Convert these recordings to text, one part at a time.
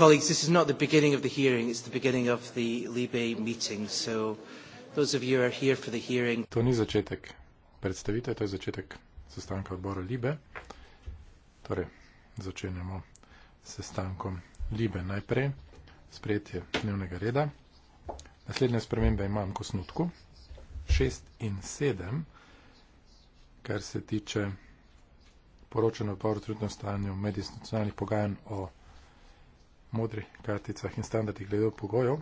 Colleagues, this is not the beginning of the hearing, it's the beginning of the Libe meeting. So those of you who are here for the hearing. To ni začetek predstavitve, to je začetek sestanka odbora Libe. Torej, začenjamo sestankom Libe najprej. Sprejetje dnevnega reda. Naslednje spremembe imam k osnutku. 6 in 7, kar se tiče poročanja o trenutnem stanju medijskih nacionalnih pogajanj o modrih karticah in standardih glede pogojev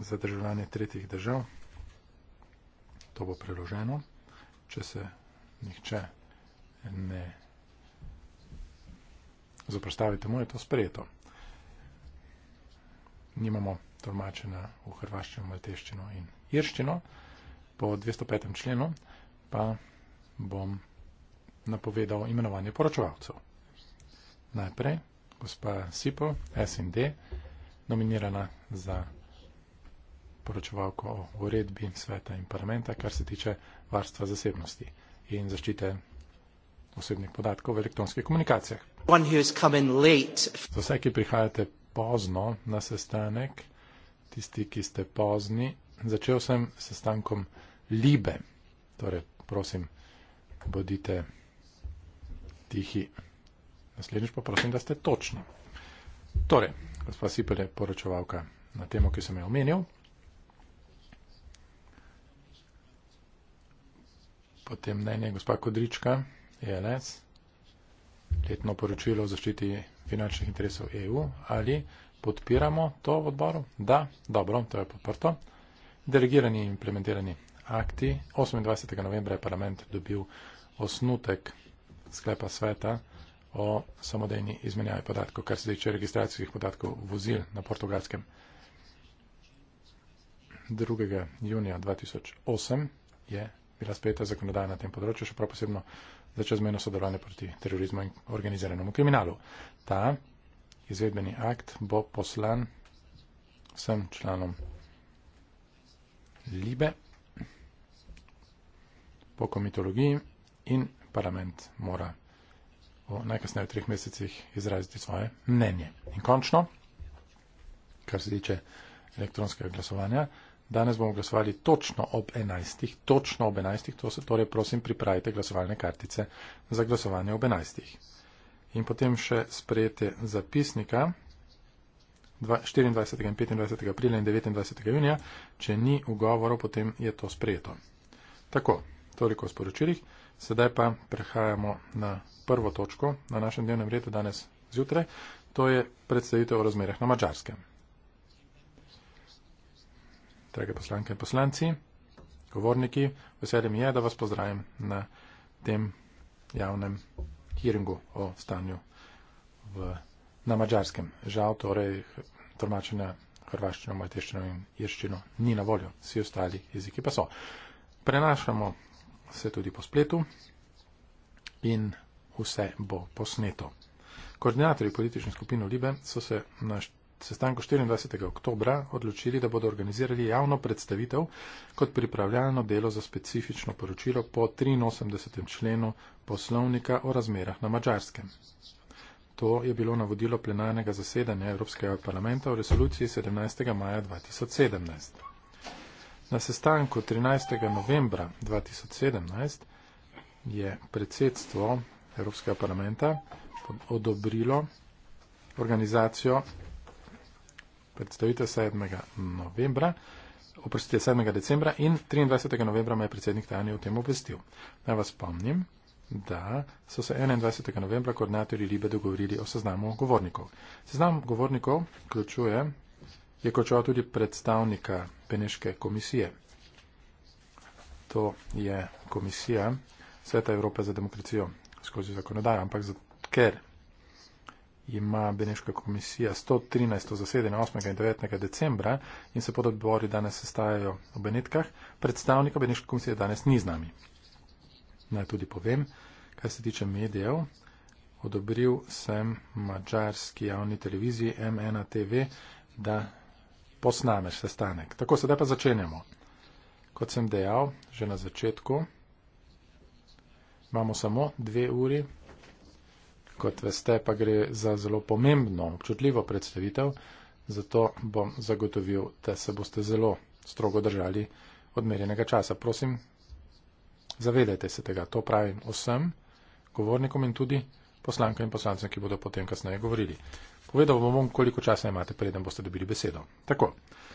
za državljanje tretjih držav. To bo preloženo. Če se nihče ne zaprostavite mu, je to sprejeto. Nimamo tolmačena v hrvaščino, malteščino in irščino. Po 205. členu pa bom napovedal imenovanje poročevalcev. Najprej gospa Sipo, SND, nominirana za poročevalko o uredbi sveta in parlamenta, kar se tiče varstva zasebnosti in zaščite osebnih podatkov v elektronskih komunikacijah. Za vse, ki prihajate pozno na sestanek, tisti, ki ste pozni, začel sem s sestankom Libe. Torej, prosim, bodite tihi. Naslednjič pa prosim, da ste točni. Torej, gospod Sipel je poročevalka na temo, ki sem jo omenil. Potem mnenje gospa Kodrička, ELS, letno poročilo o zaščiti finančnih interesov EU. Ali podpiramo to v odboru? Da, dobro, to je podprto. Delegirani in implementirani akti. 28. novembra je parlament dobil osnutek sklepa sveta o samodejni izmenjavi podatkov, kar se tiče registracijskih podatkov vozil na portugalskem. 2. junija 2008 je bila sprejeta zakonodaja na tem področju, še prav posebno za čezmejno sodelovanje proti terorizmu in organiziranemu kriminalu. Ta izvedbeni akt bo poslan vsem članom Libe po komitologiji in parlament mora v najkasneje treh mesecih izraziti svoje mnenje. In končno, kar se tiče elektronskega glasovanja, danes bomo glasovali točno ob 11. Točno ob 11. To se torej prosim pripravite glasovalne kartice za glasovanje ob 11. In potem še sprejete zapisnika 24. in 25. aprila in 29. junija. Če ni ugovorov, potem je to sprejeto. Tako, toliko o sporočilih. Sedaj pa prehajamo na prvo točko na našem dnevnem redu danes zjutraj, to je predstavitev o razmerah na Mačarskem. Drage poslanke in poslanci, govorniki, veselje mi je, da vas pozdravim na tem javnem hearingu o stanju v, na Mačarskem. Žal torej tolmačenja hrvaščino, mateščino in irščino ni na voljo, vsi ostali jeziki pa so. Prenašamo vse tudi po spletu in vse bo posneto. Koordinatorji politične skupine Libe so se na sestanku 24. oktober odločili, da bodo organizirali javno predstavitev kot pripravljalno delo za specifično poročilo po 83. členu poslovnika o razmerah na mačarskem. To je bilo navodilo plenarnega zasedanja Evropskega parlamenta v resoluciji 17. maja 2017. Na sestanku 13. novembra 2017 je predsedstvo Evropskega parlamenta odobrilo organizacijo predstavitev 7. novembra, oprostite 7. decembra in 23. novembra me je predsednik Tanja o tem obvestil. Naj vas spomnim, da so se 21. novembra koordinatorji Libe dogovorili o seznamu govornikov. Seznam govornikov vključuje je končal tudi predstavnika Peneške komisije. To je komisija Sveta Evrope za demokracijo skozi zakonodajo, ampak ker ima Beneška komisija 113. zasedanje 8. in 9. decembra in se pododbori danes sestajajo v Benetkah, predstavnika Beneške komisije danes ni z nami. Naj tudi povem, kar se tiče medijev, odobril sem mačarski javni televiziji MNTV, da posnameš sestanek. Tako, sedaj pa začenjamo. Kot sem dejal že na začetku, imamo samo dve uri. Kot veste, pa gre za zelo pomembno, občutljivo predstavitev, zato bom zagotovil, da se boste zelo strogo držali odmerjenega časa. Prosim, zavedajte se tega. To pravim vsem govornikom in tudi poslankam in poslancem, ki bodo potem kasneje govorili. Povedal bom vam, koliko časa imate, preden boste dobili besedo. Tako,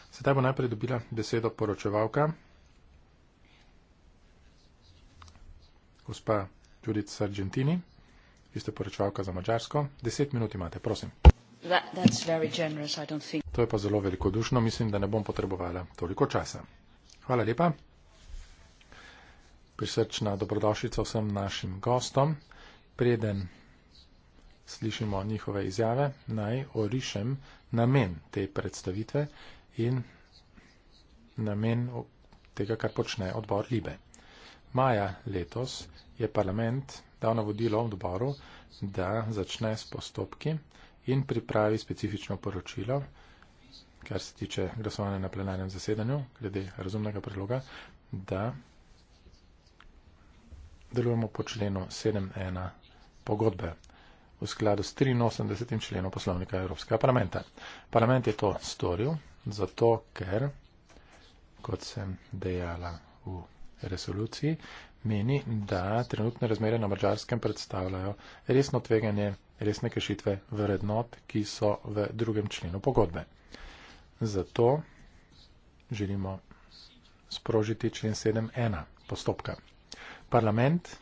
sedaj bo najprej dobila besedo poročevalka, gospa Judith Sargentini, vi ste poročevalka za Mačarsko. Deset minut imate, prosim. That, generous, think... To je pa zelo velikodušno, mislim, da ne bom potrebovala toliko časa. Hvala lepa. Prisrčna dobrodošljica vsem našim gostom. Preden slišimo njihove izjave, naj orišem namen te predstavitve in namen tega, kar počne odbor Libe. Maja letos je parlament dal navodilo odboru, da začne s postopki in pripravi specifično poročilo, kar se tiče glasovanja na plenarnem zasedanju, glede razumnega predloga, da delujemo po členu 7.1 pogodbe v skladu s 83. členom poslovnika Evropskega parlamenta. Parlament je to storil zato, ker, kot sem dejala v resoluciji, meni, da trenutne razmere na mačarskem predstavljajo resno tveganje, resne kešitve vrednot, ki so v drugem členu pogodbe. Zato želimo sprožiti člen 7.1 postopka. Parlament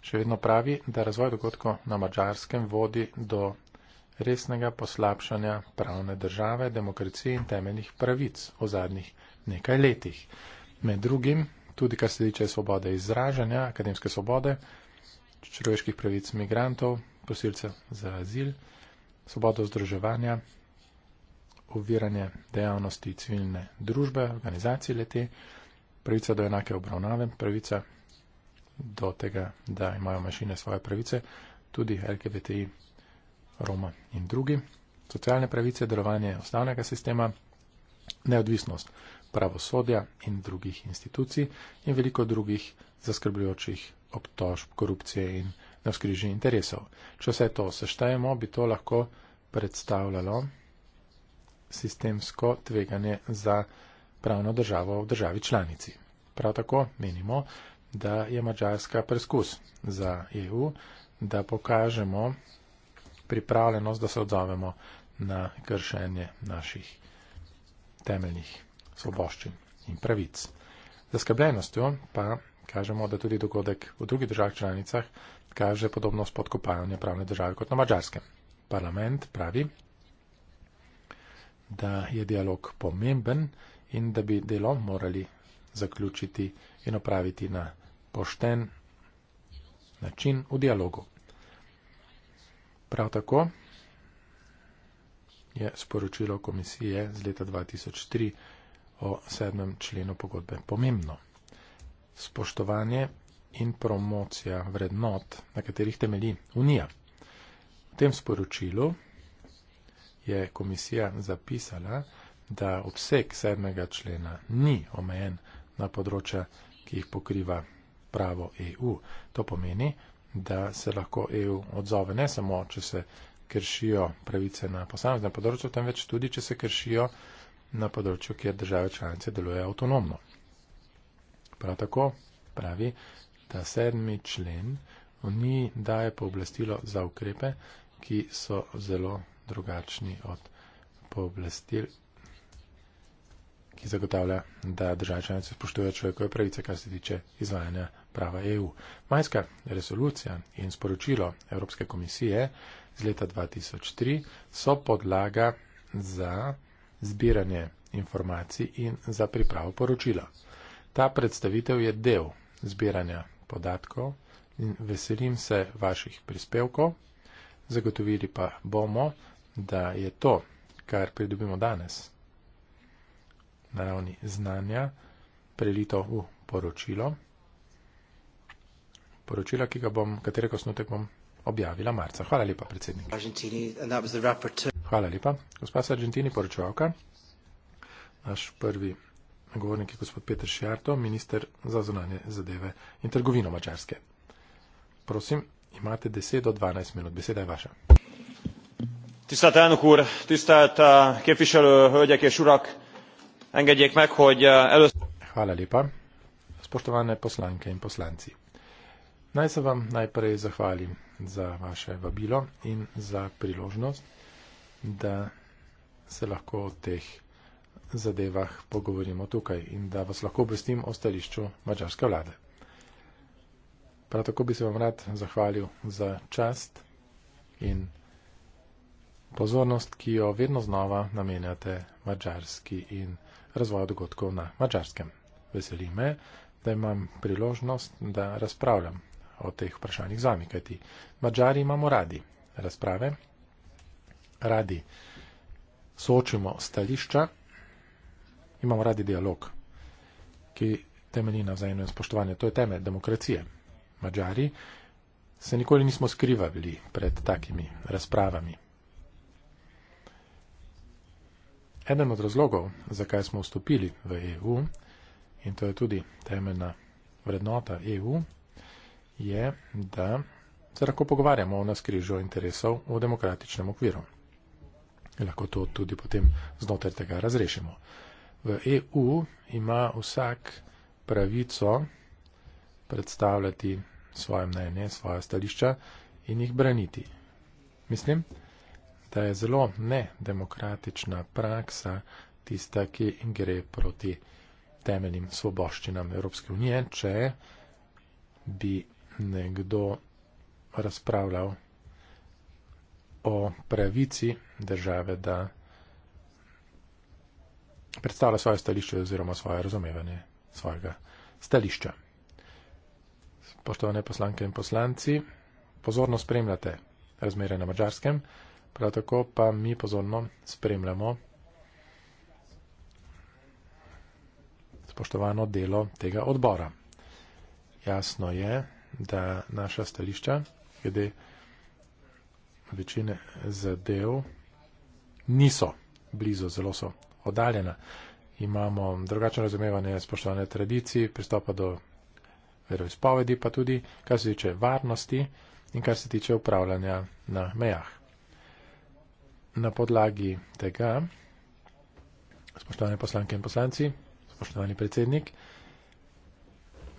še vedno pravi, da razvoj dogodkov na mačarskem vodi do resnega poslabšanja pravne države, demokracije in temeljnih pravic v zadnjih nekaj letih. Med drugim, tudi kar se tiče svobode izražanja, akademske svobode, človeških pravic migrantov, prosilcev za azil, svobodo združevanja, uviranje dejavnosti civilne družbe, organizacije leti, pravica do enake obravnave, pravica do tega, da imajo mašine svoje pravice, tudi LGBTI, Roma in drugi. Socialne pravice, delovanje ustavnega sistema, neodvisnost pravosodja in drugih institucij in veliko drugih zaskrbljujočih obtožb, korupcije in navskriži interesov. Če vse to seštajemo, bi to lahko predstavljalo sistemsko tveganje za pravno državo v državi članici. Prav tako menimo, da je Mačarska preskus za EU, da pokažemo pripravljenost, da se odzovemo na kršenje naših temeljnih svoboščin in pravic. Zaskrbljenostjo pa kažemo, da tudi dogodek v drugih državah članicah kaže podobno spodkopajanje pravne države kot na Mačarskem. Parlament pravi, da je dialog pomemben in da bi delo morali zaključiti in opraviti na pošten način v dialogu. Prav tako je sporočilo komisije z leta 2003 o sedmem členu pogodbe pomembno. Spoštovanje in promocija vrednot, na katerih temelji Unija. V tem sporočilu je komisija zapisala, da obseg sedmega člena ni omejen na področja ki jih pokriva pravo EU. To pomeni, da se lahko EU odzove ne samo, če se kršijo pravice na posameznem področju, temveč tudi, če se kršijo na področju, kjer države članice delujejo avtonomno. Prav tako pravi, da sedmi člen Uniji daje pooblastilo za ukrepe, ki so zelo drugačni od pooblastil, ki zagotavlja, da države članice spoštujejo človekove pravice, kar se tiče izvajanja prava EU. Majska resolucija in sporočilo Evropske komisije z leta 2003 so podlaga za zbiranje informacij in za pripravo poročila. Ta predstavitev je del zbiranja podatkov in veselim se vaših prispevkov. Zagotovili pa bomo, da je to, kar pridobimo danes, na ravni znanja prelito v poročilo. Poročilo, ki ga bom, katerega osnutek bom objavila marca. Hvala lepa, predsednik. Hvala lepa, gospa Sargentini, poročevalka. Naš prvi govornik je gospod Peter Šjarto, minister za zunanje zadeve in trgovino mačarske. Prosim, imate 10 do 12 minut. Beseda je vaša. Tisztelt elnök úr, tisztelt eh, képviselő hölgyek és urak! Engedjék meg, hogy eh, először... Hvala lepa. Spoštovane poslanke in poslanci. Naj se vam najprej zahvalim za vaše vabilo in za priložnost, da se lahko o teh zadevah pogovorimo tukaj in da vas lahko obvestim o stališču mačarske vlade. Prav tako bi se vam rad zahvalil za čast in pozornost, ki jo vedno znova namenjate mačarski in mačarski razvoja dogodkov na mačarskem. Veseli me, da imam priložnost, da razpravljam o teh vprašanjih z vami, kajti mačari imamo radi razprave, radi soočimo stališča, imamo radi dialog, ki temelji na vzajemnem spoštovanju. To je temelj demokracije. Mačari se nikoli nismo skrivali pred takimi razpravami. Eden od razlogov, zakaj smo vstopili v EU, in to je tudi temeljna vrednota EU, je, da se lahko pogovarjamo o nas križu interesov v demokratičnem okviru. Lahko to tudi potem znotraj tega razrešimo. V EU ima vsak pravico predstavljati svoje mnenje, svoje stališča in jih braniti. Mislim, da je zelo nedemokratična praksa tista, ki gre proti temeljnim svoboščinam Evropske unije, če bi nekdo razpravljal o pravici države, da predstavlja svoje stališče oziroma svoje razumevanje svojega stališča. Spoštovane poslanke in poslanci, pozorno spremljate razmere na mačarskem prav tako pa mi pozorno spremljamo spoštovano delo tega odbora. Jasno je, da naša stališča glede večine zadev niso blizu, zelo so oddaljena. Imamo drugačno razumevanje spoštovane tradicije, pristopa do veroizpovedi, pa tudi kar se tiče varnosti in kar se tiče upravljanja na mejah na podlagi tega, spoštovane poslanke in poslanci, spoštovani predsednik,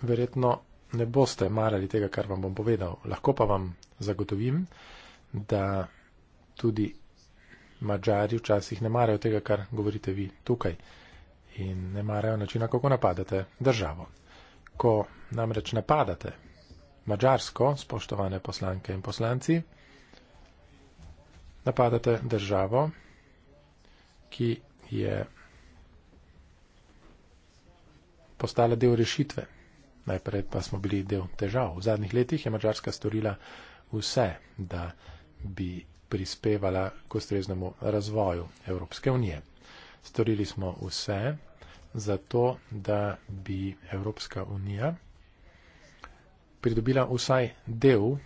verjetno ne boste marali tega, kar vam bom povedal. Lahko pa vam zagotovim, da tudi mađari včasih ne marajo tega, kar govorite vi tukaj in ne marajo načina, kako napadate državo. Ko namreč napadate mađarsko, spoštovane poslanke in poslanci, napadate državo, ki je postala del rešitve. Najprej pa smo bili del težav. V zadnjih letih je Mačarska storila vse, da bi prispevala k ustreznemu razvoju Evropske unije. Storili smo vse zato, da bi Evropska unija pridobila vsaj del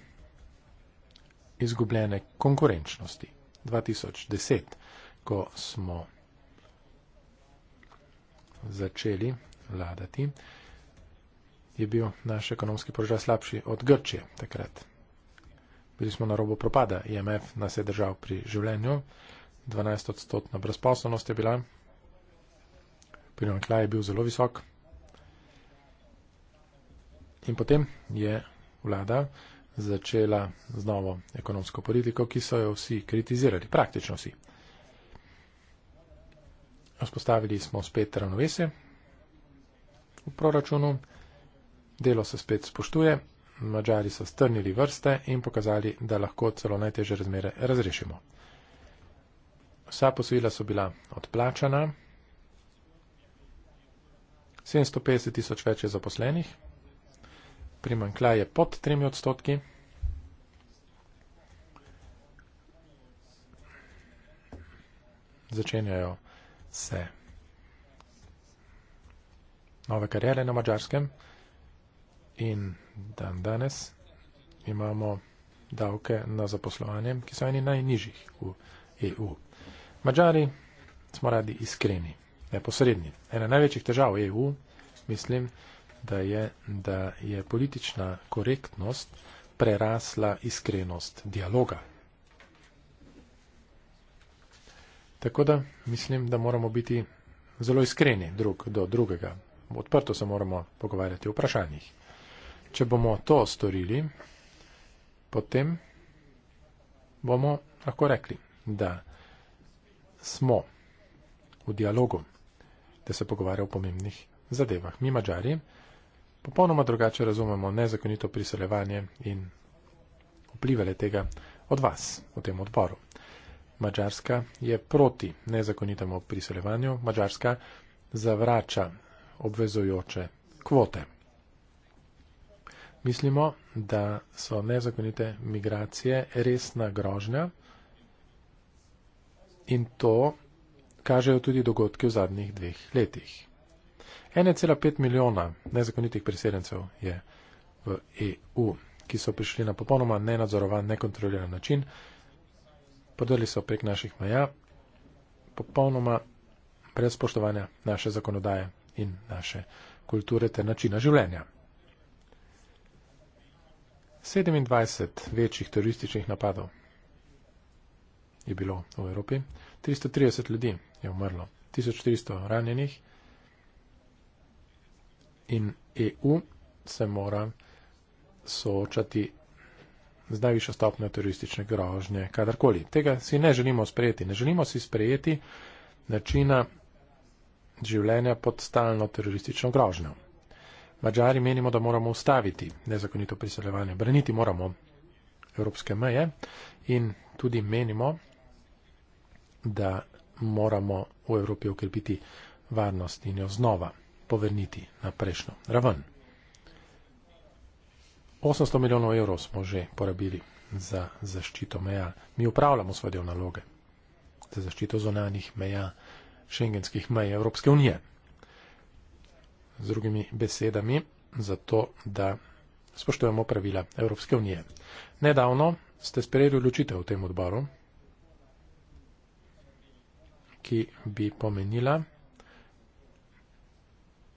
izgubljene konkurenčnosti. 2010, ko smo začeli vladati, je bil naš ekonomski položaj slabši od Grčije takrat. Bili smo na robu propada, IMF nas je držal pri življenju, 12 odstotna brezposobnost je bila, primanklaj je bil zelo visok. In potem je vlada začela z novo ekonomsko politiko, ki so jo vsi kritizirali, praktično vsi. Vzpostavili smo spet ravnovesje v proračunu, delo se spet spoštuje, mađari so strnili vrste in pokazali, da lahko celo najteže razmere razrešimo. Vsa posojila so bila odplačana, 750 tisoč več je zaposlenih, primankljaje pod 3 odstotki. Začenjajo se nove karijere na mačarskem in dan danes imamo davke na zaposlovanje, ki so eni najnižjih v EU. Mačari smo radi iskreni, neposredni. Ena največjih težav EU, mislim, je da je, da je politična korektnost prerasla iskrenost dialoga. Tako da mislim, da moramo biti zelo iskreni drug do drugega. Odprto se moramo pogovarjati o vprašanjih. Če bomo to storili, potem bomo lahko rekli, da smo v dialogu, da se pogovarja o pomembnih zadevah. Mi mađari popolnoma drugače razumemo nezakonito priseljevanje in vplivele tega od vas v tem odboru. Mačarska je proti nezakonitemu priseljevanju, Mačarska zavrača obvezujoče kvote. Mislimo, da so nezakonite migracije resna grožnja in to kažejo tudi dogodke v zadnjih dveh letih. 1,5 milijona nezakonitih priseljencev je v EU, ki so prišli na popolnoma nenadzorovan, nekontroliran način, podrli so prek naših meja, popolnoma brez spoštovanja naše zakonodaje in naše kulture ter načina življenja. 27 večjih terorističnih napadov je bilo v Evropi, 330 ljudi je umrlo, 1400 ranjenih, in EU se mora soočati z najvišjo stopnjo teroristične grožnje, kadarkoli. Tega si ne želimo sprejeti. Ne želimo si sprejeti načina življenja pod stalno teroristično grožnjo. Mačari menimo, da moramo ustaviti nezakonito priseljevanje, braniti moramo evropske meje in tudi menimo, da moramo v Evropi ukrepiti varnost in jo znova povrniti na prejšnjo raven. 800 milijonov evrov smo že porabili za zaščito meja. Mi upravljamo svoje del naloge za zaščito zonanih meja, šengenskih meja Evropske unije. Z drugimi besedami, zato da spoštujemo pravila Evropske unije. Nedavno ste sprejeli odločitev v tem odboru, ki bi pomenila,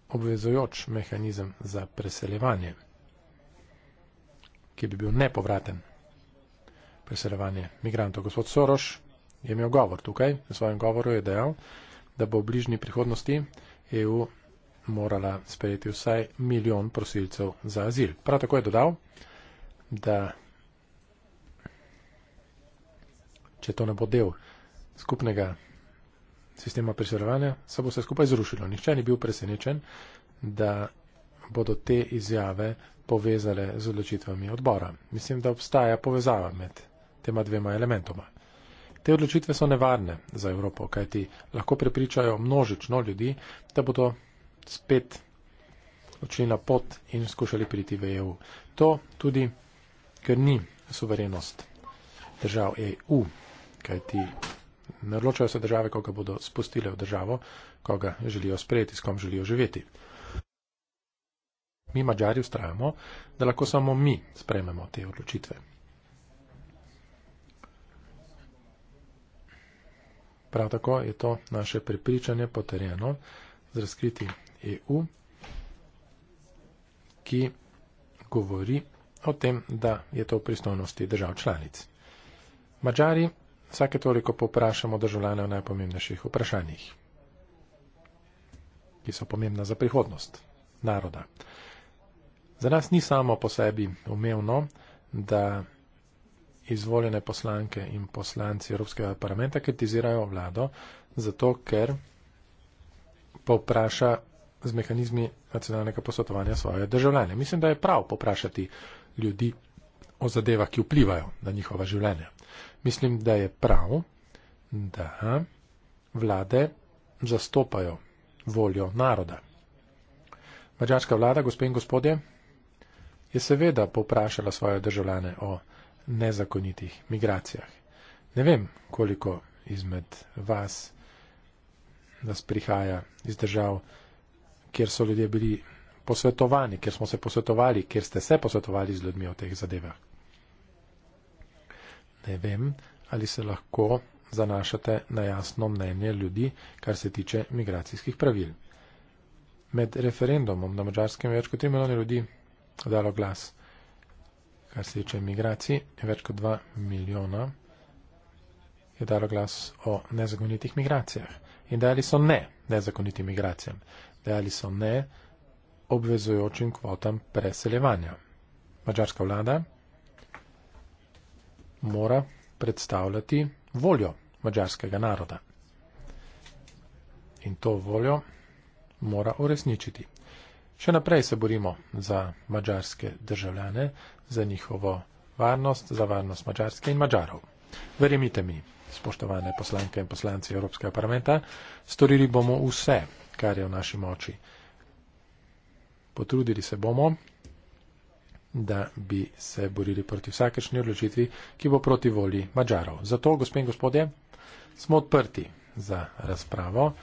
obvezojoč mehanizem za preseljevanje, ki bi bil nepovraten. Preseljevanje migrantov. Gospod Soroš je imel govor tukaj, v svojem govoru je dejal, da bo v bližnji prihodnosti EU morala sprejeti vsaj milijon prosilcev za azil. Prav tako je dodal, da če to ne bo del skupnega sistema preserovanja, se bo vse skupaj zrušilo. Nihče ni bil presenečen, da bodo te izjave povezale z odločitvami odbora. Mislim, da obstaja povezava med tema dvema elementoma. Te odločitve so nevarne za Evropo, kajti lahko prepričajo množično ljudi, da bodo spet odšli na pot in skušali priti v EU. To tudi, ker ni suverenost držav EU, kajti Naročajo se države, koga bodo spustile v državo, koga želijo sprejeti, s kom želijo živeti. Mi, mađari, ustrajamo, da lahko samo mi sprememo te odločitve. Prav tako je to naše prepričanje potrjeno z razkriti EU, ki govori o tem, da je to v pristojnosti držav članic. Mađari vsake toliko poprašamo državljane o najpomembnejših vprašanjih, ki so pomembna za prihodnost naroda. Za nas ni samo po sebi umevno, da izvoljene poslanke in poslanci Evropskega parlamenta kritizirajo vlado, zato ker popraša z mehanizmi nacionalnega posvetovanja svoje državljane. Mislim, da je prav poprašati ljudi o zadevah, ki vplivajo na njihova življenja mislim, da je prav, da vlade zastopajo voljo naroda. Mačarska vlada, gospe in gospodje, je seveda poprašala svoje državljane o nezakonitih migracijah. Ne vem, koliko izmed vas nas prihaja iz držav, kjer so ljudje bili posvetovani, kjer smo se posvetovali, kjer ste se posvetovali z ljudmi o teh zadevah ne vem, ali se lahko zanašate na jasno mnenje ljudi, kar se tiče migracijskih pravil. Med referendumom na mačarskem je več kot 3 milijone ljudi dalo glas, kar se tiče migracij, in več kot 2 milijona je dalo glas o nezakonitih migracijah. In dali so ne nezakonitim migracijam, dali so ne obvezujočim kvotam preseljevanja. Mačarska vlada mora predstavljati voljo mađarskega naroda. In to voljo mora uresničiti. Še naprej se borimo za mađarske državljane, za njihovo varnost, za varnost mađarske in mađarov. Verjemite mi, spoštovane poslanke in poslanci Evropskega parlamenta, storili bomo vse, kar je v naši moči. Potrudili se bomo, da bi se borili proti vsakešnji odločitvi, ki bo proti volji Mačarov. Zato, gospod in gospodje, smo odprti za razpravo,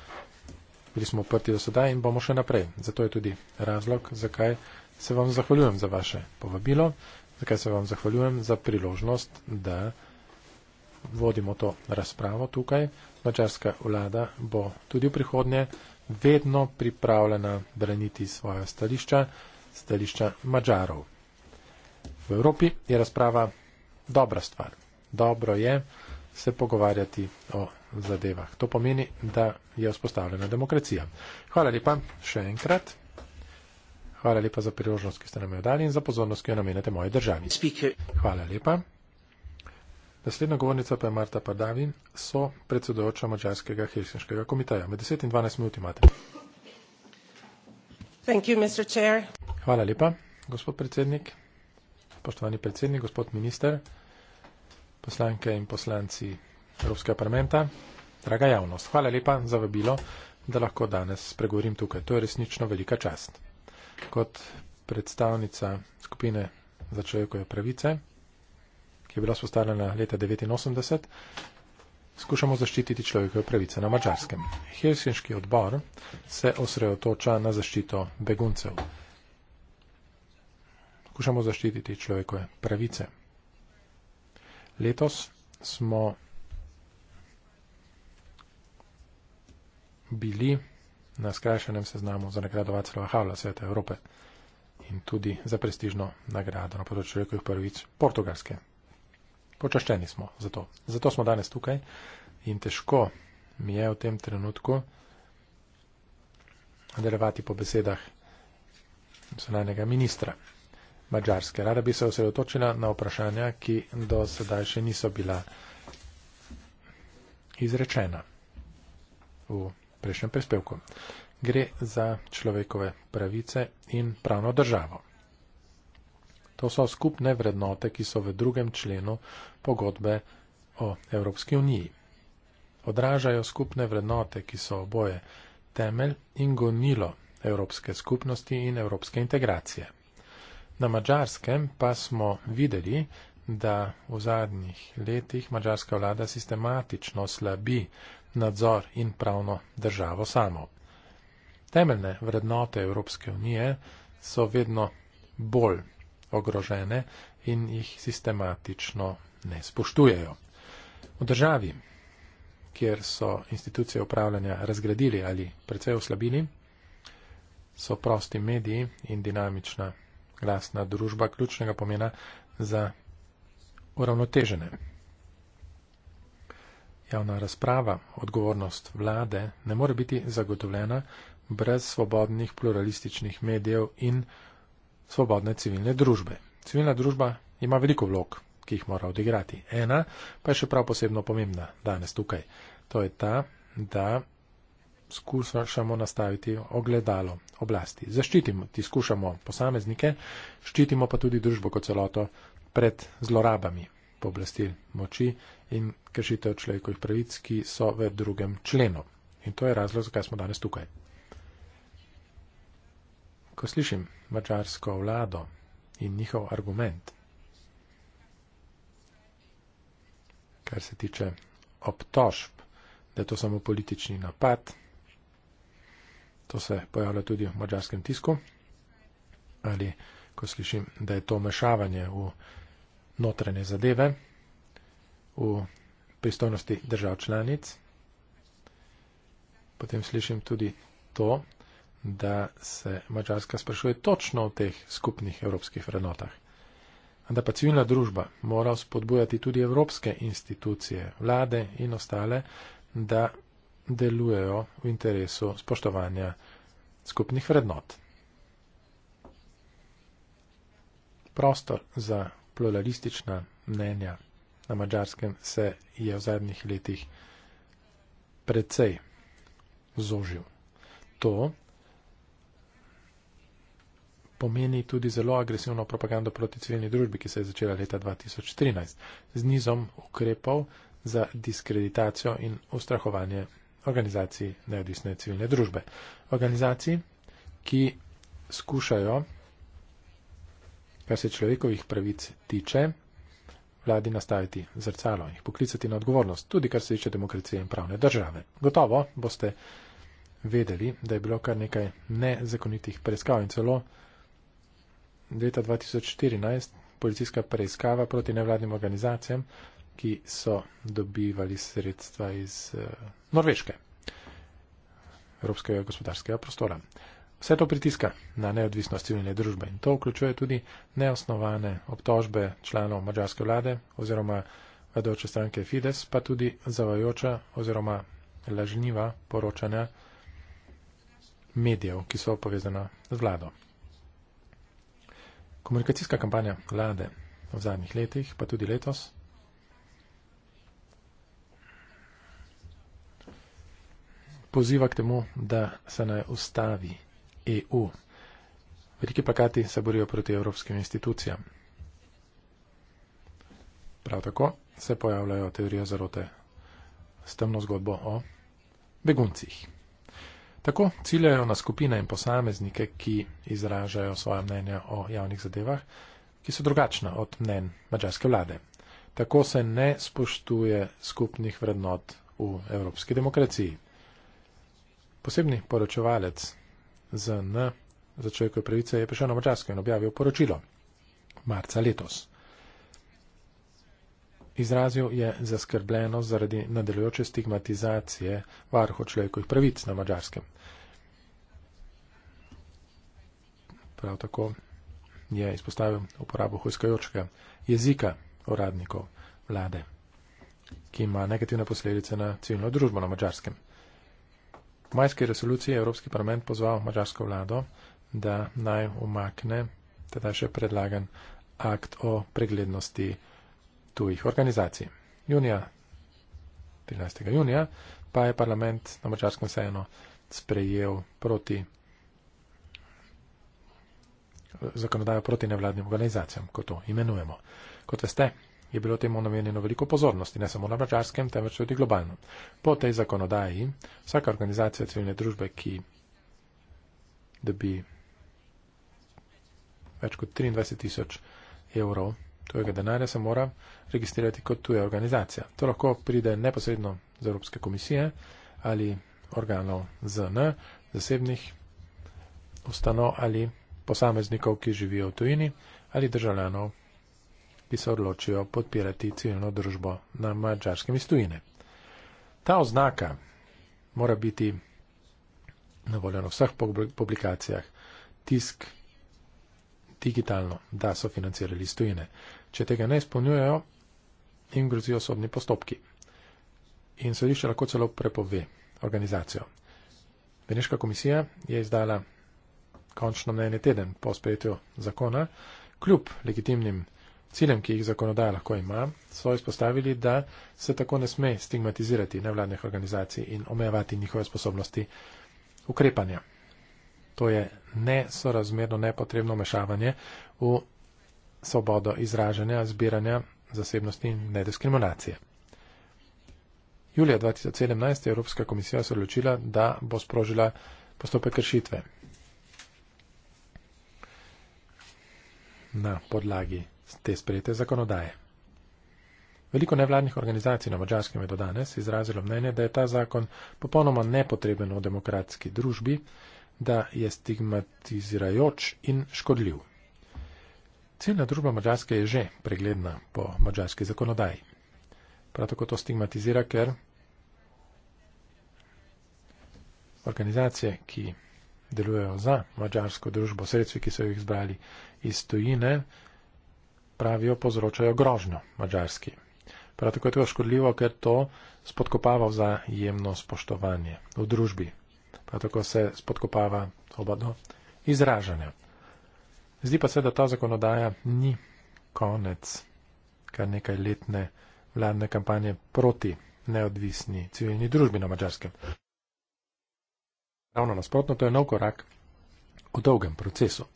bili smo odprti do sedaj in bomo še naprej. Zato je tudi razlog, zakaj se vam zahvaljujem za vaše povabilo, zakaj se vam zahvaljujem za priložnost, da vodimo to razpravo tukaj. Mačarska vlada bo tudi v prihodnje vedno pripravljena braniti svoja stališča, stališča Mačarov v Evropi je razprava dobra stvar. Dobro je se pogovarjati o zadevah. To pomeni, da je vzpostavljena demokracija. Hvala lepa še enkrat. Hvala lepa za priložnost, ki ste nam jo dali in za pozornost, ki jo namenjate moje državi. Hvala lepa. Naslednja govornica pa je Marta Padavin, so predsedojoča Mačarskega Helsinškega komiteja. Med 10 in 12 minut imate. Hvala lepa, gospod predsednik spoštovani predsednik, gospod minister, poslanke in poslanci Evropskega parlamenta, draga javnost, hvala lepa za vabilo, da lahko danes spregovorim tukaj. To je resnično velika čast. Kot predstavnica skupine za človekove pravice, ki je bila spostavljena leta 1989, skušamo zaščititi človekove pravice na mačarskem. Helsinški odbor se osredotoča na zaščito beguncev skušamo zaščititi človekove pravice. Letos smo bili na skrajšanem seznamu za nagrado Vaclava Havla Sveta Evrope in tudi za prestižno nagrado na področju človekovih prvic Portugalske. Počaščeni smo za to. Zato smo danes tukaj in težko mi je v tem trenutku nadaljevati po besedah sonajnega ministra. Mačarske. Rada bi se osredotočila na vprašanja, ki do sedaj še niso bila izrečena v prejšnjem prispevku. Gre za človekove pravice in pravno državo. To so skupne vrednote, ki so v drugem členu pogodbe o Evropski uniji. Odražajo skupne vrednote, ki so oboje temelj in gonilo Evropske skupnosti in Evropske integracije. Na mačarskem pa smo videli, da v zadnjih letih mačarska vlada sistematično slabi nadzor in pravno državo samo. Temeljne vrednote Evropske unije so vedno bolj ogrožene in jih sistematično ne spoštujejo. V državi, kjer so institucije upravljanja razgradili ali precej oslabili, so prosti mediji in dinamična glasna družba ključnega pomena za uravnotežene. Javna razprava, odgovornost vlade ne more biti zagotovljena brez svobodnih pluralističnih medijev in svobodne civilne družbe. Civilna družba ima veliko vlog, ki jih mora odigrati. Ena pa je še prav posebno pomembna danes tukaj. To je ta, da skušamo nastaviti ogledalo oblasti. Zaščitimo, ti skušamo posameznike, ščitimo pa tudi družbo kot celoto pred zlorabami pooblastil moči in kršitev človekovih pravic, ki so v drugem členu. In to je razlog, zakaj smo danes tukaj. Ko slišim mačarsko vlado in njihov argument, kar se tiče obtožb, da je to samo politični napad, To se pojavlja tudi v mačarskem tisku. Ali ko slišim, da je to mešavanje v notranje zadeve, v pristojnosti držav članic. Potem slišim tudi to, da se mačarska sprašuje točno o teh skupnih evropskih vrednotah. Da pa civilna družba mora spodbujati tudi evropske institucije, vlade in ostale, da delujejo v interesu spoštovanja skupnih vrednot. Prostor za pluralistična mnenja na mačarskem se je v zadnjih letih precej zožil. To pomeni tudi zelo agresivno propagando proti civilni družbi, ki se je začela leta 2013 z nizom ukrepov za diskreditacijo in ustrahovanje organizaciji neodvisne civilne družbe. Organizaciji, ki skušajo, kar se človekovih pravic tiče, vladi nastaviti zrcalo in jih poklicati na odgovornost, tudi kar se tiče demokracije in pravne države. Gotovo boste vedeli, da je bilo kar nekaj nezakonitih preiskav in celo leta 2014 policijska preiskava proti nevladnim organizacijam ki so dobivali sredstva iz eh, Norveške, Evropskega gospodarskega prostora. Vse to pritiska na neodvisnost civilne družbe in to vključuje tudi neosnovane obtožbe članov mađarske vlade oziroma vladajoče stranke Fides, pa tudi zavajoča oziroma lažniva poročanja medijev, ki so povezana z vlado. Komunikacijska kampanja vlade v zadnjih letih, pa tudi letos, poziva k temu, da se naj ustavi EU. Veliki plakati se borijo proti evropskim institucijam. Prav tako se pojavljajo teorije zarote s temno zgodbo o beguncih. Tako ciljajo na skupine in posameznike, ki izražajo svoje mnenja o javnih zadevah, ki so drugačna od mnen mađarske vlade. Tako se ne spoštuje skupnih vrednot v evropski demokraciji. Posebni poročevalec za N za človekove pravice je prišel na Mačarsko in objavil poročilo marca letos. Izrazil je zaskrbljenost zaradi nadaljujoče stigmatizacije varho človekovih pravic na Mačarskem. Prav tako je izpostavil uporabo hojskajočega jezika uradnikov vlade, ki ima negativne posledice na civilno družbo na Mačarskem. V majski resoluciji je Evropski parlament pozval mađarsko vlado, da naj umakne teda še predlagan akt o preglednosti tujih organizacij. Junija, 13. junija pa je parlament na mačarskem sejeno sprejel proti zakonodajo proti nevladnim organizacijam, kot to imenujemo. Kot veste, je bilo temu namenjeno veliko pozornosti, ne samo na mačarskem, temveč tudi globalno. Po tej zakonodaji vsaka organizacija civilne družbe, ki dobi več kot 23 tisoč evrov tujega denarja, se mora registrirati kot tuja organizacija. To lahko pride neposredno z Evropske komisije ali organov ZN, zasebnih ustanov ali posameznikov, ki živijo v tujini ali državljanov ki se odločijo podpirati civilno družbo na mačarskem iz tujine. Ta oznaka mora biti na voljo na vseh publikacijah, tisk, digitalno, da so financirali iz tujine. Če tega ne izpolnjujejo, jim grozijo sodni postopki. In sodišče lahko celo prepove organizacijo. Veneška komisija je izdala končno mnenje teden po sprejetju zakona, kljub legitimnim ciljem, ki jih zakonodaja lahko ima, so izpostavili, da se tako ne sme stigmatizirati nevladnih organizacij in omejevati njihove sposobnosti ukrepanja. To je nesorazmerno nepotrebno mešavanje v svobodo izražanja, zbiranja zasebnosti in nediskriminacije. Julija 2017 je Evropska komisija se odločila, da bo sprožila postopek kršitve na podlagi te sprejete zakonodaje. Veliko nevladnih organizacij na Mačarskem je do danes izrazilo mnenje, da je ta zakon popolnoma nepotreben v demokratski družbi, da je stigmatizirajoč in škodljiv. Ciljna družba Mačarske je že pregledna po mačarski zakonodaji. Prav tako to stigmatizira, ker organizacije, ki delujejo za mačarsko družbo, sredstvi, ki so jih zbrali iz tujine, pravijo, povzročajo grožnjo mačarski. Prav tako je to škodljivo, ker to spodkopava vzajemno spoštovanje v družbi. Prav tako se spodkopava svobodo izražanja. Zdi pa se, da ta zakonodaja ni konec kar nekaj letne vladne kampanje proti neodvisni civilni družbi na mačarskem. Ravno nasprotno, to je nov korak v dolgem procesu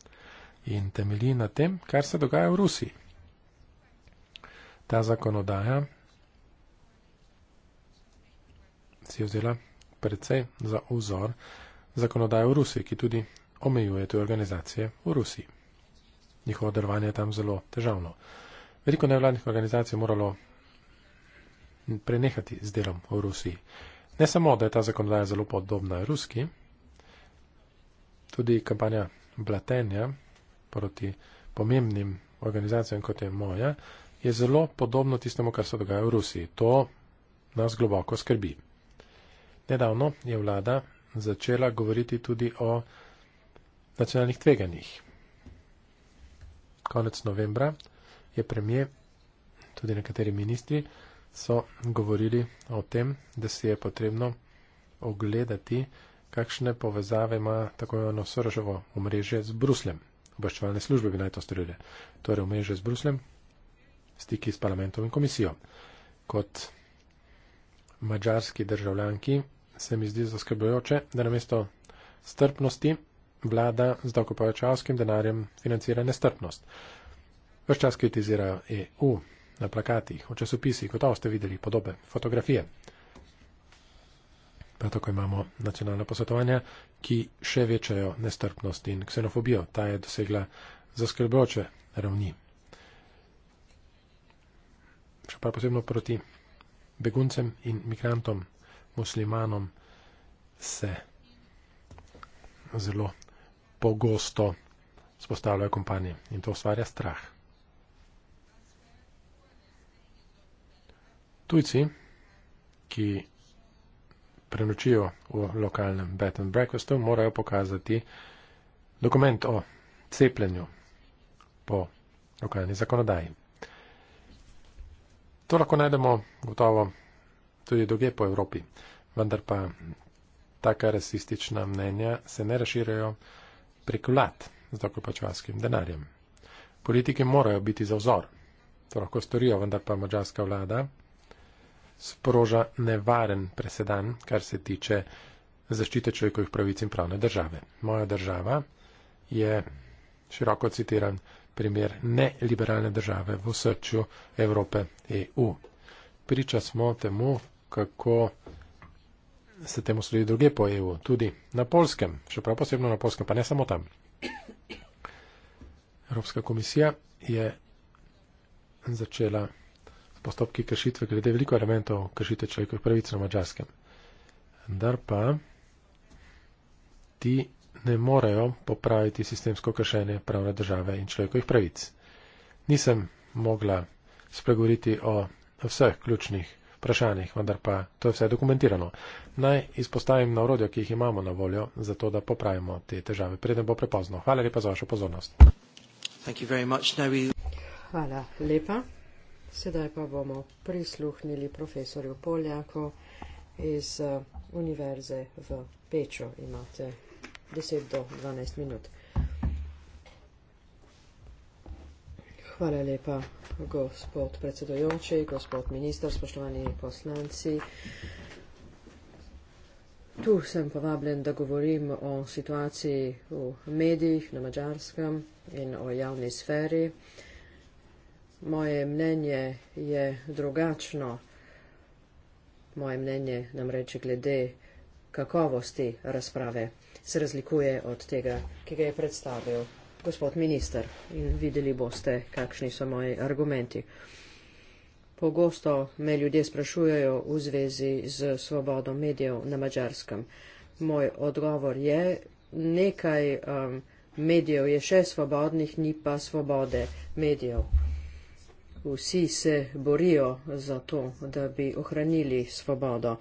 in temelji na tem, kar se dogaja v Rusiji ta zakonodaja si je vzela predvsej za vzor zakonodajo v Rusiji, ki tudi omejuje te organizacije v Rusiji. Njihovo delovanje je tam zelo težavno. Veliko nevladnih organizacij je moralo prenehati z delom v Rusiji. Ne samo, da je ta zakonodaja zelo podobna ruski, tudi kampanja blatenja proti pomembnim organizacijam, kot je moja, je zelo podobno tistemu, kar se dogaja v Rusiji. To nas globoko skrbi. Nedavno je vlada začela govoriti tudi o nacionalnih tveganjih. Konec novembra je premije, tudi nekateri ministri so govorili o tem, da se je potrebno ogledati, kakšne povezave ima tako imenovano soroževo omrežje z Bruslem. Obaščevalne službe bi naj to storile. Torej omrežje z Bruslem, stiki s parlamentom in komisijo. Kot mađarski državljanki se mi zdi zaskrbujoče, da namesto strpnosti vlada z dokopovečavskim denarjem financira nestrpnost. Vrš čas kritizirajo EU na plakatih, v časopisih, gotovo ste videli podobe, fotografije. Pa tako imamo nacionalna posvetovanja, ki še večajo nestrpnost in ksenofobijo. Ta je dosegla zaskrbujoče ravni še pa posebno proti beguncem in migrantom, muslimanom se zelo pogosto spostavljajo kompanije in to ustvarja strah. Tujci, ki prenočijo v lokalnem bed and breakfastu, morajo pokazati dokument o cepljenju po lokalni zakonodaji. To lahko najdemo gotovo tudi druge po Evropi, vendar pa taka rasistična mnenja se ne raširajo prek vlad z dokopačvarskim denarjem. Politike morajo biti za vzor. To lahko storijo, vendar pa mačarska vlada sproža nevaren presedan, kar se tiče zaščite človekovih pravic in pravne države. Moja država je široko citirana primer neliberalne države v srčju Evrope EU. Priča smo temu, kako se temu sledi druge po EU, tudi na polskem, še prav posebno na polskem, pa ne samo tam. Evropska komisija je začela s postopki kršitve glede veliko elementov kršitve človekovih pravic na mačarskem. Dar pa ti ne morejo popraviti sistemsko kršenje pravne države in človekovih pravic. Nisem mogla spregovoriti o vseh ključnih vprašanjih, vendar pa to je vse dokumentirano. Naj izpostavim na urodjo, ki jih imamo na voljo, zato da popravimo te težave. Preden bo prepozno. Hvala lepa za vašo pozornost. Hvala lepa. Sedaj pa bomo prisluhnili profesorju Poljako iz eh, Univerze v Peču. Imate 10 do 12 minut. Hvala lepa, gospod predsedojoči, gospod minister, spoštovani poslanci. Tu sem povabljen, da govorim o situaciji v medijih na mačarskem in o javni sferi. Moje mnenje je drugačno. Moje mnenje namreč glede kakovosti razprave se razlikuje od tega, ki ga je predstavil gospod minister. In videli boste, kakšni so moji argumenti. Pogosto me ljudje sprašujejo v zvezi z svobodo medijev na mačarskem. Moj odgovor je, nekaj um, medijev je še svobodnih, ni pa svobode medijev. Vsi se borijo za to, da bi ohranili svobodo. Uh,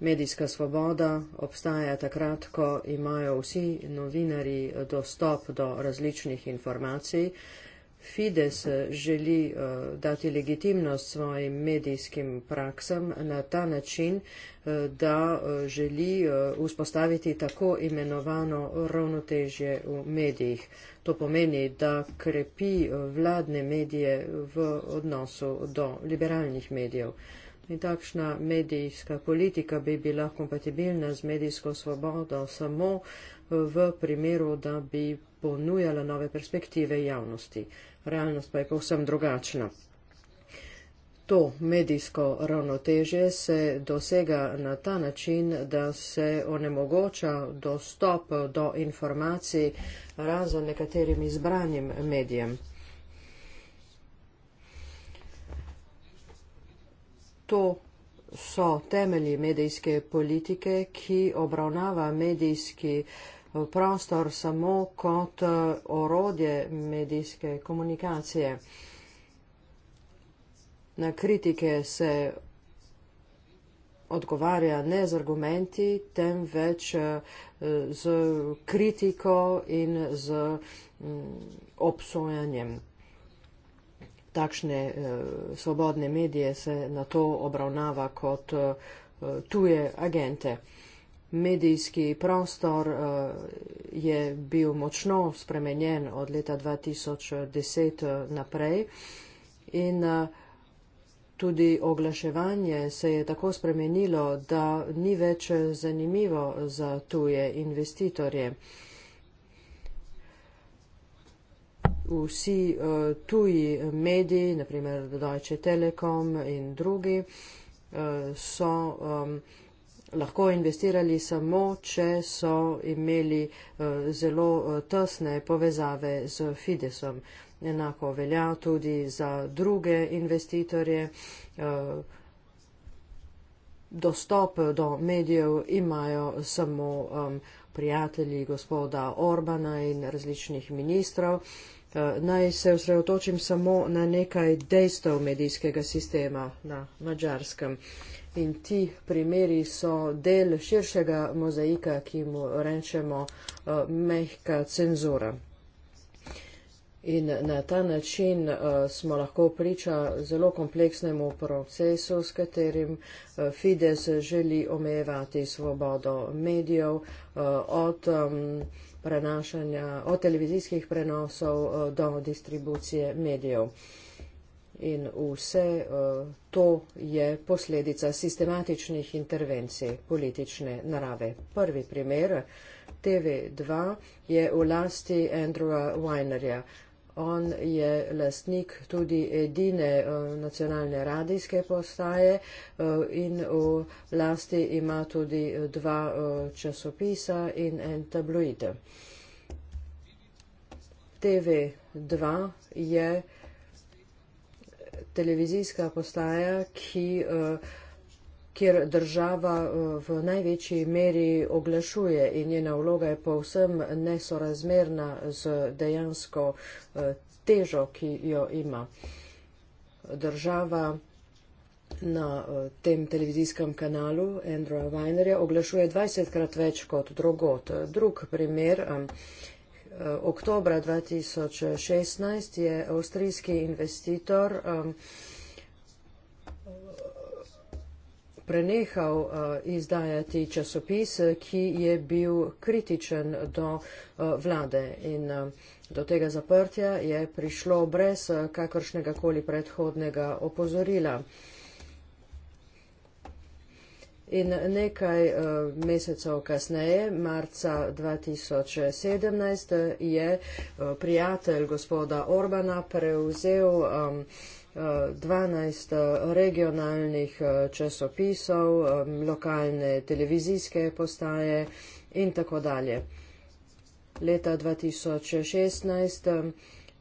Medijska svoboda obstaja takrat, ko imajo vsi novinari dostop do različnih informacij. Fides želi eh, dati legitimnost svojim medijskim praksam na ta način, eh, da eh, želi vzpostaviti tako imenovano ravnotežje v medijih. To pomeni, da krepi vladne medije v odnosu do liberalnih medijev. In takšna medijska politika bi bila kompatibilna z medijsko svobodo samo v primeru, da bi ponujala nove perspektive javnosti. Realnost pa je povsem drugačna. To medijsko ravnotežje se dosega na ta način, da se onemogoča dostop do informacij razen nekaterim izbranim medijem. to so temelji medijske politike, ki obravnava medijski eh, prostor samo kot eh, orodje medijske komunikacije. Na kritike se odgovarja ne z argumenti, temveč eh, z kritiko in z mm, obsojanjem takšne uh, svobodne medije se na to obravnava kot uh, tuje agente. Medijski prostor uh, je bil močno spremenjen od leta 2010 naprej in uh, tudi oglaševanje se je tako spremenilo, da ni več zanimivo za tuje investitorje. Uh, vsi uh, tuji mediji, naprimer Deutsche Telekom in drugi, uh, so um, lahko investirali samo, če so imeli uh, zelo uh, tesne povezave z Fidesom. Enako velja tudi za druge investitorje. Uh, Dostop do medijev imajo samo um, prijatelji gospoda Orbana in različnih ministrov. Uh, Eh, naj se osredotočim samo na nekaj dejstev medijskega sistema na mačarskem. In ti primeri so del širšega mozaika, ki mu rečemo eh, mehka cenzura. In na ta način uh, smo lahko priča zelo kompleksnemu procesu, s katerim uh, Fides želi omejevati svobodo medijev uh, od um, prenašanja, od televizijskih prenosov eh, do distribucije medijev. In vse eh, to je posledica sistematičnih intervencij politične narave. Prvi primer, TV2, je v lasti Andrewa Weinerja. On je lastnik tudi edine eh, nacionalne radijske postaje eh, in v lasti ima tudi eh, dva časopisa in en tabloid. TV2 je televizijska postaja, ki uh, kjer država eh, v največji meri oglašuje in njena vloga je povsem nesorazmerna z dejansko eh, težo, ki jo ima. Država na eh, tem televizijskem kanalu Andrewa Weinerja oglašuje 20 krat več kot drugot. Drug primer. Oktobra 2016 je avstrijski investitor um, prenehal eh, izdajati časopis, ki je bil kritičen do eh, vlade. In eh, do tega zaprtja je prišlo brez kakršnega koli predhodnega opozorila. In nekaj mesecev kasneje, marca 2017, je prijatelj gospoda Orbana prevzel um, 12 eh, regionalnih eh, časopisov, eh, lokalne televizijske postaje in tako dalje. Leta 2016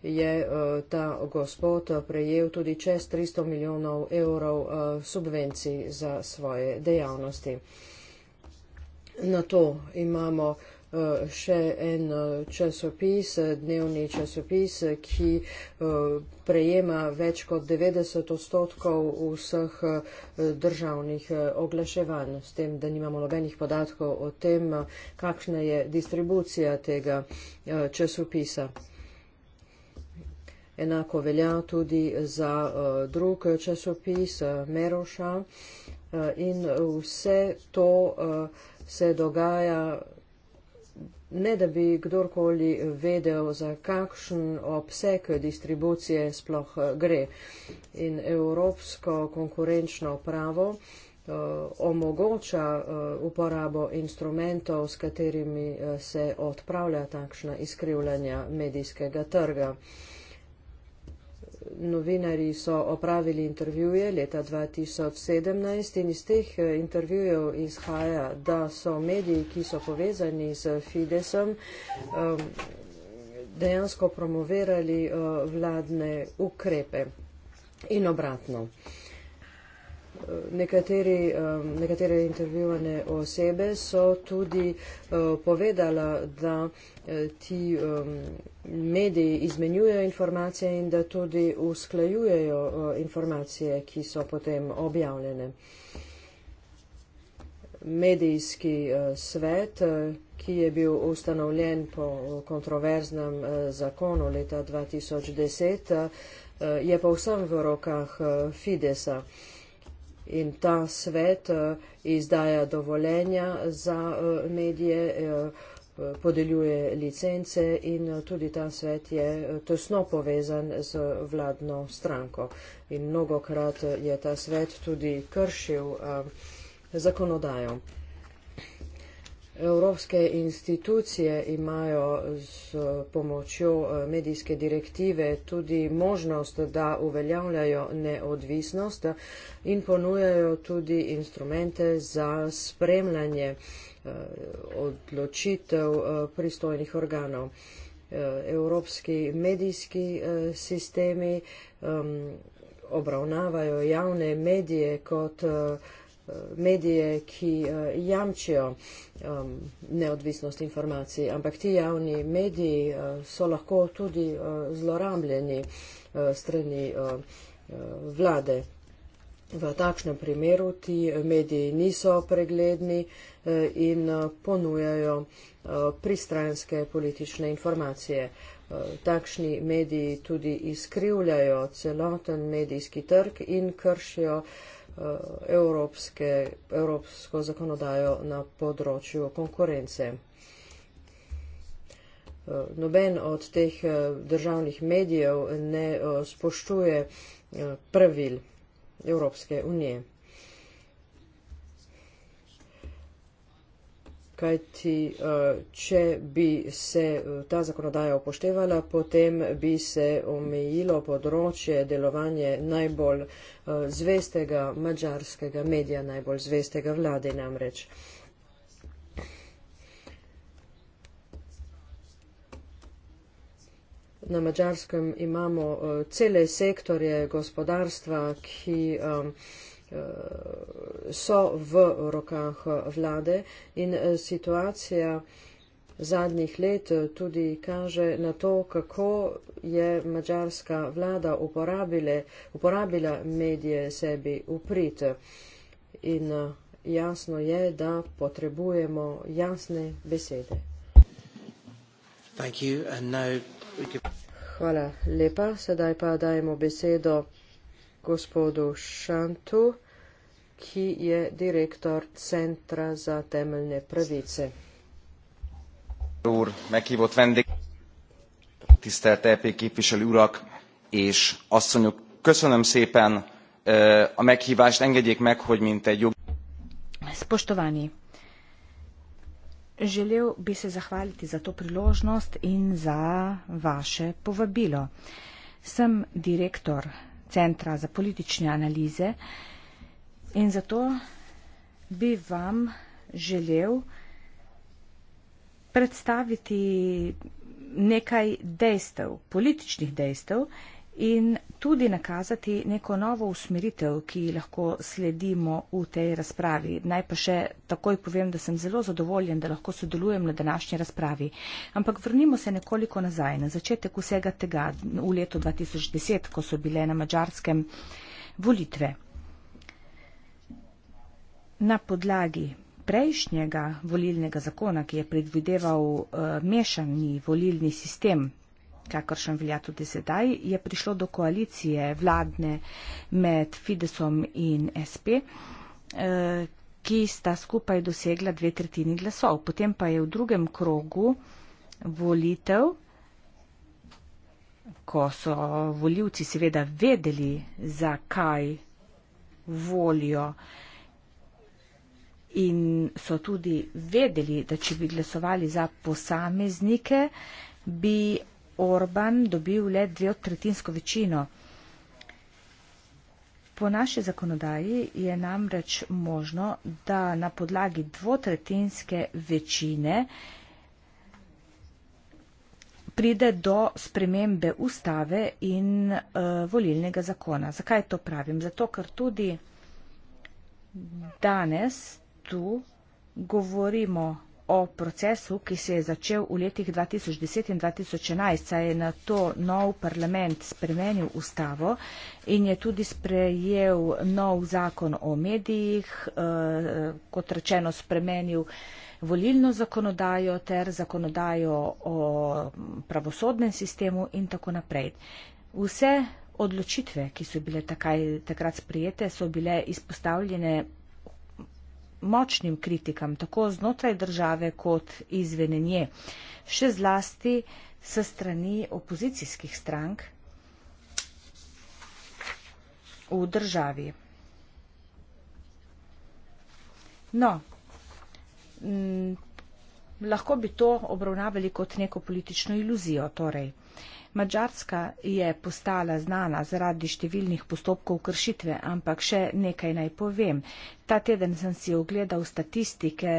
je ta gospod prejel tudi čez 300 milijonov evrov subvencij za svoje dejavnosti. Na to imamo Eh, še en eh, časopis, eh, dnevni časopis, ki prejema več kot 90 odstotkov vseh državnih oglaševanj, s tem, da nimamo nobenih podatkov o tem, kakšna je distribucija tega časopisa. Enako velja tudi za drug časopis Meroša in vse to se dogaja ne da bi kdorkoli vedel, za kakšen obseg distribucije sploh eh, gre. In evropsko konkurenčno pravo eh, omogoča eh, uporabo instrumentov, s katerimi se odpravlja takšna izkrivljanja medijskega trga novinari so opravili intervjuje leta 2017 in iz teh eh, intervjujev izhaja, da so mediji, ki so povezani z Fidesom, dejansko promovirali eh, vladne ukrepe in obratno nekateri, nekatere intervjuvane osebe so tudi eh, povedala, da eh, ti mediji izmenjujejo informacije in da tudi usklajujejo eh, informacije, ki so potem objavljene. Medijski svet, ki je bil ustanovljen po kontroverznem zakonu leta 2010, je povsem v rokah Fidesa in ta svet eh, izdaja dovoljenja za eh, medije, eh, podeljuje licence in tudi ta svet je tesno povezan z vladno stranko. In mnogokrat je ta svet tudi kršil zakonodajo. Evropske institucije imajo s eh, pomočjo eh, medijske direktive tudi možnost, da uveljavljajo neodvisnost in ponujajo tudi instrumente za spremljanje eh, odločitev pristojnih organov. Evropski medijski sistemi ehm, obravnavajo javne medije kot medije, ki eh, jamčijo um, neodvisnost informacij, ampak ti javni mediji uh, so lahko tudi uh, zlorabljeni uh, strani uh, vlade. V takšnem primeru ti mediji niso pregledni uh, in ponujajo uh, pristranske politične informacije. Takšni mediji tudi izkrivljajo celoten medijski trg in kršijo uh, Eh, evropske, evropsko zakonodajo na področju konkurence. Eh, noben od teh eh, državnih medijev ne spoštuje pravil Evropske unije. kajti eh, če bi se eh, ta zakonodaja upoštevala, potem bi se omejilo področje delovanje najbolj eh, zvestega mađarskega medija, najbolj zvestega vlade namreč. Na mađarskem imamo cele sektorje gospodarstva, ki um, Eh, so v rokah vlade in eh, situacija zadnjih let eh, tudi kaže na to, kako je mađarska vlada uporabila medije sebi uprit. In jasno je, da potrebujemo jasne besede. Hvala lepa. Sedaj pa dajemo besedo gospodu Šantu, ki je direktor Centra za temeljne pravice. Úr, meghívott vendég, tisztelt EP képviselő urak és asszonyok, köszönöm szépen a meghívást, engedjék meg, hogy mint egy jog... Spoštovani, želel bi se zahvaliti za to priložnost in za vaše povabilo. Sem direktor Centra za politične analize. In zato bi vam želel predstaviti nekaj dejstev, političnih dejstev, in tudi nakazati neko novo usmeritev, ki lahko sledimo v tej razpravi. Naj pa še takoj povem, da sem zelo zadovoljen, da lahko sodelujem na današnji razpravi. Ampak vrnimo se nekoliko nazaj, na začetek vsega tega, v letu 2010, ko so bile na mačarskem volitve. Na podlagi prejšnjega volilnega zakona, ki je predvideval uh, mešani volilni sistem kakršen velja tudi sedaj, je prišlo do koalicije vladne med Fidesom in SP, eh, ki sta skupaj dosegla dve tretjini glasov. Potem pa je v drugem krogu volitev, ko so voljivci seveda vedeli, zakaj volijo in so tudi vedeli, da če bi glasovali za posameznike, bi Orban dobil le dve od tretjinsko večino. Po naši zakonodaji je namreč možno, da na podlagi dvotretinske večine pride do spremembe ustave in uh, volilnega zakona. Zakaj to pravim? Zato, ker tudi danes tu govorimo o procesu, ki se je začel v letih 2010 in 2011, saj je na to nov parlament spremenil ustavo in je tudi sprejel nov zakon o medijih, eh, kot rečeno spremenil volilno zakonodajo ter zakonodajo o pravosodnem sistemu in tako naprej. Vse odločitve, ki so bile takaj, takrat sprijete, so bile izpostavljene močnim kritikam, tako znotraj države kot izven nje, še zlasti s strani opozicijskih strank v državi. No, m, lahko bi to obravnavali kot neko politično iluzijo, torej. Mačarska je postala znana zaradi številnih postopkov kršitve, ampak še nekaj naj povem. Ta teden sem si ogledal statistike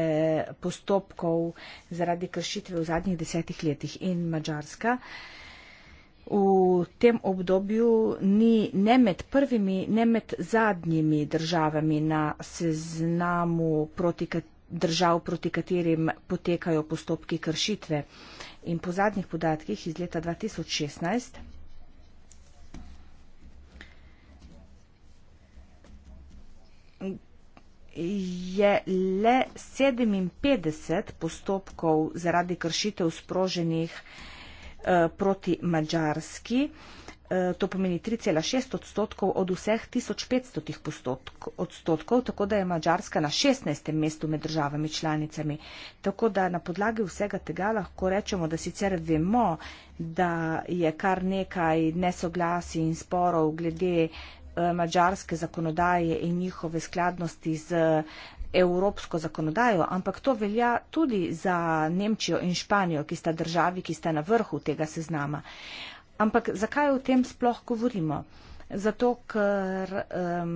postopkov zaradi kršitve v zadnjih desetih letih in Mačarska v tem obdobju ni ne med prvimi, ne med zadnjimi državami na seznamu proti, držav, proti katerim potekajo postopki kršitve. In po zadnjih podatkih iz leta 2016 je le 57 postopkov zaradi kršitev sproženih eh, proti Mačarski. Eh, to pomeni 3,6 odstotkov od vseh 1500 postotk, odstotkov, tako da je Mačarska na 16. mestu med državami članicami. Tako da na podlagi vsega tega lahko rečemo, da sicer vemo, da je kar nekaj nesoglasi in sporov glede eh, mačarske zakonodaje in njihove skladnosti z evropsko zakonodajo, ampak to velja tudi za Nemčijo in Španijo, ki sta državi, ki sta na vrhu tega seznama. Ampak zakaj o tem sploh govorimo? Zato, ker um,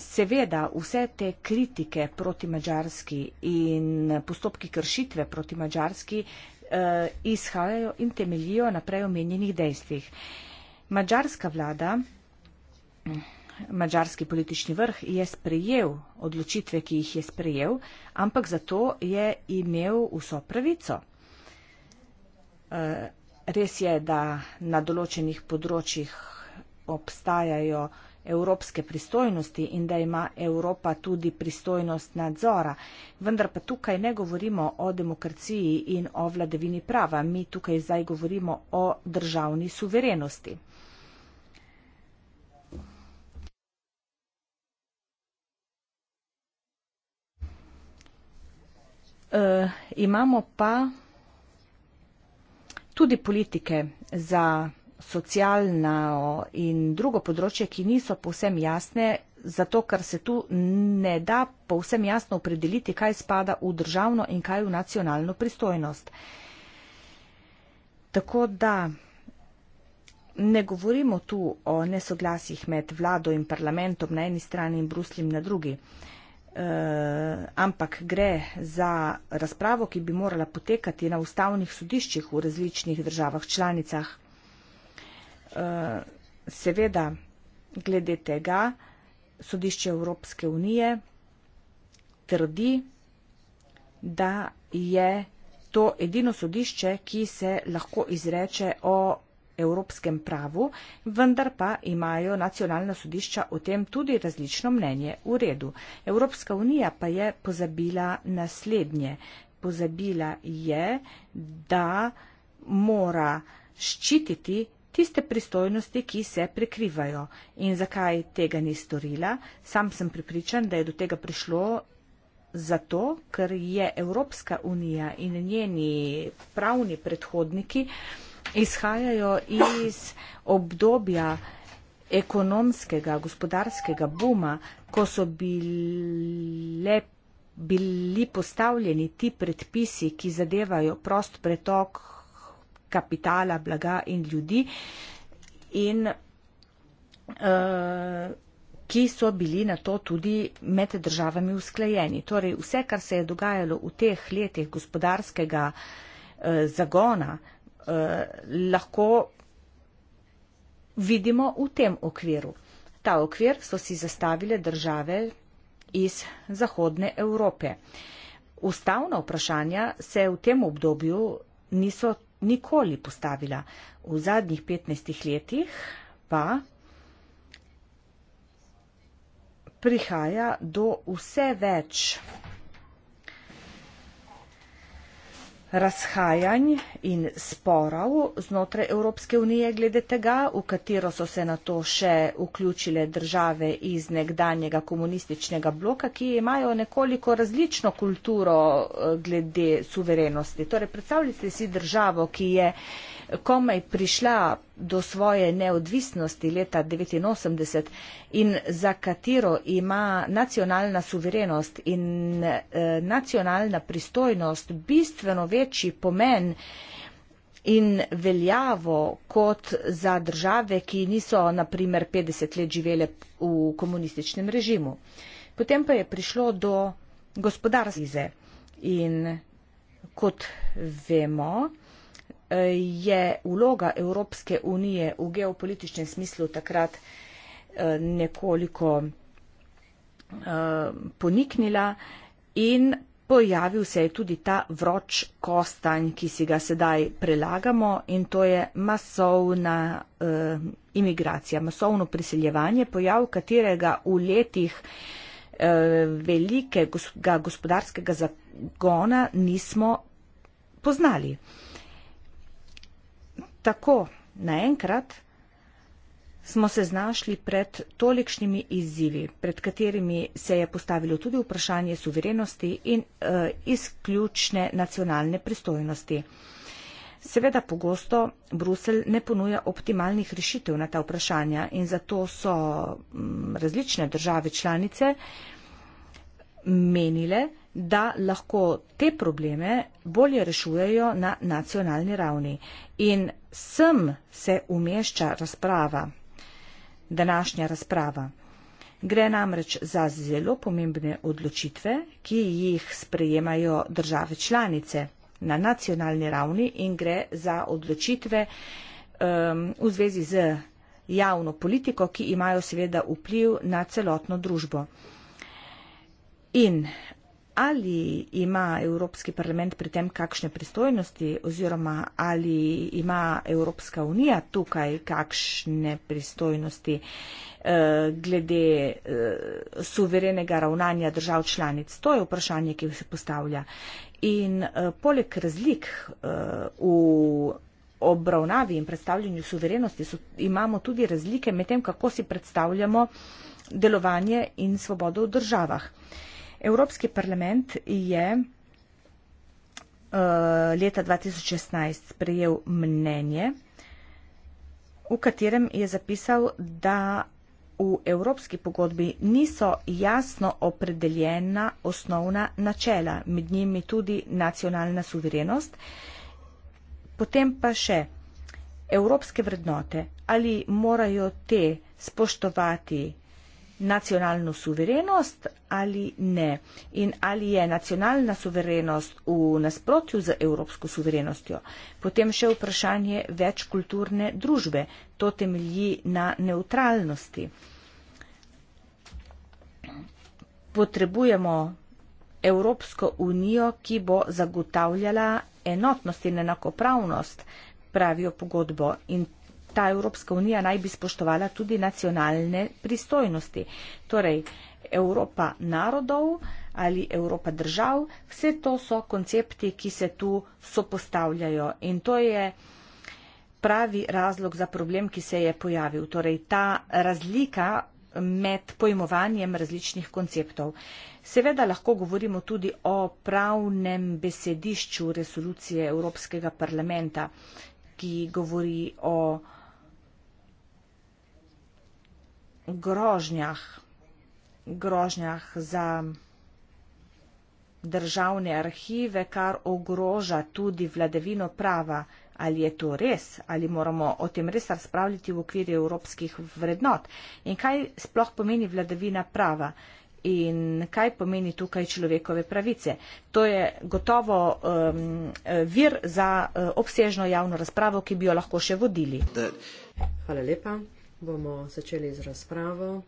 seveda vse te kritike proti mađarski in postopki kršitve proti mađarski uh, eh, izhajajo in temeljijo na prej omenjenih dejstvih. Mađarska vlada, mađarski politični vrh je sprejel odločitve, ki jih je sprejel, ampak zato je imel vso pravico. Eh, res je, da na določenih področjih obstajajo evropske pristojnosti in da ima Evropa tudi pristojnost nadzora. Vendar pa tukaj ne govorimo o demokraciji in o vladavini prava. Mi tukaj zdaj govorimo o državni suverenosti. E, imamo pa tudi politike za socialna in drugo področje, ki niso povsem jasne, zato ker se tu ne da povsem jasno opredeliti, kaj spada v državno in kaj v nacionalno pristojnost. Tako da ne govorimo tu o nesoglasjih med vlado in parlamentom na eni strani in Brusljem na drugi. Eh, ampak gre za razpravo, ki bi morala potekati na ustavnih sodiščih v različnih državah članicah. Eh, seveda, glede tega, sodišče Evropske unije trdi, da je to edino sodišče, ki se lahko izreče o evropskem pravu, vendar pa imajo nacionalna sodišča o tem tudi različno mnenje v redu. Evropska unija pa je pozabila naslednje. Pozabila je, da mora ščititi tiste pristojnosti, ki se prekrivajo. In zakaj tega ni storila? Sam sem pripričan, da je do tega prišlo zato, ker je Evropska unija in njeni pravni predhodniki uh, izhajajo iz obdobja ekonomskega, gospodarskega buma, ko so bile, bili postavljeni ti predpisi, ki zadevajo prost pretok kapitala, blaga in ljudi, in uh, ki so bili na to tudi med državami usklajeni. Torej, vse, kar se je dogajalo v teh letih gospodarskega uh, zagona, Eh, lahko vidimo v tem okviru. Ta okvir so si zastavile države iz Zahodne Evrope. Ustavna vprašanja se v tem obdobju niso nikoli postavila. V zadnjih 15 letih pa prihaja do vse več razhajanj in sporov znotraj Evropske unije glede tega, v katero so se na to še vključile države iz nekdanjega komunističnega bloka, ki imajo nekoliko različno kulturo eh, glede suverenosti. Torej, predstavljate si državo, ki je komaj prišla do svoje neodvisnosti leta 1989 in za katero ima nacionalna suverenost in eh, nacionalna pristojnost bistveno večji pomen in veljavo kot za države, ki niso naprimer 50 let živele v komunističnem režimu. Potem pa je prišlo do gospodarske krize in kot vemo, je vloga Evropske unije v geopolitičnem smislu takrat eh, nekoliko eh, poniknila in pojavil se je tudi ta vroč kostanj, ki si ga sedaj prelagamo in to je masovna eh, imigracija, masovno priseljevanje, pojav katerega v letih velikega gospodarskega zagona nismo poznali tako naenkrat smo se znašli pred tolikšnimi izzivi, pred katerimi se je postavilo tudi vprašanje suverenosti in e, izključne nacionalne pristojnosti. Seveda pogosto Brusel ne ponuja optimalnih rešitev na ta vprašanja in zato so mm, različne države članice menile, da lahko te probleme bolje rešujejo na nacionalni ravni. In sem se umešča razprava, današnja razprava. Gre namreč za zelo pomembne odločitve, ki jih sprejemajo države članice na nacionalni ravni in gre za odločitve um, v zvezi z javno politiko, ki imajo seveda vpliv na celotno družbo. In ali ima Evropski parlament pri tem kakšne pristojnosti oziroma ali ima Evropska unija tukaj kakšne pristojnosti eh, glede eh, suverenega ravnanja držav članic. To je vprašanje, ki se postavlja. In eh, poleg razlik eh, v obravnavi in predstavljanju suverenosti so, imamo tudi razlike med tem, kako si predstavljamo delovanje in svobodo v državah. Uh, Evropski parlament je eh, leta 2016 sprejel mnenje, v katerem je zapisal, da v Evropski pogodbi niso jasno opredeljena osnovna načela, med njimi tudi nacionalna suverenost, potem pa še evropske vrednote, ali morajo te spoštovati nacionalno suverenost ali ne in ali je nacionalna suverenost v nasprotju z evropsko suverenostjo. Potem še vprašanje večkulturne družbe. To temelji na neutralnosti. Potrebujemo Evropsko unijo, ki bo zagotavljala enotnost in enakopravnost, pravijo pogodbo in ta Evropska unija naj bi spoštovala tudi nacionalne pristojnosti. Torej, Evropa narodov ali Evropa držav, vse to so koncepti, ki se tu sopostavljajo in to je pravi razlog za problem, ki se je pojavil. Torej, ta razlika med pojmovanjem različnih konceptov. Seveda lahko govorimo tudi o pravnem besedišču resolucije Evropskega parlamenta, ki govori o grožnjah, grožnjah za državne arhive, kar ogroža tudi vladavino prava. Ali je to res? Ali moramo o tem res razpravljati v okviru evropskih vrednot? In kaj sploh pomeni vladavina prava? In kaj pomeni tukaj človekove pravice? To je gotovo um, vir za uh, obsežno javno razpravo, ki bi jo lahko še vodili. Hvala lepa bomo začeli z razpravo.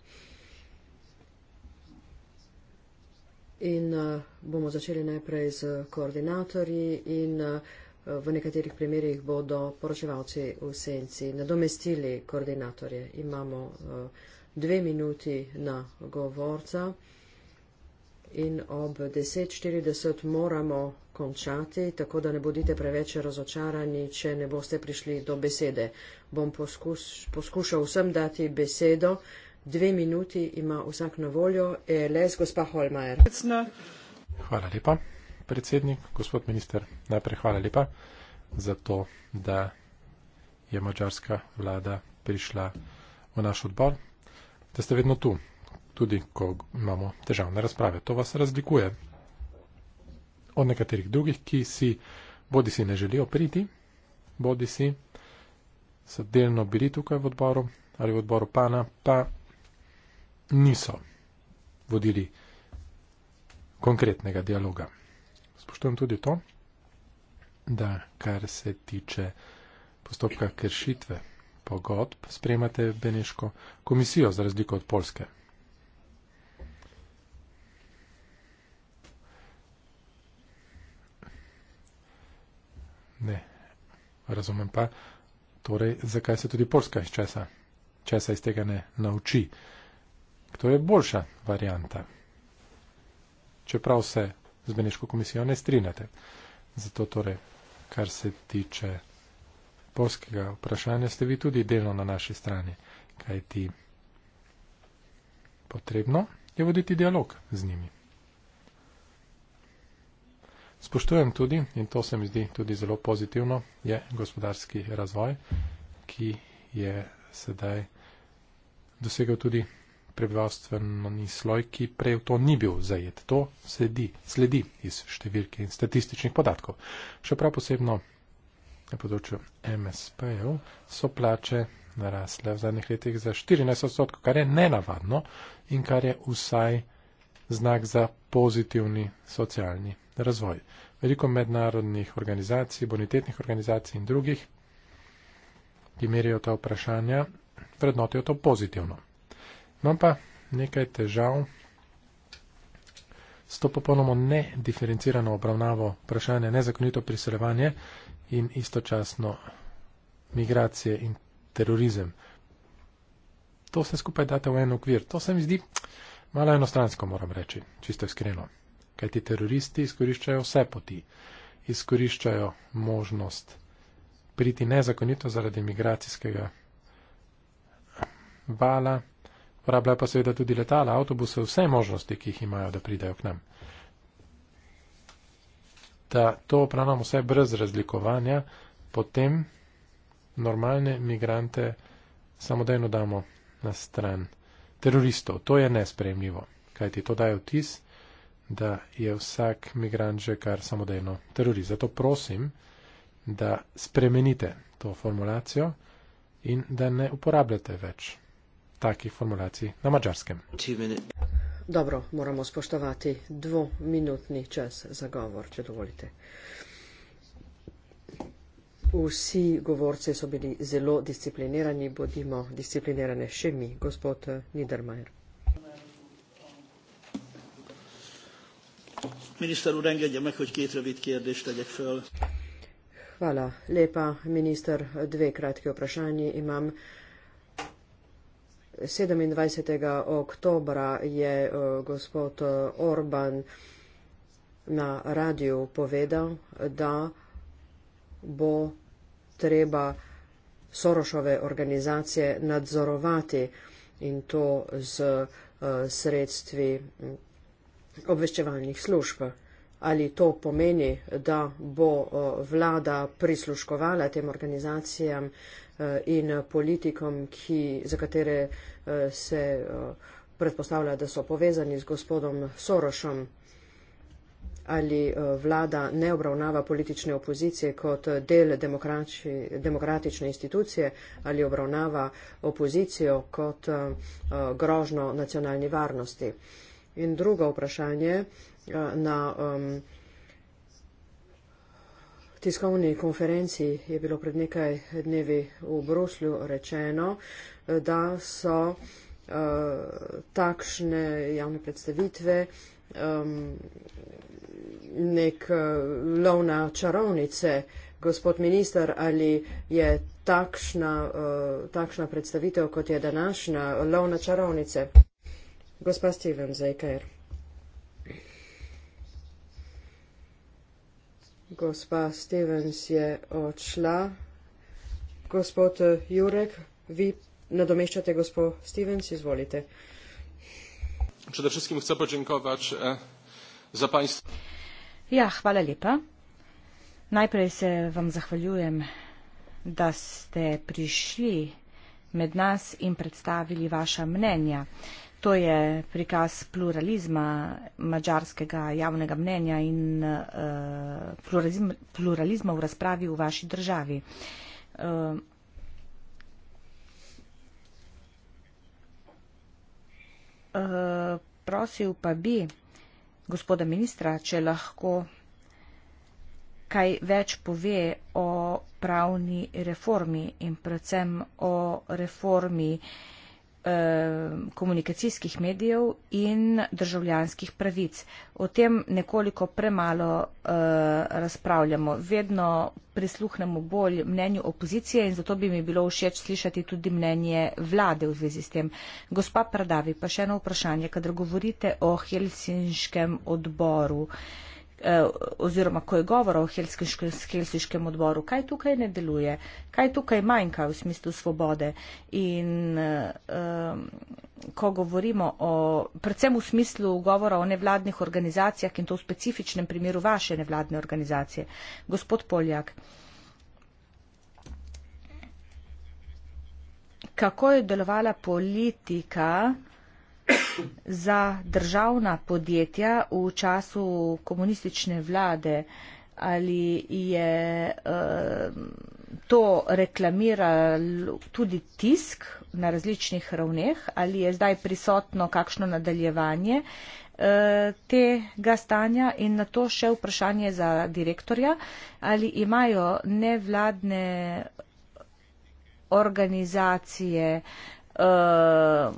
In uh, bomo začeli najprej z koordinatorji in uh, v nekaterih primerjih bodo poročevalci v senci nadomestili koordinatorje. Imamo uh, dve minuti na govorca in ob 10.40 moramo končati, tako da ne bodite preveč razočarani, če ne boste prišli do besede. Bom poskus, poskušal vsem dati besedo. Dve minuti ima vsak na voljo. ELS, gospa Holmajer. Hvala lepa, predsednik, gospod minister. Najprej hvala lepa za to, da je mačarska vlada prišla v naš odbor, da ste vedno tu tudi ko imamo težavne razprave. To vas razlikuje od nekaterih drugih, ki si bodi si ne želijo priti, bodi si so delno bili tukaj v odboru ali v odboru pana, pa niso vodili konkretnega dialoga. Spoštujem tudi to, da kar se tiče postopka kršitve pogodb, spremate Beneško komisijo za razliko od Polske. Ne. Razumem pa, torej, zakaj se tudi Poljska iz česa, česa iz tega ne nauči. Kdo je boljša varijanta? Čeprav se z Beneško komisijo ne strinjate. Zato torej, kar se tiče polskega vprašanja, ste vi tudi delno na naši strani, kaj ti potrebno je voditi dialog z njimi spoštujem tudi, in to se mi zdi tudi zelo pozitivno, je gospodarski razvoj, ki je sedaj dosegel tudi prebivalstveni sloj, ki prej v to ni bil zajet. To sledi, sledi iz številke in statističnih podatkov. Še prav posebno na področju MSP-ev so plače narasle v zadnjih letih za 14 odstotkov, kar je nenavadno in kar je vsaj znak za pozitivni socialni razvoj. Veliko mednarodnih organizacij, bonitetnih organizacij in drugih, ki merijo ta vprašanja, vrednotijo to pozitivno. Imam pa nekaj težav s to popolnoma nedifferencirano obravnavo vprašanja nezakonito priseljevanje in istočasno migracije in terorizem. To vse skupaj date v en okvir. To se mi zdi Malo enostransko moram reči, čisto iskreno. Kaj ti teroristi izkoriščajo vse poti, izkoriščajo možnost priti nezakonito zaradi migracijskega vala, uporabljajo pa seveda tudi letala, avtobuse, vse možnosti, ki jih imajo, da pridejo k nam. Da to opravljamo vse brez razlikovanja, potem normalne migrante samodejno damo na stran teroristov. To je nespremljivo, kajti to daje vtis, da je vsak migrant že kar samodejno terorist. Zato prosim, da spremenite to formulacijo in da ne uporabljate več takih formulacij na mačarskem. Dobro, moramo spoštovati dvominutni čas za govor, če dovolite. Vsi govorci so bili zelo disciplinirani, bodimo disciplinirane še mi, gospod Niedermayer. Minister, urengedje, me hoč kjetre vid, kjerdeš tegek fel. Hvala lepa, minister. Dve kratke vprašanje imam. 27. oktobra je eh, gospod Orban na radiju povedal, da bo treba Sorošove organizacije nadzorovati in to z eh, sredstvi obveščevalnih služb. Ali to pomeni, da bo eh, vlada prisluškovala tem organizacijam eh, in politikom, ki, za katere se predpostavlja, da so povezani z gospodom Sorošom, ali eh, vlada ne obravnava politične opozicije kot eh, del demokratične institucije ali obravnava opozicijo kot eh, grožno nacionalni varnosti. In drugo vprašanje na tiskovni konferenci je bilo pred nekaj dnevi v Bruslju rečeno, da so takšne javne predstavitve uh, um, nek uh, lovna čarovnice, gospod minister, ali je takšna, uh, takšna predstavitev, kot je današnja, lovna čarovnice. Gospa Steven Zajker. Gospa Stevens je odšla. Gospod Jurek, vi nadomeščate gospod Stevens, izvolite. Uh, Przede wszystkim chcę podziękować e, za Państwa. Ja, chwalę lepa. Najpierw się Wam zachwaliłem, da ste przyszli med nas i przedstawili Wasze mnenia. To je prikaz pluralizma mađarskega javnega mnenja in uh, pluralizma v razpravi v vaši državi. Uh, Eh, prosil pa bi gospoda ministra, če lahko kaj več pove o pravni reformi in predvsem o reformi uh, komunikacijskih medijev in državljanskih pravic. O tem nekoliko premalo uh, razpravljamo. Vedno prisluhnemo bolj mnenju opozicije in zato bi mi bilo všeč slišati tudi mnenje vlade v zvezi s tem. Gospa Pradavi, pa še eno vprašanje, kadar govorite o Helsinškem odboru. Uh, Eh, oziroma ko je govora o helsiškem odboru, kaj tukaj ne deluje, kaj tukaj manjka v smislu svobode in eh, ko govorimo o, predvsem v smislu govora o nevladnih organizacijah in to v specifičnem primeru vaše nevladne organizacije. Gospod Poljak, kako je delovala politika, za državna podjetja v času komunistične vlade ali je uh, to reklamiral tudi tisk na različnih ravneh ali je zdaj prisotno kakšno nadaljevanje eh, tega stanja in na to še vprašanje za direktorja, ali imajo nevladne organizacije uh, uh,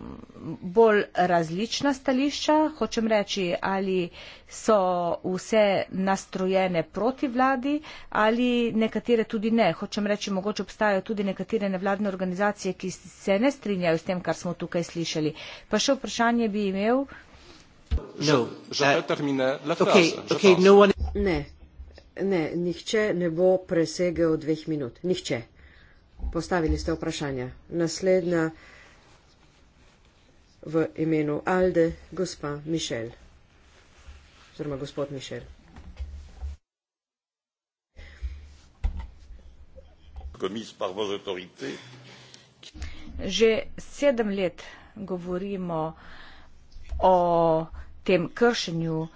bolj različna stališča, hočem reči, ali so vse nastrojene proti vladi ali nekatere tudi ne. Hočem reči, mogoče obstajajo tudi nekatere nevladne organizacije, ki se ne strinjajo s tem, kar smo tukaj slišali. Pa še vprašanje bi imel. No. Eh, okay, eh, okay, no one... Ne, ne, nihče ne bo presegel dveh minut. Nihče. Postavili ste vprašanja. Naslednja v imenu Alde, gospa Mišel. Oziroma, gospod Mišel. Že sedem let govorimo o tem kršenju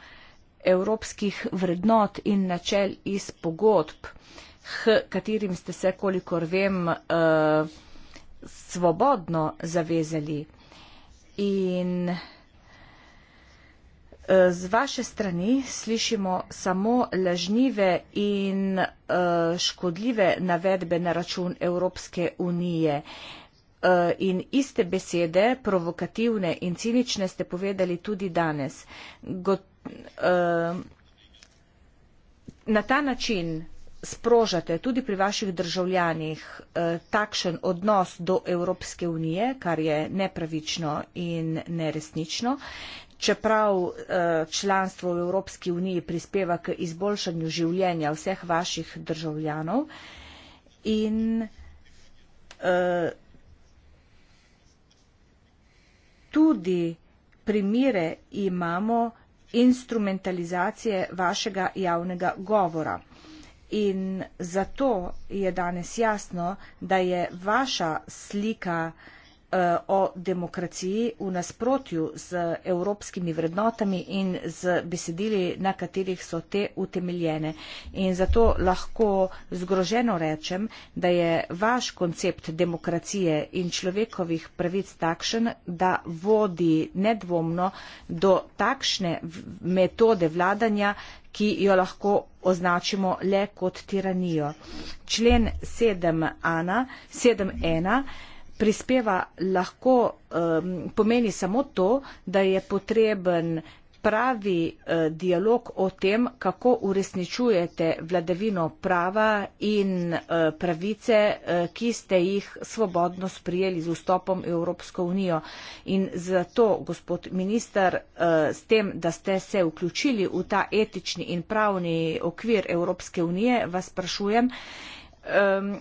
evropskih vrednot in načel iz pogodb, h katerim ste se, kolikor vem, eh, svobodno zavezali. In e, z vaše strani slišimo samo lažnive in e, škodljive navedbe na račun Evropske unije. E, in iste besede, provokativne in cinične, ste povedali tudi danes. Na ta način sprožate tudi pri vaših državljanih eh, takšen odnos do Evropske unije, kar je nepravično in neresnično, čeprav eh, članstvo v Evropski uniji prispeva k izboljšanju življenja vseh vaših državljanov in eh, tudi primire imamo instrumentalizacije vašega javnega govora. In zato je danes jasno, da je vaša slika Eh, o demokraciji v nasprotju z evropskimi vrednotami in z besedili, na katerih so te utemeljene. In zato lahko zgroženo rečem, da je vaš koncept demokracije in človekovih pravic takšen, da vodi nedvomno do takšne metode vladanja, ki jo lahko označimo le kot tiranijo. Člen 7.1 prispeva lahko um, pomeni samo to, da je potreben pravi uh, dialog o tem, kako uresničujete vladavino prava in uh, pravice, uh, ki ste jih svobodno sprijeli z vstopom v Evropsko unijo. In zato, gospod minister, uh, s tem, da ste se vključili v ta etični in pravni okvir Evropske unije, vas sprašujem, um,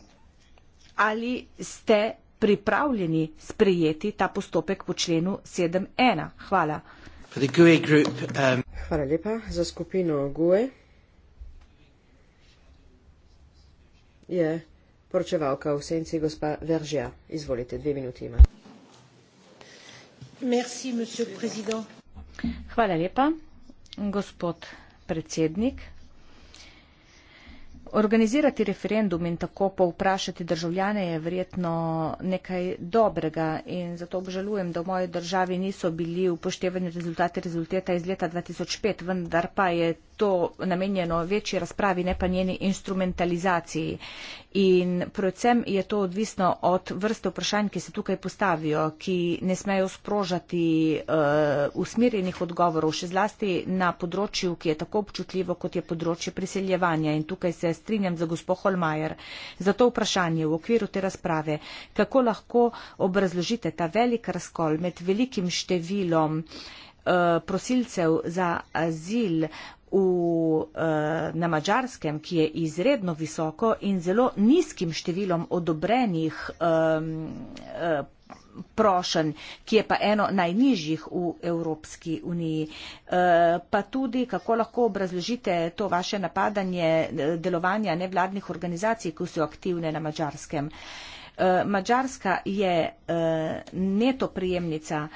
ali ste pripravljeni sprejeti ta postopek po členu 7.1. Hvala. E group, um... Hvala lepa za skupino GUE. Je poročevalka v senci gospa Veržija. Izvolite, dve minuti ima. Merci, Hvala lepa, gospod predsednik. Organizirati referendum in tako povprašati državljane je verjetno nekaj dobrega in zato obžalujem, da v moji državi niso bili upoštevani rezultati rezultata iz leta 2005, vendar pa je to namenjeno večji razpravi, ne pa njeni instrumentalizaciji. In predvsem je to odvisno od vrste vprašanj, ki se tukaj postavijo, ki ne smejo sprožati uh, usmerjenih odgovorov, še zlasti na področju, ki je tako občutljivo, kot je področje priseljevanja. In tukaj se strinjam za gospod Holmajer. Zato vprašanje v okviru te razprave, kako lahko obrazložite ta velik razkol med velikim številom eh, prosilcev za azil v, eh, na Mačarskem, ki je izredno visoko in zelo nizkim številom odobrenih eh, prošen, ki je pa eno najnižjih v Evropski uniji. Eh, pa tudi, kako lahko obrazložite to vaše napadanje eh, delovanja nevladnih organizacij, ki so aktivne na mačarskem. Eh, Mačarska je neto prijemnica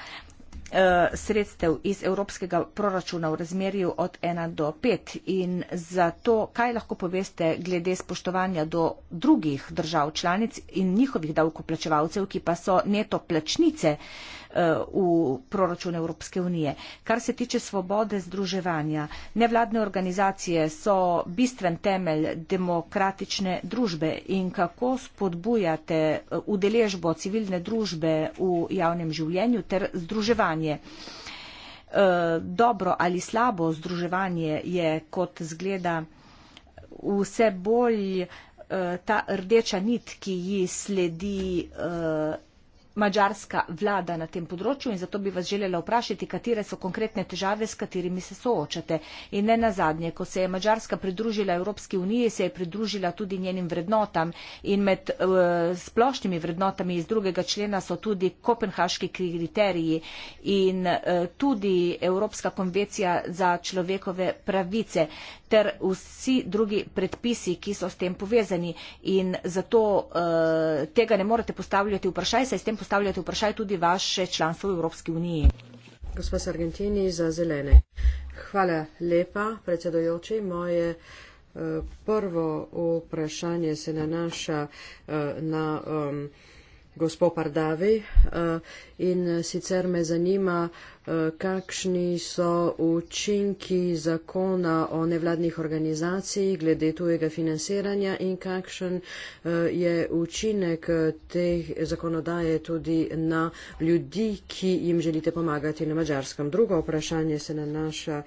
Eh, sredstev iz evropskega proračuna v razmerju od 1 do 5 in za to, kaj lahko poveste glede spoštovanja do drugih držav članic in njihovih davkoplačevalcev, ki pa so neto plačnice uh, Eh, v proračun Evropske unije. Kar se tiče svobode združevanja, nevladne organizacije so bistven temelj demokratične družbe in kako spodbujate eh, udeležbo civilne družbe v javnem življenju ter združevanje. Eh, dobro ali slabo združevanje je kot zgleda vse bolj ta rdeča nit, ki ji sledi mađarska vlada na tem področju in zato bi vas želela vprašati, katere so konkretne težave, s katerimi se soočate. In ne na zadnje, ko se je Mađarska pridružila Evropski uniji, se je pridružila tudi njenim vrednotam in med uh, splošnimi vrednotami iz drugega člena so tudi kopenhaški kriteriji in uh, tudi Evropska konvencija za človekove pravice ter vsi drugi predpisi, ki so s tem povezani. In zato uh, tega ne morete postavljati vprašaj, saj s tem postavljate postavljate vprašanje tudi vaše članstvo v Evropski uniji. Gospod Sargentini za zelene. Hvala lepa, predsedojoči. Moje eh, prvo vprašanje se nanaša eh, na. Um, gospo Pardavi. Eh, in sicer me zanima, eh, kakšni so učinki zakona o nevladnih organizacijah glede tujega financiranja in kakšen eh, je učinek te zakonodaje tudi na ljudi, ki jim želite pomagati na mačarskem. Drugo vprašanje se nanaša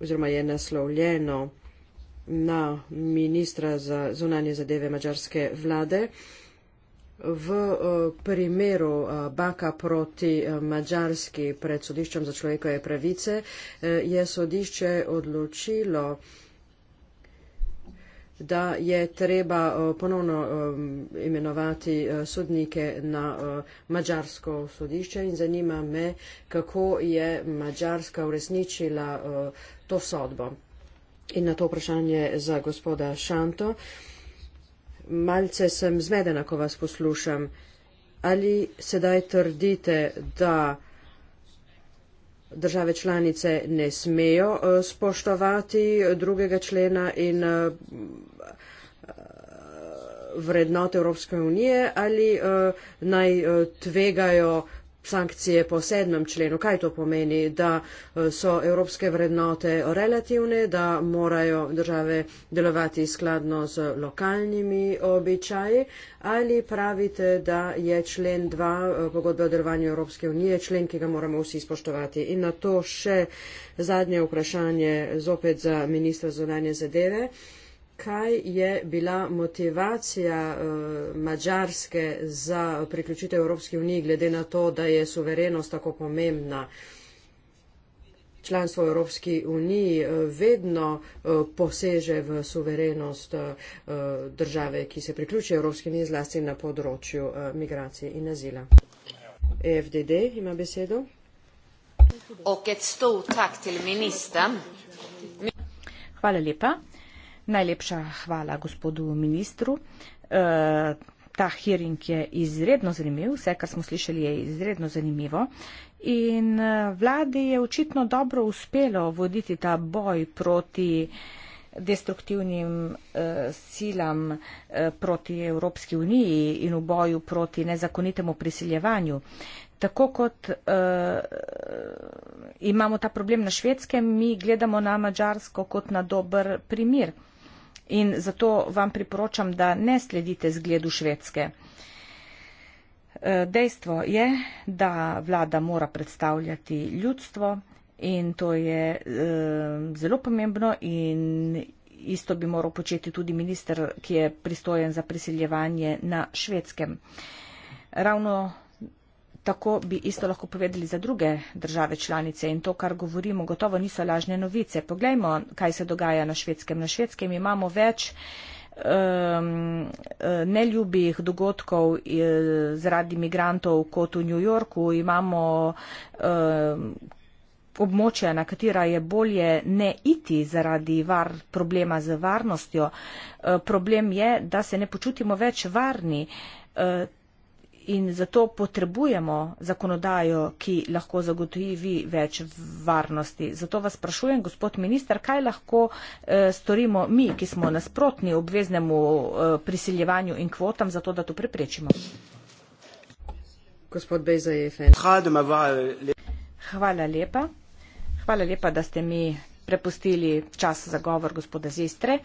oziroma je naslovljeno na ministra za zunanje zadeve mačarske vlade. Uh, V eh, primeru eh, Baka proti eh, Mačarski pred sodiščem za človekove pravice je sodišče odločilo, da je treba ponovno imenovati sodnike na Mačarsko sodišče in zanima me, kako je Mačarska uresničila to sodbo. In na to vprašanje za gospoda Šanto malce sem zmedena, ko vas poslušam. Ali sedaj trdite, da države članice ne smejo eh, spoštovati drugega člena in eh, vrednot Evropske unije ali eh, naj tvegajo sankcije po sedmem členu. Kaj to pomeni, da eh, so evropske vrednote relativne, da morajo države delovati skladno z lokalnimi običaji ali pravite, da je člen 2 eh, pogodbe o delovanju Evropske unije člen, ki ga moramo vsi spoštovati. In na to še zadnje vprašanje zopet za ministra zunanje zadeve kaj je bila motivacija uh, eh, Mačarske za priključitev Evropske unije, glede na to, da je suverenost tako pomembna. Članstvo Evropske unije eh, vedno eh, poseže v suverenost države, ki se priključi Evropske unije zlasti na področju migracije in azila. EFDD ima besedo. Hvala lepa. Najlepša hvala gospodu ministru. E, ta hearing je izredno zanimiv, vse, kar smo slišali, je izredno zanimivo. In e, vladi je očitno dobro uspelo voditi ta boj proti destruktivnim eh, silam eh, proti Evropski uniji in v boju proti nezakonitemu prisiljevanju. Tako kot eh, imamo ta problem na švedskem, mi gledamo na mačarsko kot na dober primer in zato vam priporočam, da ne sledite zgledu švedske. E, dejstvo je, da vlada mora predstavljati ljudstvo in to je e, zelo pomembno in isto bi moral početi tudi minister, ki je pristojen za priseljevanje na švedskem. Ravno tako bi isto lahko povedali za druge države članice in to, kar govorimo, gotovo niso lažne novice. Poglejmo, kaj se dogaja na švedskem. Na švedskem imamo več um, neljubih dogodkov eh, zaradi migrantov kot v New Yorku. Imamo um, območja, na katera je bolje ne iti zaradi var, problema z varnostjo. Uh, problem je, da se ne počutimo več varni. Uh, in zato potrebujemo zakonodajo, ki lahko zagotovi več varnosti. Zato vas sprašujem, gospod minister, kaj lahko eh, storimo mi, ki smo nasprotni obveznemu eh, prisiljevanju in kvotam, zato da to preprečimo. Gospod Bejza je FN. Hvala lepa. Hvala lepa, da ste mi prepustili čas za govor gospoda Zestre.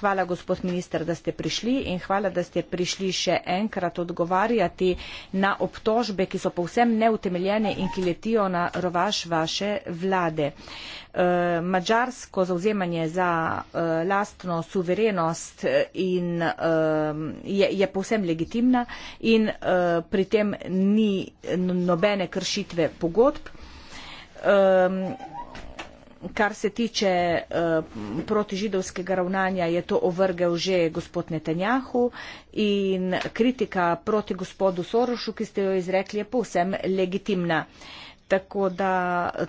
Hvala, gospod minister, da ste prišli in hvala, da ste prišli še enkrat odgovarjati na obtožbe, ki so povsem neutemeljene in ki letijo na rovaš vaše vlade. E, Mačarsko zauzemanje za e, lastno suverenost e, in, je, je povsem legitimna in pri tem ni nobene kršitve pogodb kar se tiče uh, protižidovskega ravnanja, je to ovrgel že gospod Netanjahu in kritika proti gospodu Sorošu, ki ste jo izrekli, je povsem legitimna. Tako da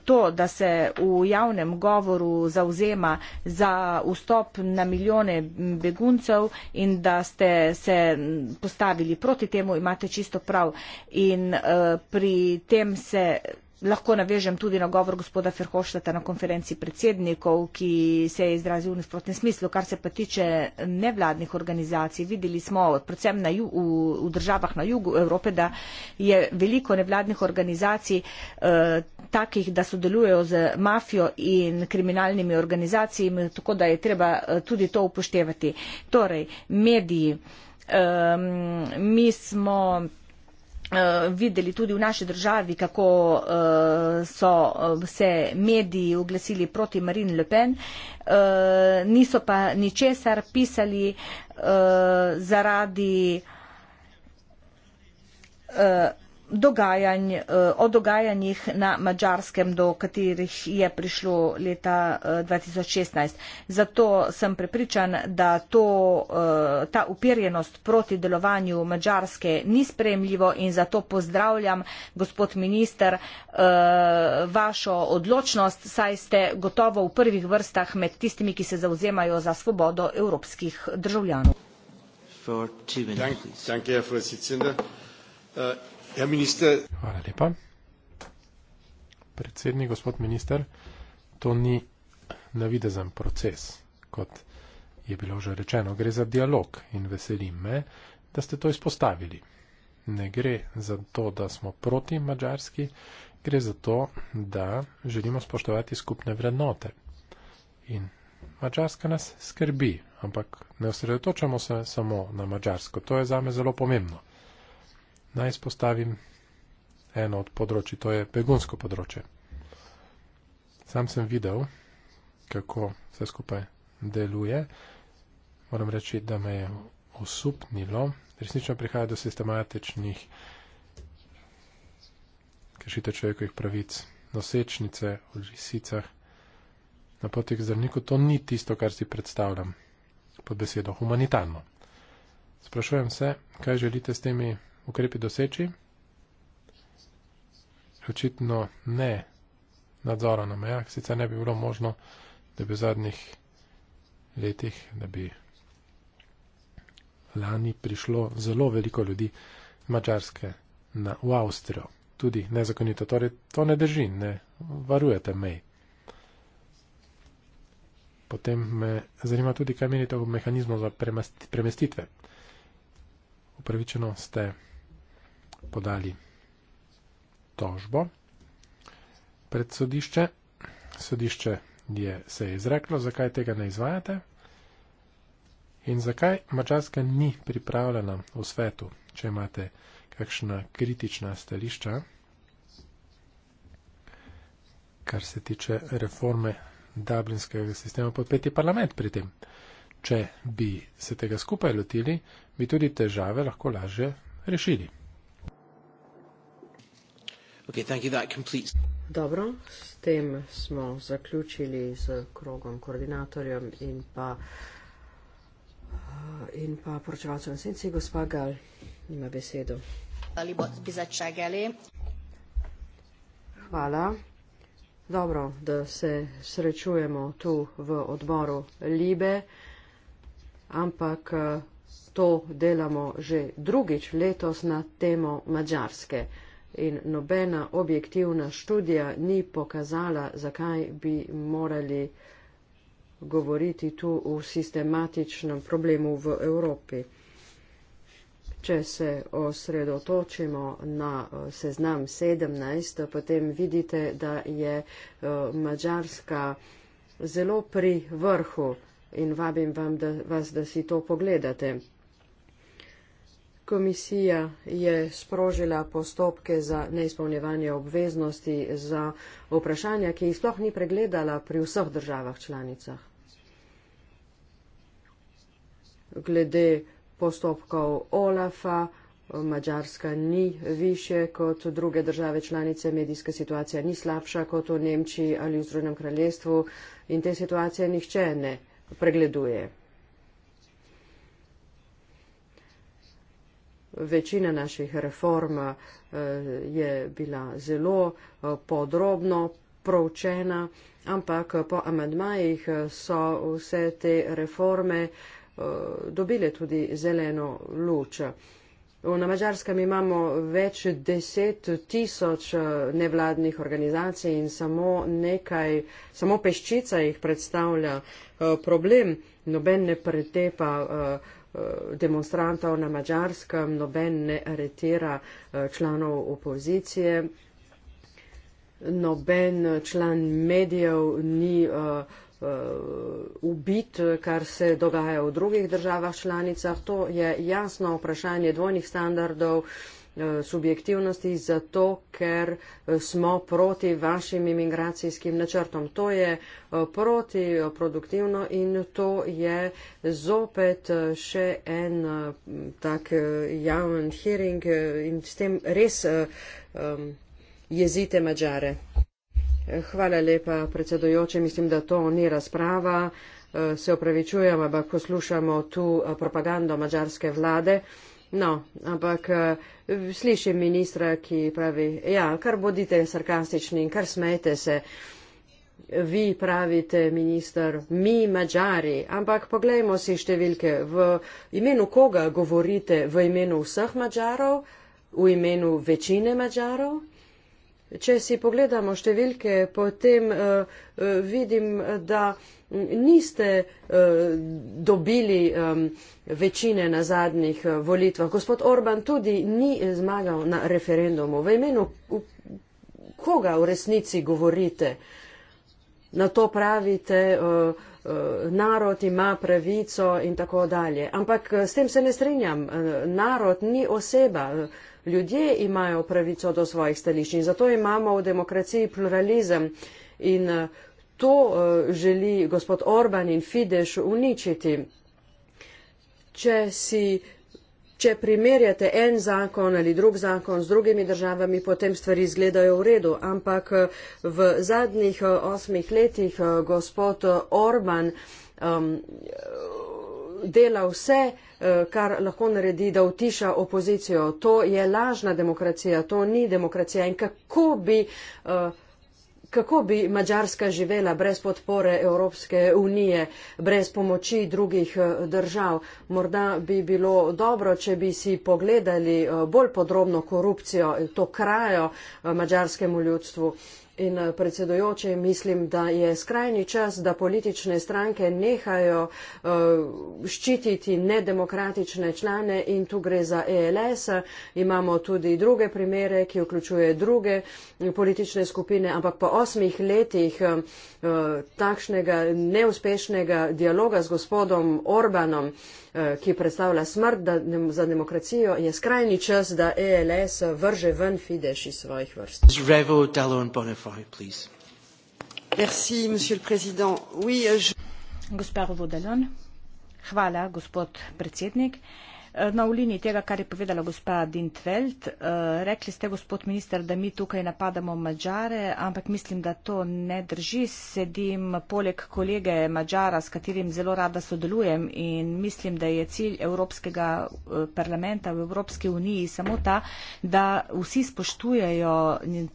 to, da se v javnem govoru zauzema za vstop na milijone beguncev in da ste se postavili proti temu, imate čisto prav. In uh, pri tem se lahko navežem tudi na govor gospoda Ferhošteta na konferenci predsednikov, ki se je izrazil v nasprotnem smislu, kar se pa tiče nevladnih organizacij. Videli smo predvsem ju, v, v državah na jugu Evrope, da je veliko nevladnih organizacij eh, takih, da sodelujejo z mafijo in kriminalnimi organizacijami, tako da je treba eh, tudi to upoštevati. Torej, mediji. Eh, mi smo Eh, videli tudi v naši državi, kako uh, so eh, se mediji oglasili proti Marine Le Pen, uh, niso pa ničesar pisali uh, zaradi uh, dogajanj, eh, o dogajanjih na Mačarskem, do katerih je prišlo leta 2016. Eh, zato sem prepričan, da to, eh, ta upirjenost proti delovanju Mačarske ni spremljivo in zato pozdravljam, gospod minister, vašo odločnost, saj ste gotovo v prvih vrstah med tistimi, ki se zauzemajo za svobodo evropskih državljanov. For two minutes, Thank, thank you, Ja, minister. Hvala lepa. Predsednik, gospod minister, to ni navidezen proces, kot je bilo že rečeno. Gre za dialog in veselim me, da ste to izpostavili. Ne gre za to, da smo proti mačarski, gre za to, da želimo spoštovati skupne vrednote. In mačarska nas skrbi, ampak ne osredotočamo se samo na mačarsko. To je zame zelo pomembno naj spostavim eno od področji, to je begunsko področje. Sam sem videl, kako vse skupaj deluje. Moram reči, da me je osupnilo. Resnično prihaja do sistematičnih kršitev človekovih pravic, nosečnice v lisicah. Na poti k zdravniku to ni tisto, kar si predstavljam pod besedo humanitarno. Sprašujem se, kaj želite s temi ukrepi doseči? Očitno ne nadzora na mejah, sicer ne bi bilo možno, da bi v zadnjih letih, da bi lani prišlo zelo veliko ljudi mačarske na, v Avstrijo, tudi nezakonito. Torej, to ne drži, ne varujete mej. Potem me zanima tudi, kaj menite o mehanizmu za premestitve. Upravičeno ste podali tožbo pred sodišče. Sodišče je, se je izreklo, zakaj tega ne izvajate in zakaj Mačarska ni pripravljena v svetu, če imate kakšna kritična stališča, kar se tiče reforme dublinskega sistema pod peti parlament pri tem. Če bi se tega skupaj lotili, bi tudi težave lahko lažje rešili. Okay, thank you. That completes. Dobro, s tem smo zaključili z krogom koordinatorjem in pa eh, in pa poročevalcem senci. Gospa Gal ima besedo. Ali bo bi začegali? Hvala. Dobro, da se srečujemo tu v odboru Libe, ampak eh, to delamo že drugič letos na temo Mačarske in nobena objektivna študija ni pokazala, zakaj bi morali govoriti tu o sistematičnem problemu v Evropi. Če se osredotočimo na eh, seznam 17, potem vidite, da je eh, Mačarska zelo pri vrhu in vabim vas, da si to pogledate komisija je sprožila postopke za neizpolnjevanje obveznosti za vprašanja, ki jih sploh ni pregledala pri vseh državah članicah. Glede postopkov OLAFA, Mačarska ni više kot druge države članice, medijska situacija ni slabša kot v Nemčiji ali v Združenem kraljestvu in te situacije nihče ne pregleduje. večina naših reform eh, je bila zelo eh, podrobno proučena, ampak eh, po amadmajih so vse te reforme dobile tudi zeleno luč. Na Mačarskem imamo več deset tisoč nevladnih organizacij in samo nekaj, samo peščica jih predstavlja problem, noben ne pretepa Eh, demonstrantov na mačarskem, noben ne aretira eh, članov opozicije, noben član medijev ni eh, ubit, kar se dogaja v drugih državah članicah. To je jasno vprašanje dvojnih standardov. Eh, subjektivnosti, zato ker eh, smo proti vašim imigracijskim načrtom. To je eh, protiproduktivno in to je zopet še en tak javen hearing in s tem res um, jezite mađare. Hvala lepa, predsedojoče. Mislim, da to ni razprava. Se opravičujem, ampak poslušamo tu propagando mađarske vlade. No, ampak eh, slišim ministra, ki pravi, ja, kar bodite sarkastični in kar smete se. Vi pravite, minister, mi mađari, ampak poglejmo si številke. V imenu koga govorite? V imenu vseh mađarov? V imenu večine mađarov? Če si pogledamo številke, potem uh, uh, vidim, da. Uh, niste uh, dobili um, večine na zadnjih eh, volitvah. Gospod Orban tudi ni eh, zmagal na referendumu. V imenu v, koga v resnici govorite? Na to pravite, uh, uh, narod ima pravico in tako dalje. Ampak s tem se ne strinjam. Uh, narod ni oseba. Ljudje imajo pravico do svojih stališč in zato imamo v demokraciji pluralizem in uh, to eh, želi gospod Orban in Fidesz uničiti. Če si Če primerjate en zakon ali drug zakon z drugimi državami, potem stvari izgledajo v redu. Ampak eh, v zadnjih eh, osmih letih gospod Orban um, dela vse, kar lahko naredi, da utiša opozicijo. To je lažna demokracija, to ni demokracija. In kako bi. Uh, kako bi Mačarska živela brez podpore Evropske unije, brez pomoči drugih eh, držav? Morda bi bilo dobro, če bi si pogledali eh, bolj podrobno korupcijo in to krajo eh, mačarskemu ljudstvu. In eh, predsedojoče, mislim, da je skrajni čas, da politične stranke nehajo uh, ščititi nedemokratične člane in tu gre za ELS. Imamo tudi druge primere, ki vključuje druge eh, politične skupine, ampak po osmih letih uh, takšnega neuspešnega dialoga z gospodom Orbanom, uh, ki predstavlja smrt da, ne, za demokracijo, je skrajni čas, da ELS vrže ven Fidesz iz svojih vrst. Euh, gospa Rovodelen. Hvala, gospod predsednik. Eh, no, v liniji tega, kar je povedala gospa Dintveld, eh, rekli ste, gospod minister, da mi tukaj napadamo Mačare, ampak mislim, da to ne drži. Sedim poleg kolege Mačara, s katerim zelo rada sodelujem in mislim, da je cilj Evropskega eh, parlamenta v Evropski uniji samo ta, da vsi spoštujejo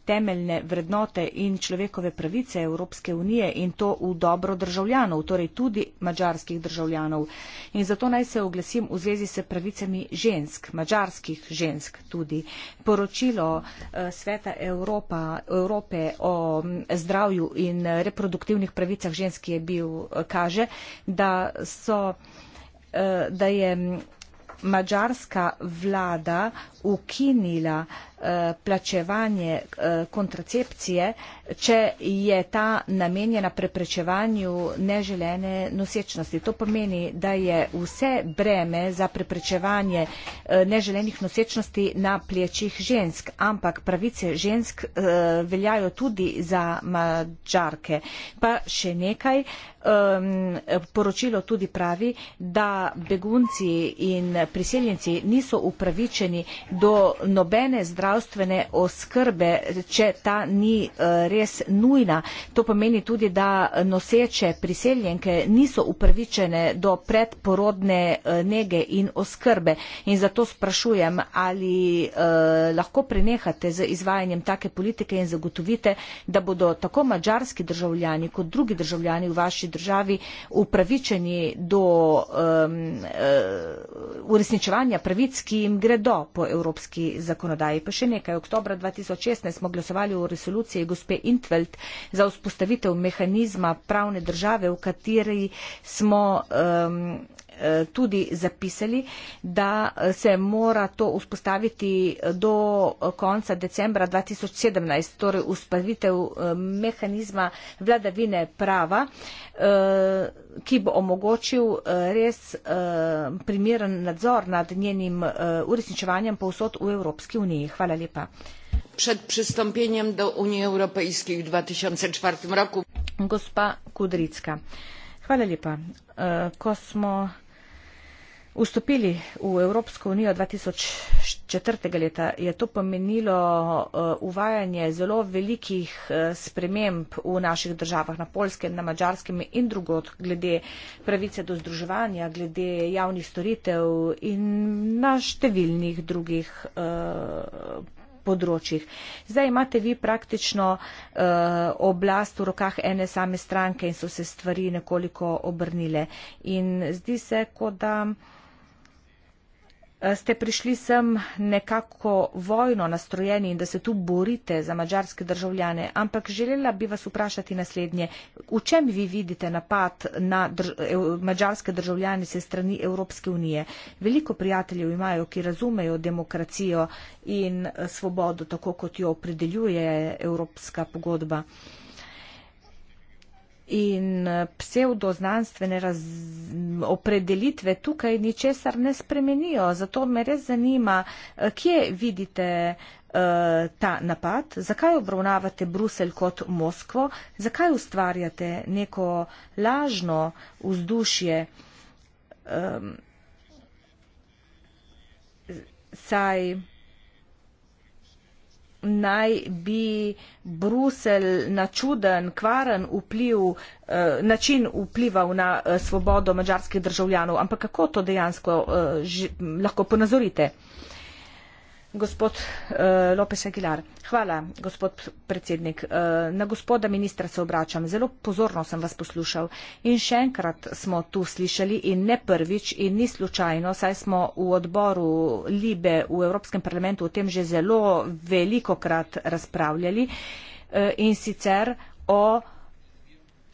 temeljne vrednote in človekove pravice Evropske unije in to v dobro državljanov, torej tudi mačarskih državljanov. In zato naj se oglasim v zvezi se pravicami pravicami žensk, mađarskih žensk tudi. Poročilo eh, Sveta Evropa, Evrope o mm, zdravju in reproduktivnih pravicah žensk je bil, eh, kaže, da, so, eh, da je mm, Mađarska vlada ukinila eh, plačevanje eh, kontracepcije, če je ta namenjena preprečevanju neželene nosečnosti. To pomeni, da je vse breme za preprečevanje eh, neželenih nosečnosti na plečih žensk, ampak pravice žensk veljajo tudi za mačarke. Pa še nekaj, ehm, poročilo tudi pravi, da begunci in priseljenci niso upravičeni do nobene zdravstvene oskrbe, če ta ni eh, res nujna. To pomeni tudi, da noseče priseljenke niso upravičene do predporodne eh, nege in oskrbe. In zato sprašujem, ali eh, lahko prenehate z izvajanjem take politike in zagotovite, da bodo tako mačarski državljani kot drugi državljani v vaši državi upravičeni do um, uresničevanja pravic, ki jim gredo po Evropi evropski zakonodaji. Pa še nekaj. Oktober 2016 smo glasovali o resoluciji gospe Intveld za vzpostavitev mehanizma pravne države, v kateri smo. Um, tudi zapisali, da eh, se mora to vzpostaviti eh, do eh, konca decembra 2017, torej vzpostavitev mehanizma vladavine prava, ki bo omogočil res primeren nadzor nad njenim uresničevanjem povsod v Evropski uniji. Hvala lepa. Pred pristopenjem do Unije Evropejske v 2004 roku. Gospa Kudricka. Hvala lepa. Ko smo vstopili v Evropsko unijo 2004. leta, je to pomenilo eh, uvajanje zelo velikih eh, sprememb v naših državah, na polskem, na mačarskem in drugod, glede pravice do združevanja, glede javnih storitev in na številnih drugih. Eh, področjih. Zdaj imate vi praktično uh, oblast v rokah ene same stranke in so se stvari nekoliko obrnile. In zdi se, kot da. Eh, ste prišli sem nekako vojno nastrojeni in da se tu borite za mađarske državljane, ampak želela bi vas vprašati naslednje. V čem vi vidite napad na drž mađarske državljane se strani Evropske unije? Veliko prijateljev imajo, ki razumejo demokracijo in eh, svobodo, tako kot jo opredeljuje Evropska pogodba in eh, pseudoznanstvene opredelitve tukaj ničesar ne spremenijo. Zato me res zanima, eh, kje vidite eh, ta napad, zakaj obravnavate Bruselj kot Moskvo, zakaj ustvarjate neko lažno vzdušje, um, saj naj bi Bruselj na čuden, kvaren vpliv, eh, način vplival na eh, svobodo mačarskih državljanov. Ampak kako to dejansko eh, lahko ponazorite? Uh, gospod uh, Lopes Aguilar. Hvala, gospod predsednik. Uh, na gospoda ministra se obračam. Zelo pozorno sem vas poslušal. In še enkrat smo tu slišali in ne prvič in ni slučajno, saj smo v odboru Libe v Evropskem parlamentu o tem že zelo veliko krat razpravljali. Uh, in sicer o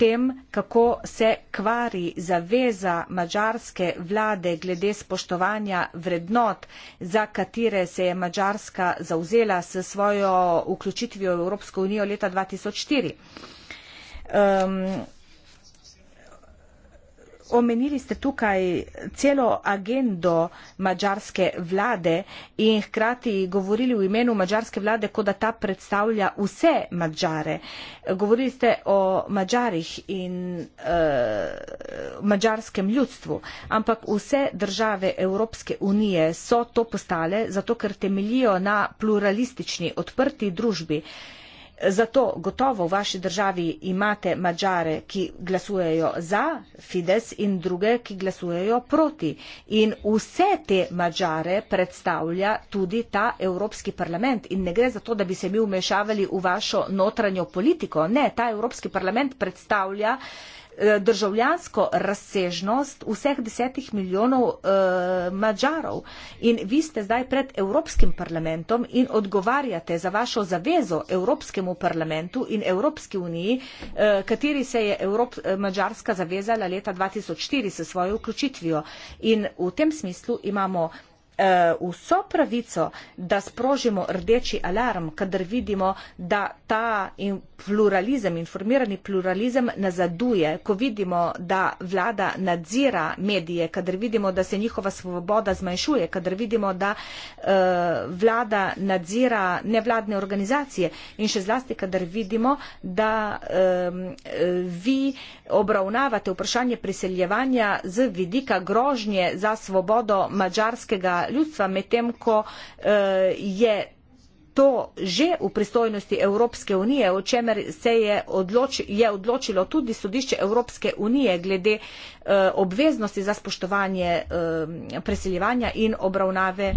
tem, kako se kvari zaveza mađarske vlade glede spoštovanja vrednot, za katere se je Mađarska zauzela s svojo vključitvijo v Evropsko unijo leta 2004. Um, omenili ste tukaj celo agendo mađarske vlade in hkrati govorili v imenu mađarske vlade, kot da ta predstavlja vse mađare. Govorili ste o mađarih in uh, mađarskem ljudstvu, ampak vse države Evropske unije so to postale, zato ker temelijo na pluralistični, odprti družbi. Uh, Zato gotovo v vaši državi imate mačare, ki glasujejo za Fides in druge, ki glasujejo proti. In vse te mačare predstavlja tudi ta Evropski parlament. In ne gre za to, da bi se mi umešavali v vašo notranjo politiko. Ne, ta Evropski parlament predstavlja Eh, državljansko razsežnost vseh desetih milijonov uh, eh, Mačarov. In vi ste zdaj pred Evropskim parlamentom in odgovarjate za vašo zavezo Evropskemu parlamentu in Evropski uniji, uh, kateri se je Evrop, uh, Mačarska zavezala leta 2004 s svojo vključitvijo. In v tem smislu imamo uh, vso pravico, da sprožimo rdeči alarm, kadar vidimo, da ta in pluralizem, informirani pluralizem nazaduje, ko vidimo, da vlada nadzira medije, kadar vidimo, da se njihova svoboda zmanjšuje, kadar vidimo, da uh, vlada nadzira nevladne organizacije in še zlasti, kadar vidimo, da um, vi obravnavate vprašanje priseljevanja z vidika grožnje za svobodo mađarskega ljudstva medtem ko eh, je to že v pristojnosti Evropske unije, o čemer se je, odloč, je odločilo tudi sodišče Evropske unije glede eh, obveznosti za spoštovanje eh, preseljevanja in obravnave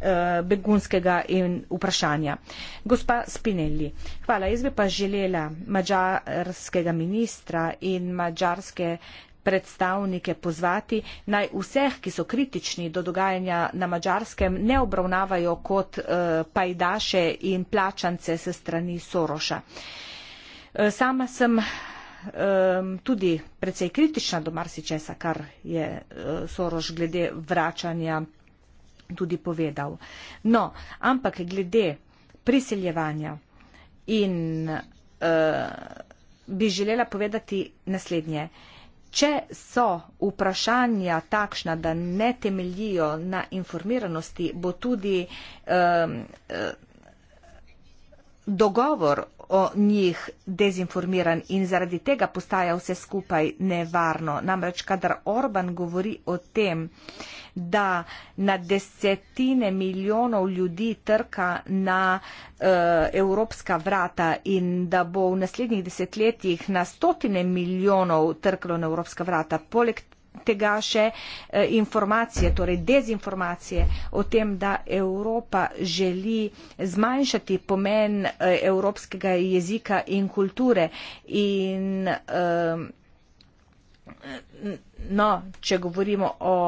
eh, begunskega in vprašanja. Gospa Spinelli, hvala. Jaz bi pa želela mađarskega ministra in mađarske predstavnike pozvati, naj vseh, ki so kritični do dogajanja na Mačarskem, ne obravnavajo kot eh, pajdaše in plačance se strani Soroša. Eh, sama sem ehm, tudi precej kritična do marsičesa, kar je eh, Soroš glede vračanja tudi povedal. No, ampak glede priseljevanja in uh, bi želela povedati naslednje. Uh, Če so vprašanja takšna, da ne temeljijo na informiranosti, bo tudi eh, dogovor o njih dezinformiran in zaradi tega postaja vse skupaj nevarno. Namreč, kadar Orban govori o tem, eh, da na desetine milijonov ljudi trka na uh, evropska vrata in da bo v naslednjih desetletjih na stotine milijonov trklo na evropska vrata. Poleg tega še e, informacije, torej dezinformacije o tem, da Evropa želi zmanjšati pomen e, evropskega jezika in kulture. In, e, no, če govorimo o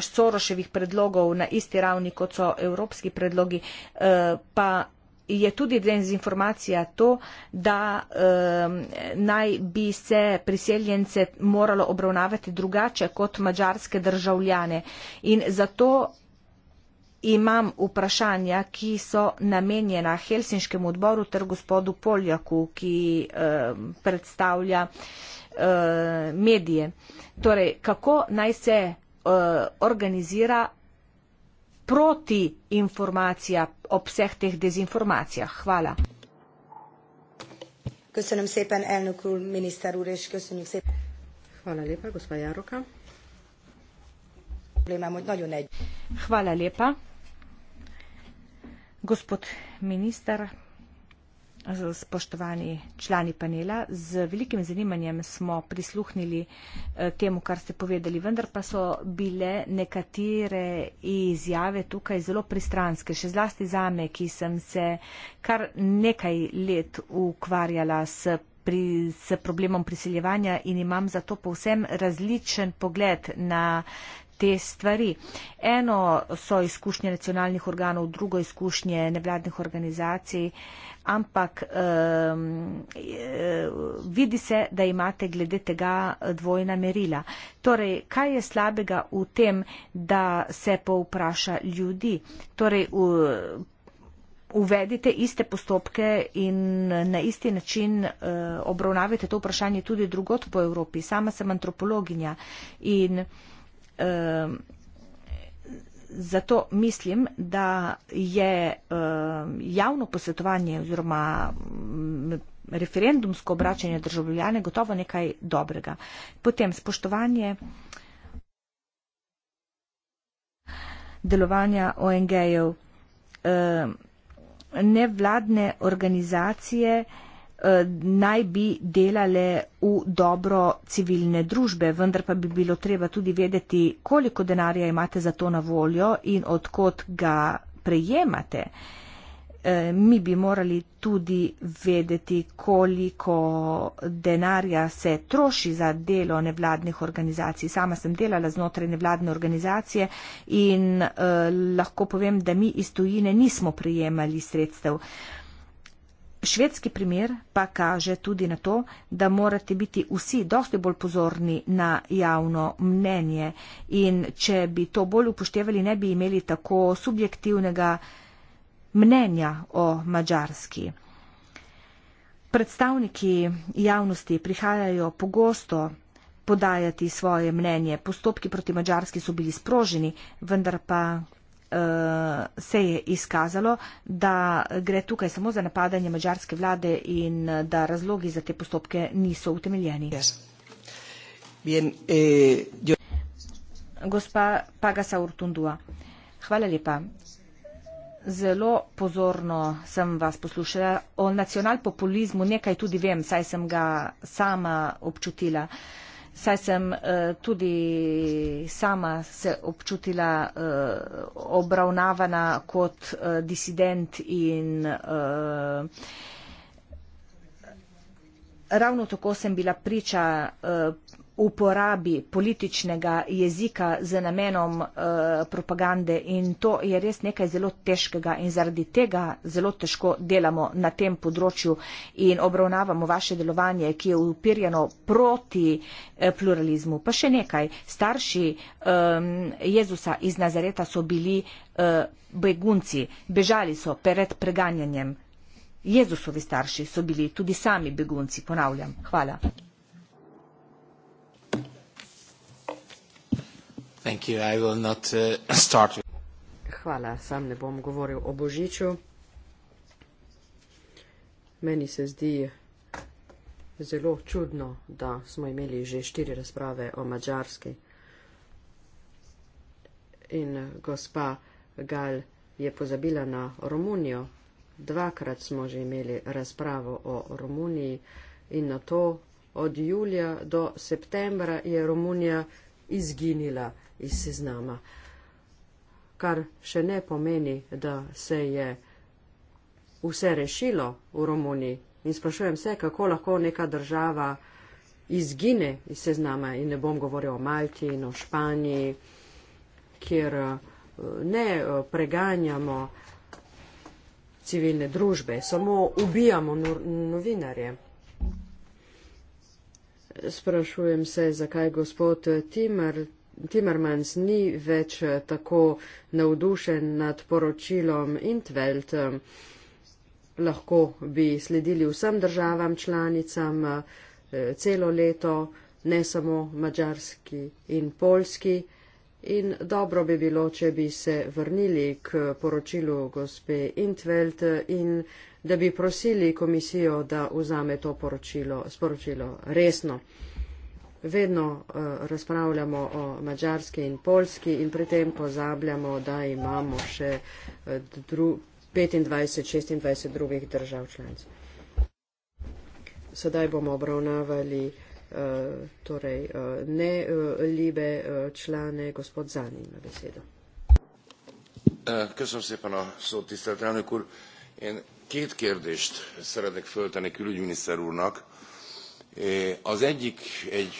Soroševih predlogov na isti ravni, kot so evropski predlogi, eh, pa je tudi dezinformacija to, da eh, naj bi se priseljence moralo obravnavati drugače kot mađarske državljane. In zato imam vprašanja, ki so namenjena Helsinškemu odboru ter gospodu Poljaku, ki eh, predstavlja medije. Torej, kako naj se Eh, organizira proti informacija ob vseh teh dezinformacijah. Hvala. Köszönöm szépen, elnök úr, miniszter úr, és köszönjük szépen. Hvala lépa, gospa Jároka. Problémám, hogy nagyon egy. Hvala lépa. Gospod miniszter. Spoštovani člani panela, z velikim zanimanjem smo prisluhnili eh, temu, kar ste povedali, vendar pa so bile nekatere izjave tukaj zelo pristranske, še zlasti zame, ki sem se kar nekaj let ukvarjala s, pri, s problemom priseljevanja in imam zato povsem različen pogled na te stvari. Eno so izkušnje nacionalnih organov, drugo izkušnje nevladnih organizacij, ampak um, vidi se, da imate glede tega dvojna merila. Torej, kaj je slabega v tem, da se povpraša ljudi? Torej, v, Uvedite iste postopke in na isti način uh, eh, obravnavite to vprašanje tudi drugot po Evropi. Sama sem antropologinja in uh, Ehm, zato mislim, da je ehm, javno posvetovanje oziroma mm, referendumsko obračanje državljane gotovo nekaj dobrega. Potem spoštovanje delovanja ONG-jev, ehm, nevladne organizacije, Eh, naj bi delale v dobro civilne družbe, vendar pa bi bilo treba tudi vedeti, koliko denarja imate za to na voljo in odkot ga prejemate. Eh, mi bi morali tudi vedeti, koliko denarja se troši za delo nevladnih organizacij. Sama sem delala znotraj nevladne organizacije in eh, lahko povem, da mi iz tujine nismo prijemali sredstev. Eh, Švedski primer pa kaže tudi na to, da morate biti vsi dosti bolj pozorni na javno mnenje in če bi to bolj upoštevali, ne bi imeli tako subjektivnega mnenja o Mačarski. Predstavniki javnosti prihajajo pogosto podajati svoje mnenje. Postopki proti Mačarski so bili sproženi, vendar pa, uh, se je izkazalo, da gre tukaj samo za napadanje mađarske vlade in eh, da razlogi za te postopke niso utemeljeni. Yes. Bien, eh, yo... Gospa Pagasa Urtundua, hvala lepa. Zelo pozorno sem vas poslušala. O nacionalpopulizmu nekaj tudi vem, saj sem ga sama občutila. Uh, saj sem eh, tudi sama se občutila eh, obravnavana kot eh, disident in ravno tako sem bila priča uporabi političnega jezika z namenom eh, propagande in to je res nekaj zelo težkega in zaradi tega zelo težko delamo na tem področju in obravnavamo vaše delovanje, ki je upirjeno proti eh, pluralizmu. Pa še nekaj, starši eh, Jezusa iz Nazareta so bili eh, begunci, bežali so pred preganjanjem. Jezusovi starši so bili tudi sami begunci, ponavljam. Hvala. Thank you. I will not uh, start. Hvala, sam ne bom govoril o Božiču. Meni se zdi zelo čudno, da smo imeli že štiri razprave o Mačarski. In gospa Gal je pozabila na Romunijo. Dvakrat smo že imeli razpravo o Romuniji in na to od julija do septembra je Romunija izginila iz seznama. Kar še ne pomeni, da se je vse rešilo v Romuniji. In sprašujem se, kako lahko neka država izgine iz seznama. In ne bom govoril o Malti in o Španiji, kjer eh, ne eh, preganjamo civilne družbe, samo ubijamo novinarje. Sprašujem se, zakaj gospod Timr Timmermans ni več eh, tako navdušen nad poročilom Intveld. Eh, lahko bi sledili vsem državam članicam eh, celo leto, ne samo mađarski in polski. In dobro bi bilo, če bi se vrnili k poročilu gospe Intveld in da bi prosili komisijo, da vzame to poročilo, sporočilo resno vedno eh, razpravljamo o mađarski in polski in pri tem pozabljamo, da imamo še 25-26 eh, drugih držav članic. Sedaj bomo obravnavali eh, torej, ne libe člane, gospod Zani ima besedo. Ker sem se pa na sotistratelj, kjer dešt sredek fölteni külügyminiszter úrnak, Eh, az egyik egy...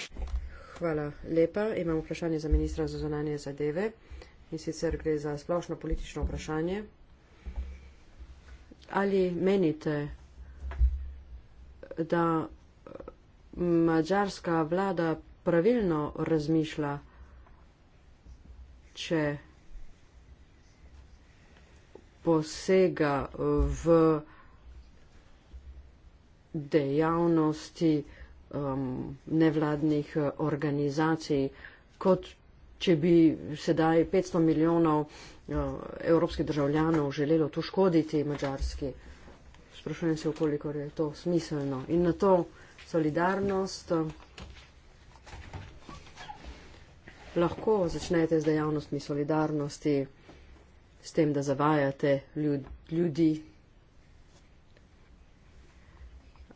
Hvala lepa. Imamo vprašanje za ministra za zonanje zadeve in sicer gre za splošno politično vprašanje. Ali menite, da mađarska vlada pravilno razmišlja, če posega v dejavnosti, um, nevladnih eh, organizacij, kot če bi sedaj 500 milijonov uh, evropskih državljanov želelo tu škoditi mađarski. Sprašujem se, koliko je to smiselno. In na to solidarnost eh, lahko začnete z dejavnostmi solidarnosti, s tem, da zavajate ljud, ljudi.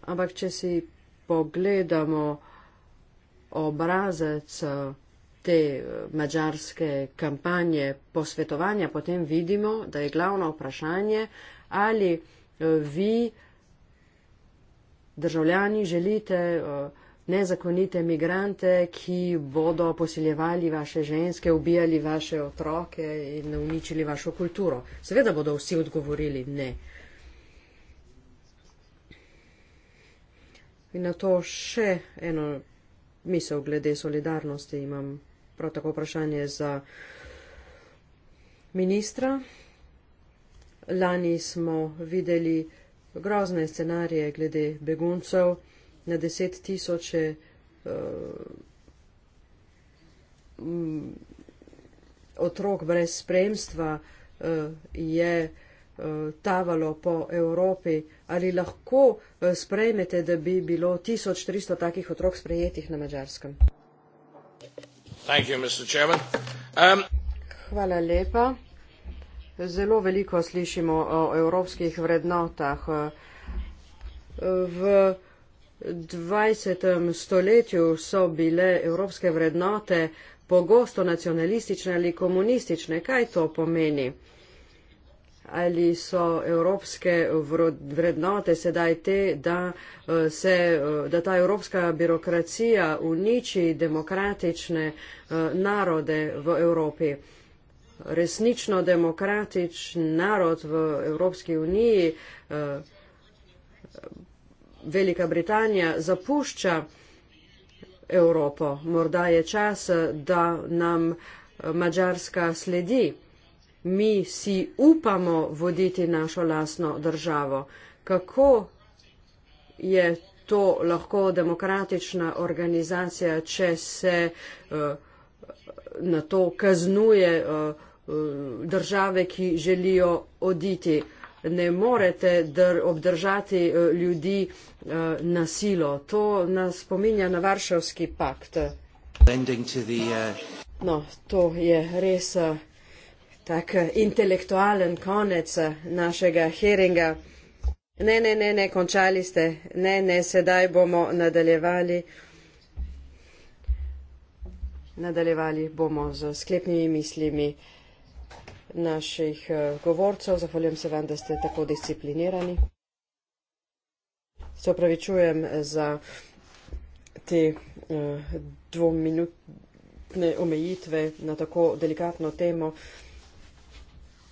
Ampak če si pogledamo obrazec eh, te eh, mađarske kampanje posvetovanja, potem vidimo, da je glavno vprašanje, ali eh, vi, državljani, želite nezakonite migrante, ki bodo posiljevali vaše ženske, ubijali vaše otroke in uničili vašo kulturo. Seveda bodo vsi odgovorili ne. Uh, In na to še eno misel glede solidarnosti imam prav tako vprašanje za ministra. Lani smo videli grozne scenarije glede beguncev na deset tisoče. Eh, mm, otrok brez spremstva eh, je eh, tavalo po Evropi ali lahko eh, sprejmete, da bi bilo 1300 takih otrok sprejetih na mačarskem? Um... Hvala lepa. Zelo veliko slišimo o evropskih vrednotah. V 20. stoletju so bile evropske vrednote pogosto nacionalistične ali komunistične. Kaj to pomeni? ali so evropske vrednote sedaj te, da, eh, se, eh, da ta evropska birokracija uniči demokratične eh, narode v Evropi. Resnično demokratičen narod v Evropski uniji, Velika Britanija, zapušča Evropo. Morda je čas, da nam Mačarska sledi mi si upamo voditi našo lasno državo. Kako je to lahko demokratična organizacija, če se uh, na to kaznuje uh, države, ki želijo oditi? Ne morete dr obdržati uh, ljudi uh, na silo. To nas spominja na Varšavski pakt. No, to je res. Uh, tak eh, intelektualen konec eh, našega heringa. Ne, ne, ne, ne, končali ste. Ne, ne, sedaj bomo nadaljevali. Nadaljevali bomo z sklepnimi mislimi naših eh, govorcev. Zahvaljujem se vam, da ste tako disciplinirani. Se opravičujem za te dvominutne omejitve na tako delikatno temo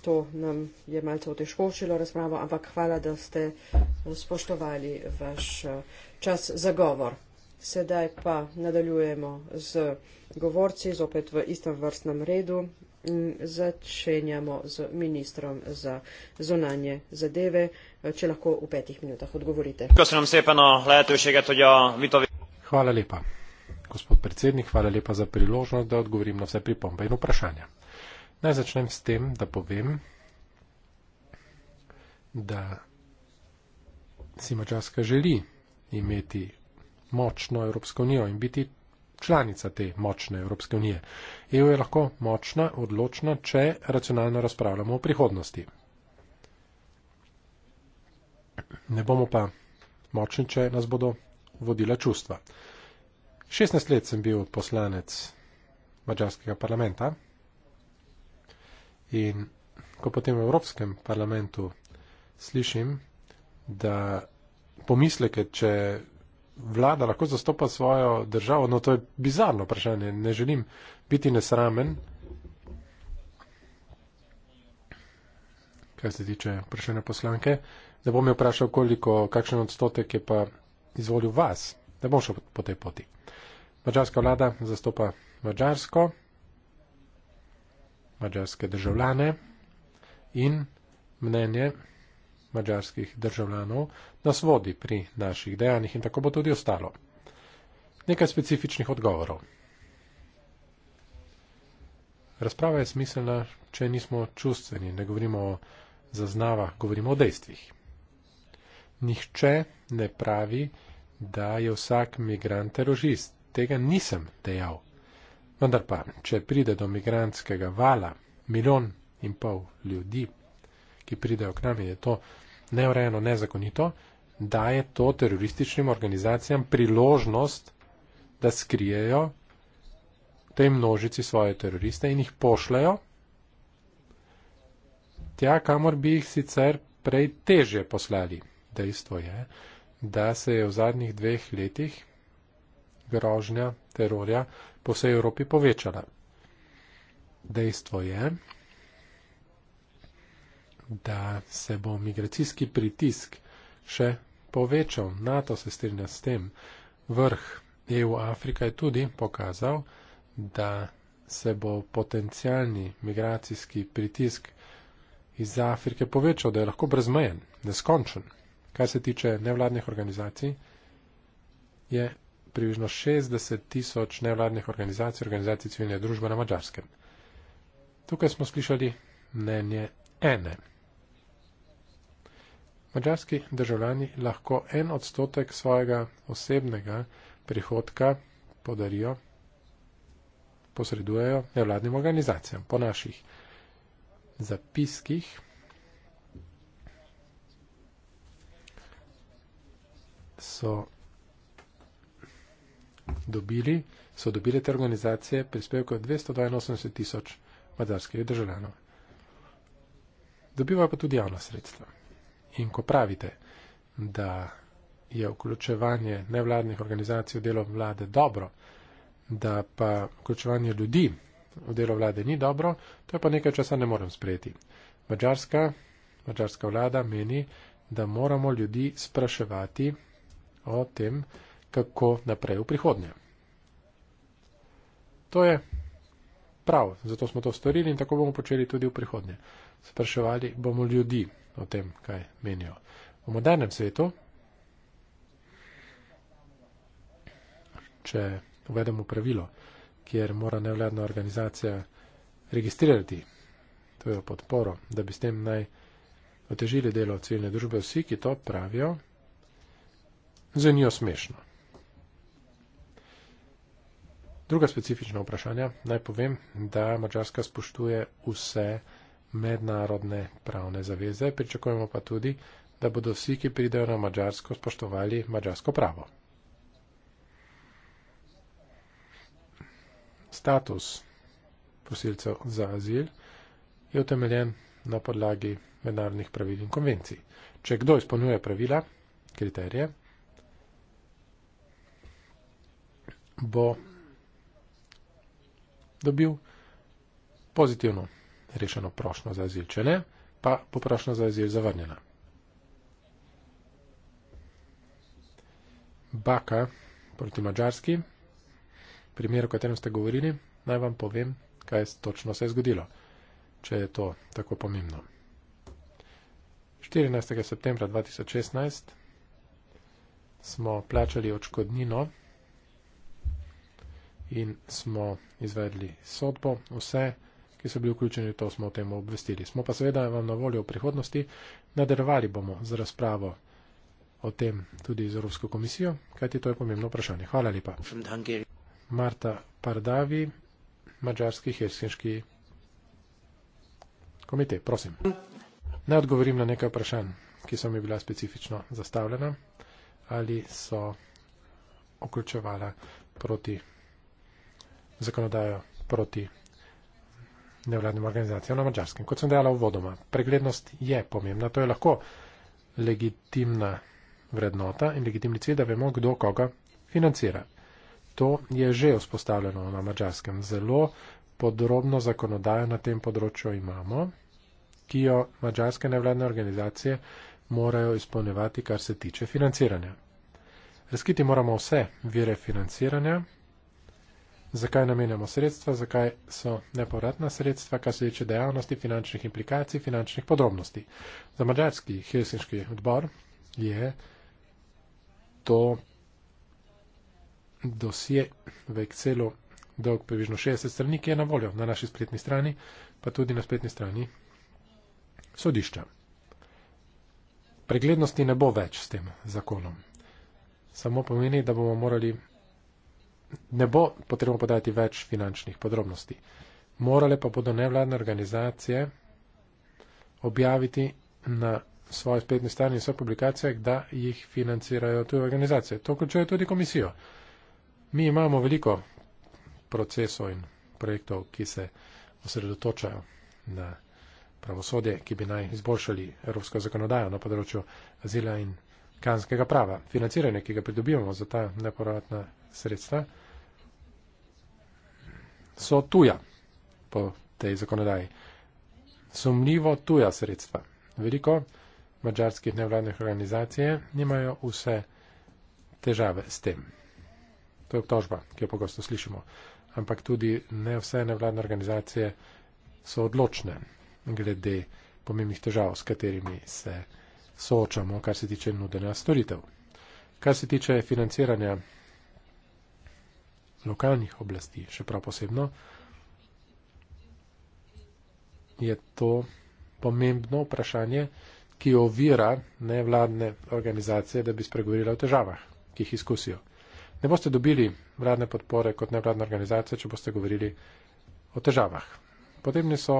to nam je malce otežkošilo razpravo, ampak hvala, da ste eh, spoštovali vaš eh, čas za govor. Sedaj pa nadaljujemo z govorci, zopet v istem vrstnem redu. Mm, začenjamo z ministrom za zonanje zadeve, eh, če lahko v petih minutah odgovorite. Hvala lepa, gospod predsednik, hvala lepa za priložnost, da odgovorim na vse pripombe in vprašanja. Naj začnem s tem, da povem, da si Mačarska želi imeti močno Evropsko unijo in biti članica te močne Evropske unije. EU je lahko močna, odločna, če racionalno razpravljamo o prihodnosti. Ne bomo pa močni, če nas bodo vodila čustva. 16 let sem bil poslanec mađarskega parlamenta. In ko potem v Evropskem parlamentu slišim, da pomisleke, če vlada lahko zastopa svojo državo, no to je bizarno vprašanje, ne želim biti nesramen. kar se tiče vprašanja poslanke, da bom jo vprašal, koliko, kakšen odstotek je pa izvolil vas, da bom šel po tej poti. Mačarska vlada zastopa Mačarsko mađarske državljane in mnenje mađarskih državljanov nas vodi pri naših dejanjih in tako bo tudi ostalo. Nekaj specifičnih odgovorov. Razprava je smiselna, če nismo čustveni, ne govorimo o zaznavah, govorimo o dejstvih. Nihče ne pravi, da je vsak migrant terorist. Tega nisem dejal. Vendar pa, če pride do migranskega vala, milijon in pol ljudi, ki pridejo k nam in je to neurejeno, nezakonito, daje to terorističnim organizacijam priložnost, da skrijejo tej množici svoje teroriste in jih pošlejo tja, kamor bi jih sicer prej teže poslali. Dejstvo je, da se je v zadnjih dveh letih grožnja terorja po vsej Evropi povečala. Dejstvo je, da se bo migracijski pritisk še povečal. NATO se strinja s tem. Vrh EU-Afrika je tudi pokazal, da se bo potencijalni migracijski pritisk iz Afrike povečal, da je lahko brezmejen, neskončen. Kar se tiče nevladnih organizacij, je približno 60 tisoč nevladnih organizacij, organizacij civilne družbe na Mačarskem. Tukaj smo slišali mnenje ene. Mačarski državljani lahko en odstotek svojega osebnega prihodka podarijo, posredujejo nevladnim organizacijam. Po naših zapiskih so dobili, so dobile te organizacije prispevke od 282 tisoč madarskih državljanov. Dobiva pa tudi javna sredstva. In ko pravite, da je vključevanje nevladnih organizacij v delo vlade dobro, da pa vključevanje ljudi v delo vlade ni dobro, to je pa nekaj časa ne morem sprejeti. Mačarska, mačarska vlada meni, da moramo ljudi spraševati o tem, kako naprej v prihodnje. To je prav, zato smo to storili in tako bomo počeli tudi v prihodnje. Spraševali bomo ljudi o tem, kaj menijo. V modernem svetu, če uvedemo pravilo, kjer mora nevladna organizacija registrirati tojo podporo, da bi s tem naj otežili delo civilne družbe, vsi, ki to pravijo, za njo smešno. Druga specifična vprašanja. Naj povem, da Mačarska spoštuje vse mednarodne pravne zaveze, pričakujemo pa tudi, da bodo vsi, ki pridejo na Mačarsko, spoštovali mačarsko pravo. Status prosilcev za azil je utemeljen na podlagi mednarodnih pravil in konvencij. Če kdo izpolnjuje pravila, kriterije, bo dobil pozitivno rešeno prošno za azil, če ne, pa bo prošno za azil zavrnjena. Baka proti Mačarski, primer, o katerem ste govorili, naj vam povem, kaj točno se je zgodilo, če je to tako pomembno. 14. septembra 2016 smo plačali očkodnino, in smo izvedli sodbo. Vse, ki so bili vključeni, to smo o tem obvestili. Smo pa seveda vam na voljo v prihodnosti, nadaljevali bomo z razpravo o tem tudi z Evropsko komisijo, kajti to je pomembno vprašanje. Hvala lepa. Marta Pardavi, mađarski hirsinški komitej, prosim. Naj odgovorim na nekaj vprašanj, ki so mi bila specifično zastavljena ali so vključevala proti zakonodajo proti nevladnim organizacijam na mačarskem. Kot sem dejala uvodoma, preglednost je pomembna, to je lahko legitimna vrednota in legitimni cilj, da vemo, kdo koga financira. To je že vzpostavljeno na mačarskem. Zelo podrobno zakonodajo na tem področju imamo, ki jo mačarske nevladne organizacije morajo izpolnevati, kar se tiče financiranja. Razkiti moramo vse vire financiranja, zakaj namenjamo sredstva, zakaj so nepovratna sredstva, kar se tiče dejavnosti, finančnih implikacij, finančnih podrobnosti. Za mađarski helsinški odbor je to dosje v Excelu dolg približno 60 strani, ki je na voljo na naši spletni strani, pa tudi na spletni strani sodišča. Preglednosti ne bo več s tem zakonom. Samo pomeni, da bomo morali ne bo potrebno podati več finančnih podrobnosti. Morale pa bodo nevladne organizacije objaviti na svoje spletne strani in svoje publikacije, da jih financirajo tuje organizacije. To vključuje tudi komisijo. Mi imamo veliko procesov in projektov, ki se osredotočajo na pravosodje, ki bi naj izboljšali evropsko zakonodajo na področju azila in kanskega prava. Financiranje, ki ga pridobivamo za ta neporavatna sredstva, so tuja po tej zakonodaji. Sumljivo tuja sredstva. Veliko mađarskih nevladnih organizacij nimajo vse težave s tem. To je obtožba, ki jo pogosto slišimo. Ampak tudi ne vse nevladne organizacije so odločne glede pomembnih težav, s katerimi se soočamo, kar se tiče nudenja storitev. Kar se tiče financiranja lokalnih oblasti, še prav posebno, je to pomembno vprašanje, ki ovira nevladne organizacije, da bi spregovorila o težavah, ki jih izkusijo. Ne boste dobili vladne podpore kot nevladna organizacija, če boste govorili o težavah. Potrebni so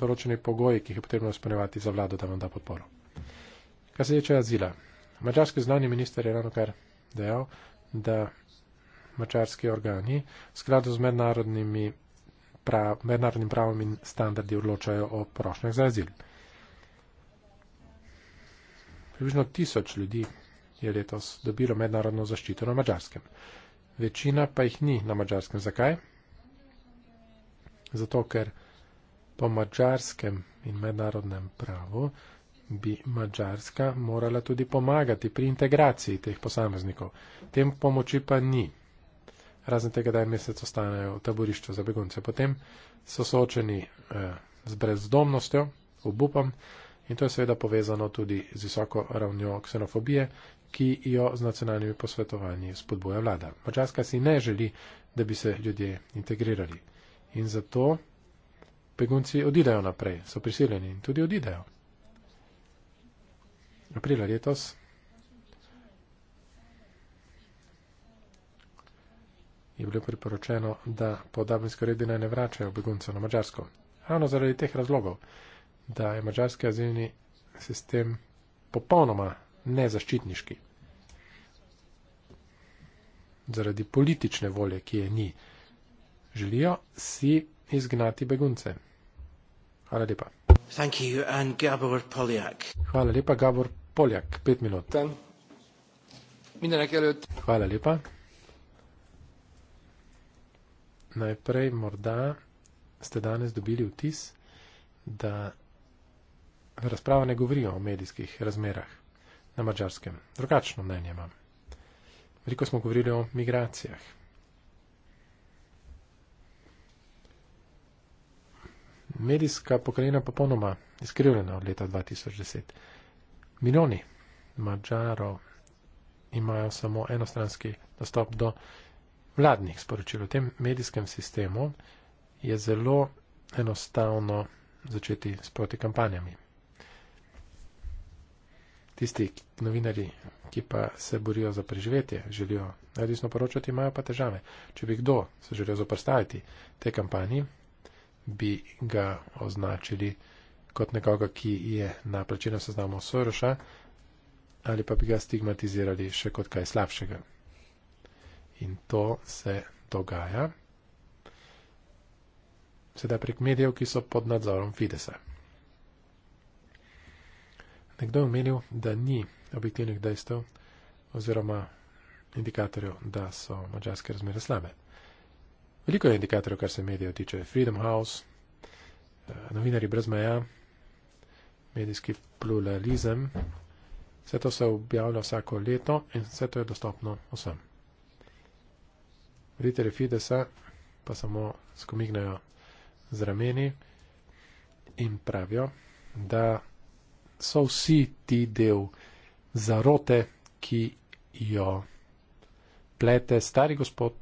določeni pogoji, ki jih je potrebno izpolnjevati za vlado, da vam da podporo. Kar se tiče azila. Mačarski zunani minister je ravno kar dejal, da mačarski organi v skladu z mednarodnimi prav, mednarodnim pravom in standardi odločajo o prošnjah za azil. Približno tisoč ljudi je letos dobilo mednarodno zaščito na mačarskem. Večina pa jih ni na mačarskem. Zakaj? Zato, ker po mačarskem in mednarodnem pravu bi Mačarska morala tudi pomagati pri integraciji teh posameznikov. Tem pomoči pa ni. Razen tega, da je mesec ostanejo v taborišču za begunce. Potem so soočeni eh, z brezdomnostjo, obupom in to je seveda povezano tudi z visoko ravnjo ksenofobije, ki jo z nacionalnimi posvetovanji spodboja vlada. Mačarska si ne želi, da bi se ljudje integrirali. In zato begunci odidejo naprej, so prisiljeni in tudi odidejo aprila letos. Je bilo priporočeno, da po Dablinski uredbi naj ne vračajo beguncev na Mačarsko. Ravno zaradi teh razlogov, da je mačarski azilni sistem popolnoma nezaščitniški. Zaradi politične volje, ki je ni, želijo si izgnati begunce. Hvala lepa. Hvala lepa, Gabor Poljak. Poljak, pet minut. Mindenek előtt. Hvala lepa. Najprej morda ste danes dobili vtis, da razprava ne govori o medijskih razmerah na mačarskem. Drugačno mnenje imam. Veliko smo govorili o migracijah. Medijska pokrajina popolnoma izkrivljena od leta 2010. Miloni, Mačaro imajo samo enostranski dostop do vladnih sporočil. V tem medijskem sistemu je zelo enostavno začeti s proti kampanjami. Tisti novinari, ki pa se borijo za preživetje, želijo resno poročati, imajo pa težave. Če bi kdo se želel zoprstaviti te kampanji, bi ga označili kot nekoga, ki je na plačilnem seznamu Soroša, ali pa bi ga stigmatizirali še kot kaj slabšega. In to se dogaja sedaj prek medijev, ki so pod nadzorom Fidesa. Nekdo je omenil, da ni objektivnih dejstev oziroma indikatorjev, da so mačarske razmere slabe. Veliko je indikatorjev, kar se medijev tiče. Freedom House, eh, novinari brez meja, medijski pluralizem. Vse to se objavlja vsako leto in vse to je dostopno vsem. Vritere Fidesa pa samo skomignajo z rameni in pravijo, da so vsi ti del zarote, ki jo plete stari gospod,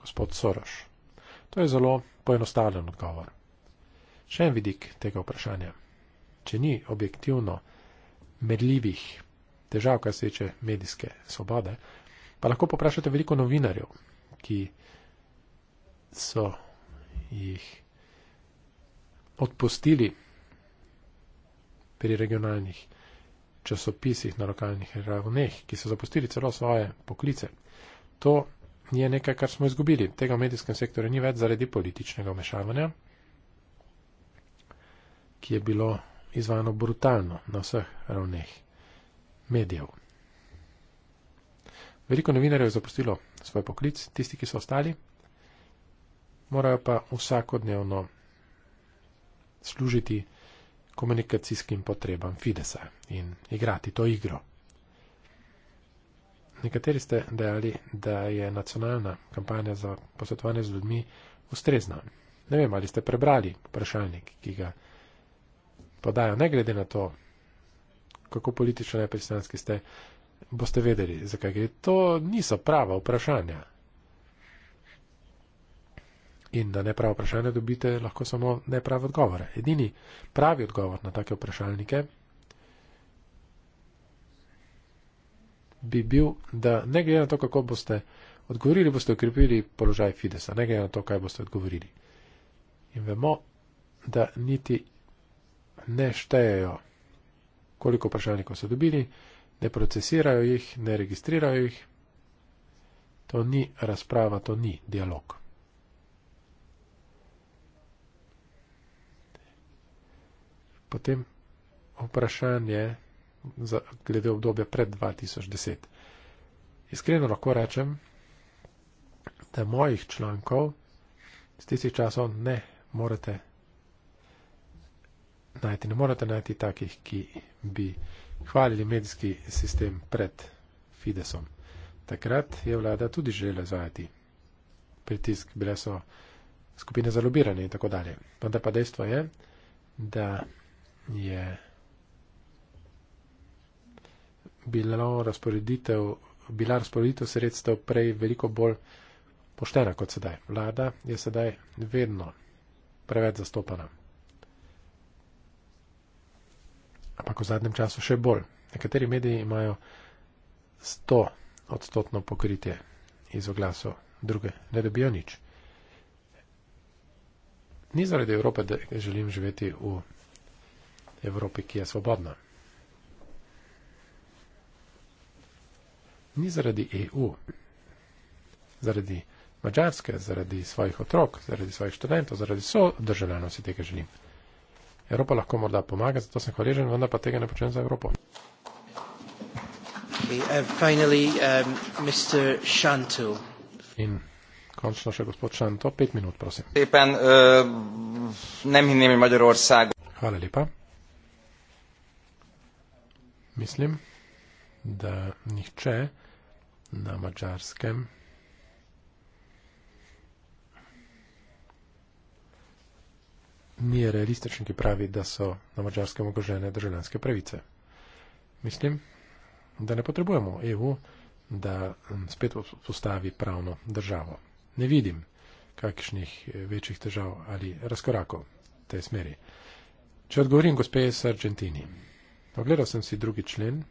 gospod Soroš. To je zelo poenostavljen odgovor. Še en vidik tega vprašanja če ni objektivno merljivih težav, kar se tiče medijske svobode, pa lahko poprašate veliko novinarjev, ki so jih odpustili pri regionalnih časopisih na lokalnih ravneh, ki so zapustili celo svoje poklice. To je nekaj, kar smo izgubili. Tega v medijskem sektorju ni več zaradi političnega vmešavanja, ki je bilo izvano brutalno na vseh ravneh medijev. Veliko novinarjev je zapustilo svoj poklic, tisti, ki so ostali, morajo pa vsakodnevno služiti komunikacijskim potrebam Fidesa in igrati to igro. Nekateri ste dejali, da je nacionalna kampanja za posvetovanje z ljudmi ustrezna. Ne vem, ali ste prebrali vprašalnik, ki ga podajo, ne glede na to, kako politično nepristranski ste, boste vedeli, zakaj gre. To niso prava vprašanja. In na neprava vprašanja dobite lahko samo neprave odgovore. Edini pravi odgovor na take vprašalnike bi bil, da ne glede na to, kako boste odgovorili, boste ukrepili položaj Fidesa, ne glede na to, kaj boste odgovorili. In vemo, da niti ne štejejo, koliko vprašalnikov so dobili, ne procesirajo jih, ne registrirajo jih. To ni razprava, to ni dialog. Potem vprašanje za, glede obdobja pred 2010. Iskreno lahko rečem, da mojih člankov z tistih časov ne morete najti. Ne morete najti takih, ki bi hvalili medijski sistem pred Fidesom. Takrat je vlada tudi želela zvajati pritisk, bile so skupine zalobirane in tako dalje. Vendar pa dejstvo je, da je bilo razporeditev, bila razporeditev sredstev prej veliko bolj poštena kot sedaj. Vlada je sedaj vedno preveč zastopana. ampak v zadnjem času še bolj. Nekateri mediji imajo 100 odstotno pokritje iz oglasov, druge ne dobijo nič. Ni zaradi Evrope, da želim živeti v Evropi, ki je svobodna. Ni zaradi EU, zaradi Mačarske, zaradi svojih otrok, zaradi svojih študentov, zaradi so državljanov si tega želim. Evropa lahko morda pomaga, zato sem hvaležen, vendar pa tega ne počnem za Evropo. Uh, um, In končno še gospod Šanto, pet minut, prosim. Hvala lepa. Mislim, da nihče na mačarskem ni realističen, ki pravi, da so na mačarskem ogrožene državljanske pravice. Mislim, da ne potrebujemo EU, da mm, spet postavi pravno državo. Ne vidim kakšnih eh, večjih težav ali razkorakov v tej smeri. Če odgovorim gospe iz Argentini, ogledal sem si drugi člen,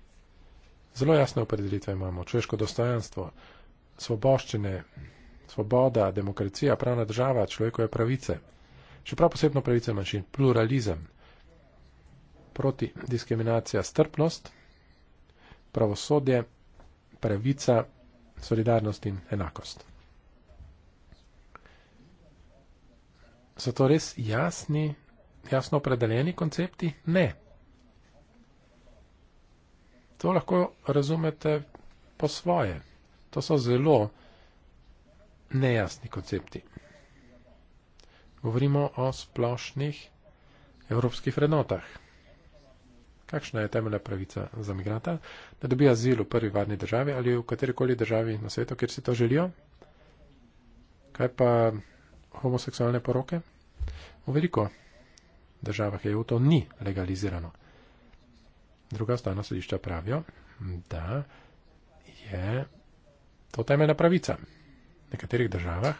zelo jasne opredelitve imamo, človeško dostojanstvo, svoboščine, svoboda, demokracija, pravna država, človekove pravice čeprav posebno pravice manjšin, pluralizem, proti diskriminacija, strpnost, pravosodje, pravica, solidarnost in enakost. So to res jasni, jasno opredeljeni koncepti? Ne. To lahko razumete po svoje. To so zelo nejasni koncepti. Govorimo o splošnih evropskih vrednotah. Kakšna je temeljna pravica za migranta, da dobi azil v prvi varni državi ali v katerikoli državi na svetu, kjer si to želijo? Kaj pa homoseksualne poroke? V veliko državah EU to ni legalizirano. Druga ustavna sodišča pravijo, da je to temeljna pravica. V nekaterih državah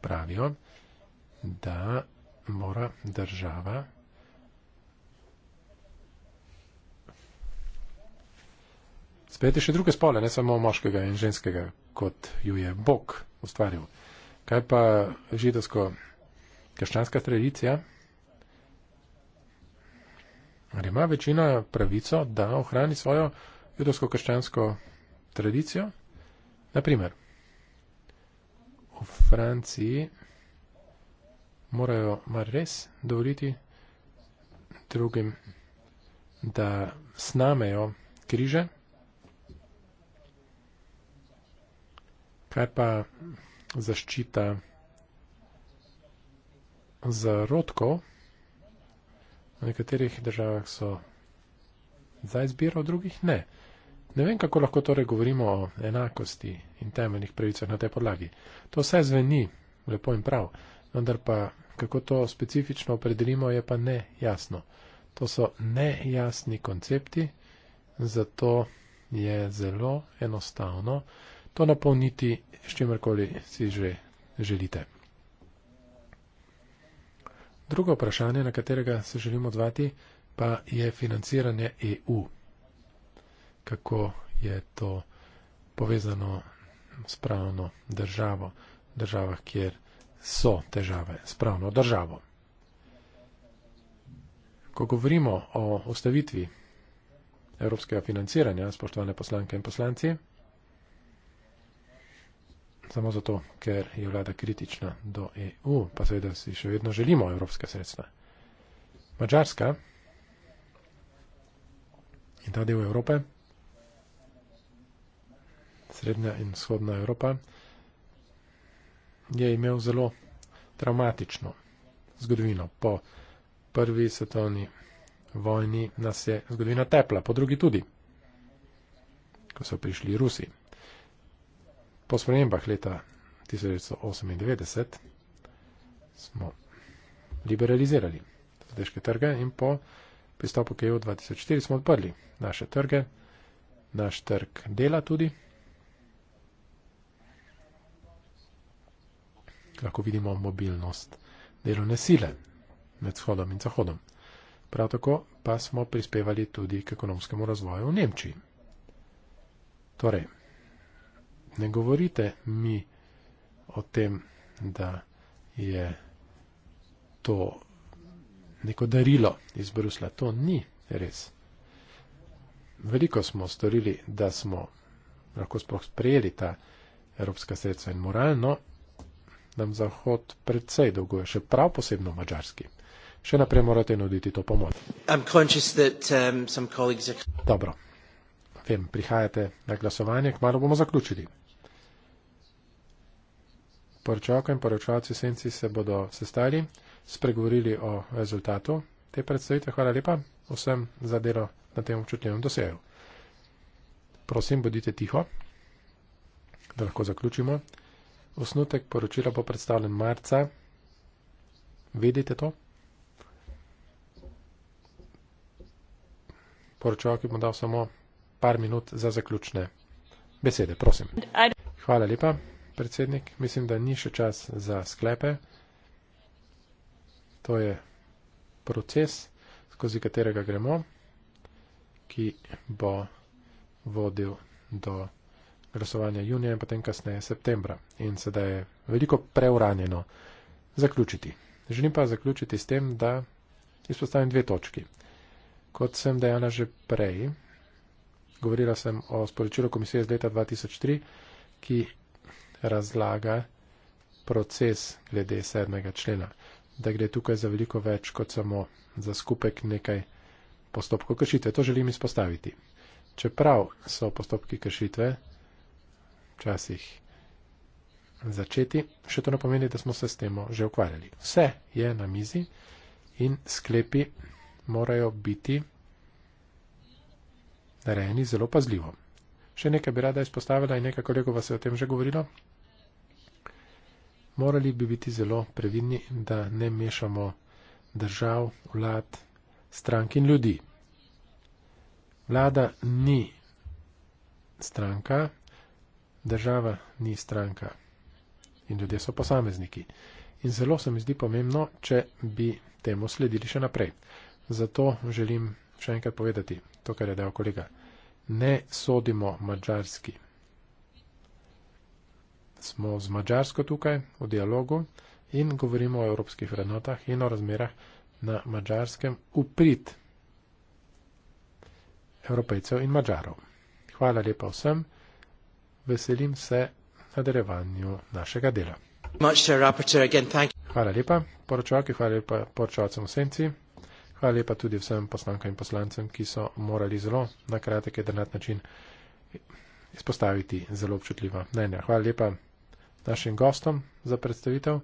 pravijo, da mora država sprejeti še druge spole, ne samo moškega in ženskega, kot ju je Bog ustvaril. Kaj pa židovsko-krščanska tradicija? Ali ima večina pravico, da ohrani svojo judovsko-krščansko tradicijo? Naprimer, v Franciji morajo mar res dovoliti drugim, da snamejo križe. Kaj pa zaščita zarodkov? V nekaterih državah so za izbiro, v drugih ne. Ne vem, kako lahko torej govorimo o enakosti in temeljnih pravicah na tej podlagi. To vse zveni lepo in prav, vendar pa kako to specifično opredelimo, je pa nejasno. To so nejasni koncepti, zato je zelo enostavno to napolniti s čimrkoli si že želite. Drugo vprašanje, na katerega se želimo odzvati, pa je financiranje EU kako je to povezano s pravno državo, državah, kjer so težave s pravno državo. Ko govorimo o ustavitvi evropskega financiranja, spoštovane poslanke in poslanci, samo zato, ker je vlada kritična do EU, pa seveda si še vedno želimo evropske sredstva. Mačarska in ta del Evrope Srednja in vzhodna Evropa, je imel zelo traumatično zgodovino. Po prvi svetovni vojni nas je zgodovina tepla, po drugi tudi, ko so prišli Rusi. Po spremembah leta 1998 smo liberalizirali strateške trge in po pristopu KEO 2004 smo odprli naše trge, naš trg dela tudi. lahko vidimo mobilnost delovne sile med vzhodom in zahodom. Prav tako pa smo prispevali tudi k ekonomskemu razvoju v Nemčiji. Torej, ne govorite mi o tem, da je to neko darilo iz Brusla. To ni res. Veliko smo storili, da smo lahko sploh sprejeli ta evropska sredstva in moralno nam Zahod predvsej dolguje, še prav posebno mačarski. Še naprej morate nuditi to pomoč. That, um, are... Dobro, vem, prihajate na glasovanje, kmalo bomo zaključili. Poročavka in poročavci senci se bodo sestali, spregovorili o rezultatu te predstavitve. Hvala lepa vsem za delo na tem občutljivem doseju. Prosim, bodite tiho, da lahko zaključimo. Osnutek poročila bo predstavljen marca. Vedite to? Poročevalki bom dal samo par minut za zaključne besede, prosim. Hvala lepa, predsednik. Mislim, da ni še čas za sklepe. To je proces, skozi katerega gremo, ki bo vodil do glasovanja junija in potem kasneje septembra. In sedaj je veliko preuranjeno zaključiti. Želim pa zaključiti s tem, da izpostavim dve točki. Kot sem dejala že prej, govorila sem o sporočilu komisije iz leta 2003, ki razlaga proces glede sedmega člena, da gre tukaj za veliko več kot samo za skupek nekaj postopkov kršitve. To želim izpostaviti. Čeprav so postopki kršitve, včasih začeti, še to ne pomeni, da smo se s tem že ukvarjali. Vse je na mizi in sklepi morajo biti narejeni zelo pazljivo. Še nekaj bi rada izpostavila in nekaj kolegov vas je o tem že govorilo. Morali bi biti zelo previdni, da ne mešamo držav, vlad, strank in ljudi. Vlada ni stranka, država ni stranka in ljudje so posamezniki. In zelo se mi zdi pomembno, če bi temu sledili še naprej. Zato želim še enkrat povedati to, kar je dejal kolega. Ne sodimo mačarski. Smo z mačarsko tukaj v dialogu in govorimo o evropskih vrednotah in o razmerah na mačarskem uprit evropejcev in mačarov. Hvala lepa vsem veselim se nadaljevanju našega dela. Hvala lepa, poročavki, hvala lepa poročavcem v senci, hvala lepa tudi vsem poslankam in poslancem, ki so morali zelo na kratek in drnat način izpostaviti zelo občutljiva mnenja. Hvala lepa našim gostom za predstavitev.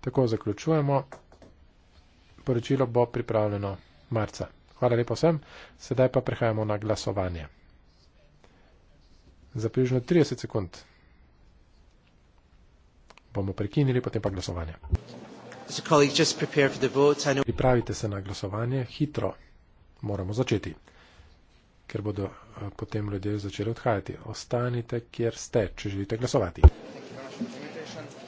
Tako zaključujemo. Poročilo bo pripravljeno marca. Hvala lepa vsem, sedaj pa prehajamo na glasovanje za približno 30 sekund. Bomo prekinili potem pa glasovanje. Pripravite se na glasovanje, hitro moramo začeti, ker bodo eh, potem ljudje začeli odhajati. Ostanite, kjer ste, če želite glasovati. Thank you.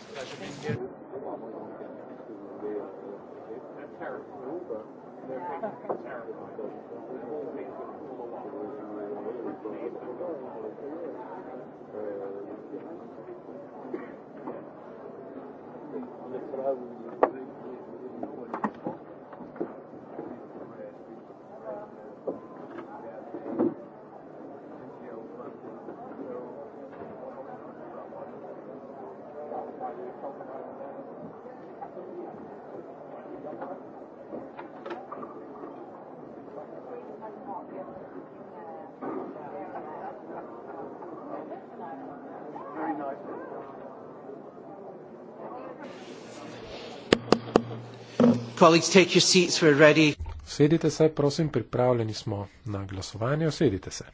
Colleagues, take your seats. We're ready. Sedite se, prosim, pripravljeni smo na glasovanje. Sedite se.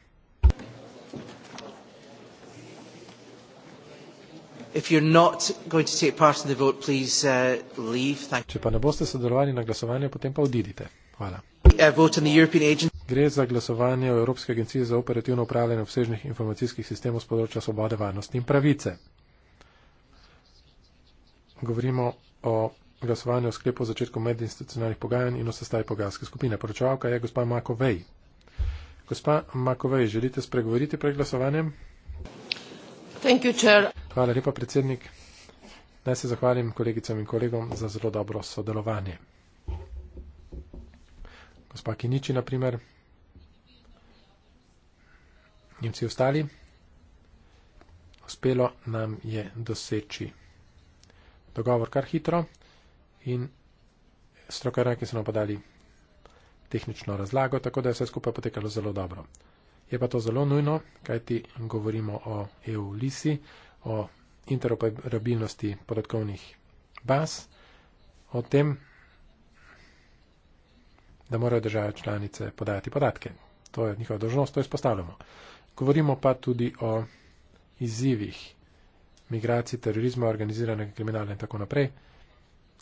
Vote, please, uh, Če pa ne boste sodelovali na glasovanju, potem pa odidite. Hvala. Uh, Gre za glasovanje v Evropske agencije za operativno upravljanje obsežnih informacijskih sistemov z področja svobode, varnosti in pravice. Govorimo o glasovanje o sklepu o začetku medinstitucionalnih pogajanj in o sestavi pogajalske skupine. Poročevalka je gospa Makovej. Gospa Makovej, želite spregovoriti pred glasovanjem? You, Hvala lepa, predsednik. Naj se zahvalim kolegicam in kolegom za zelo dobro sodelovanje. Gospa Kiniči, na primer. In vsi ostali. Uspelo nam je doseči dogovor kar hitro in strokovnjaki so nam podali tehnično razlago, tako da je vse skupaj potekalo zelo dobro. Je pa to zelo nujno, kajti govorimo o EU-LISI, o interoperabilnosti podatkovnih baz, o tem, da morajo države članice podajati podatke. To je njihova dožnost, to izpostavljamo. Govorimo pa tudi o izzivih migracij, terorizma, organiziranega kriminala in tako naprej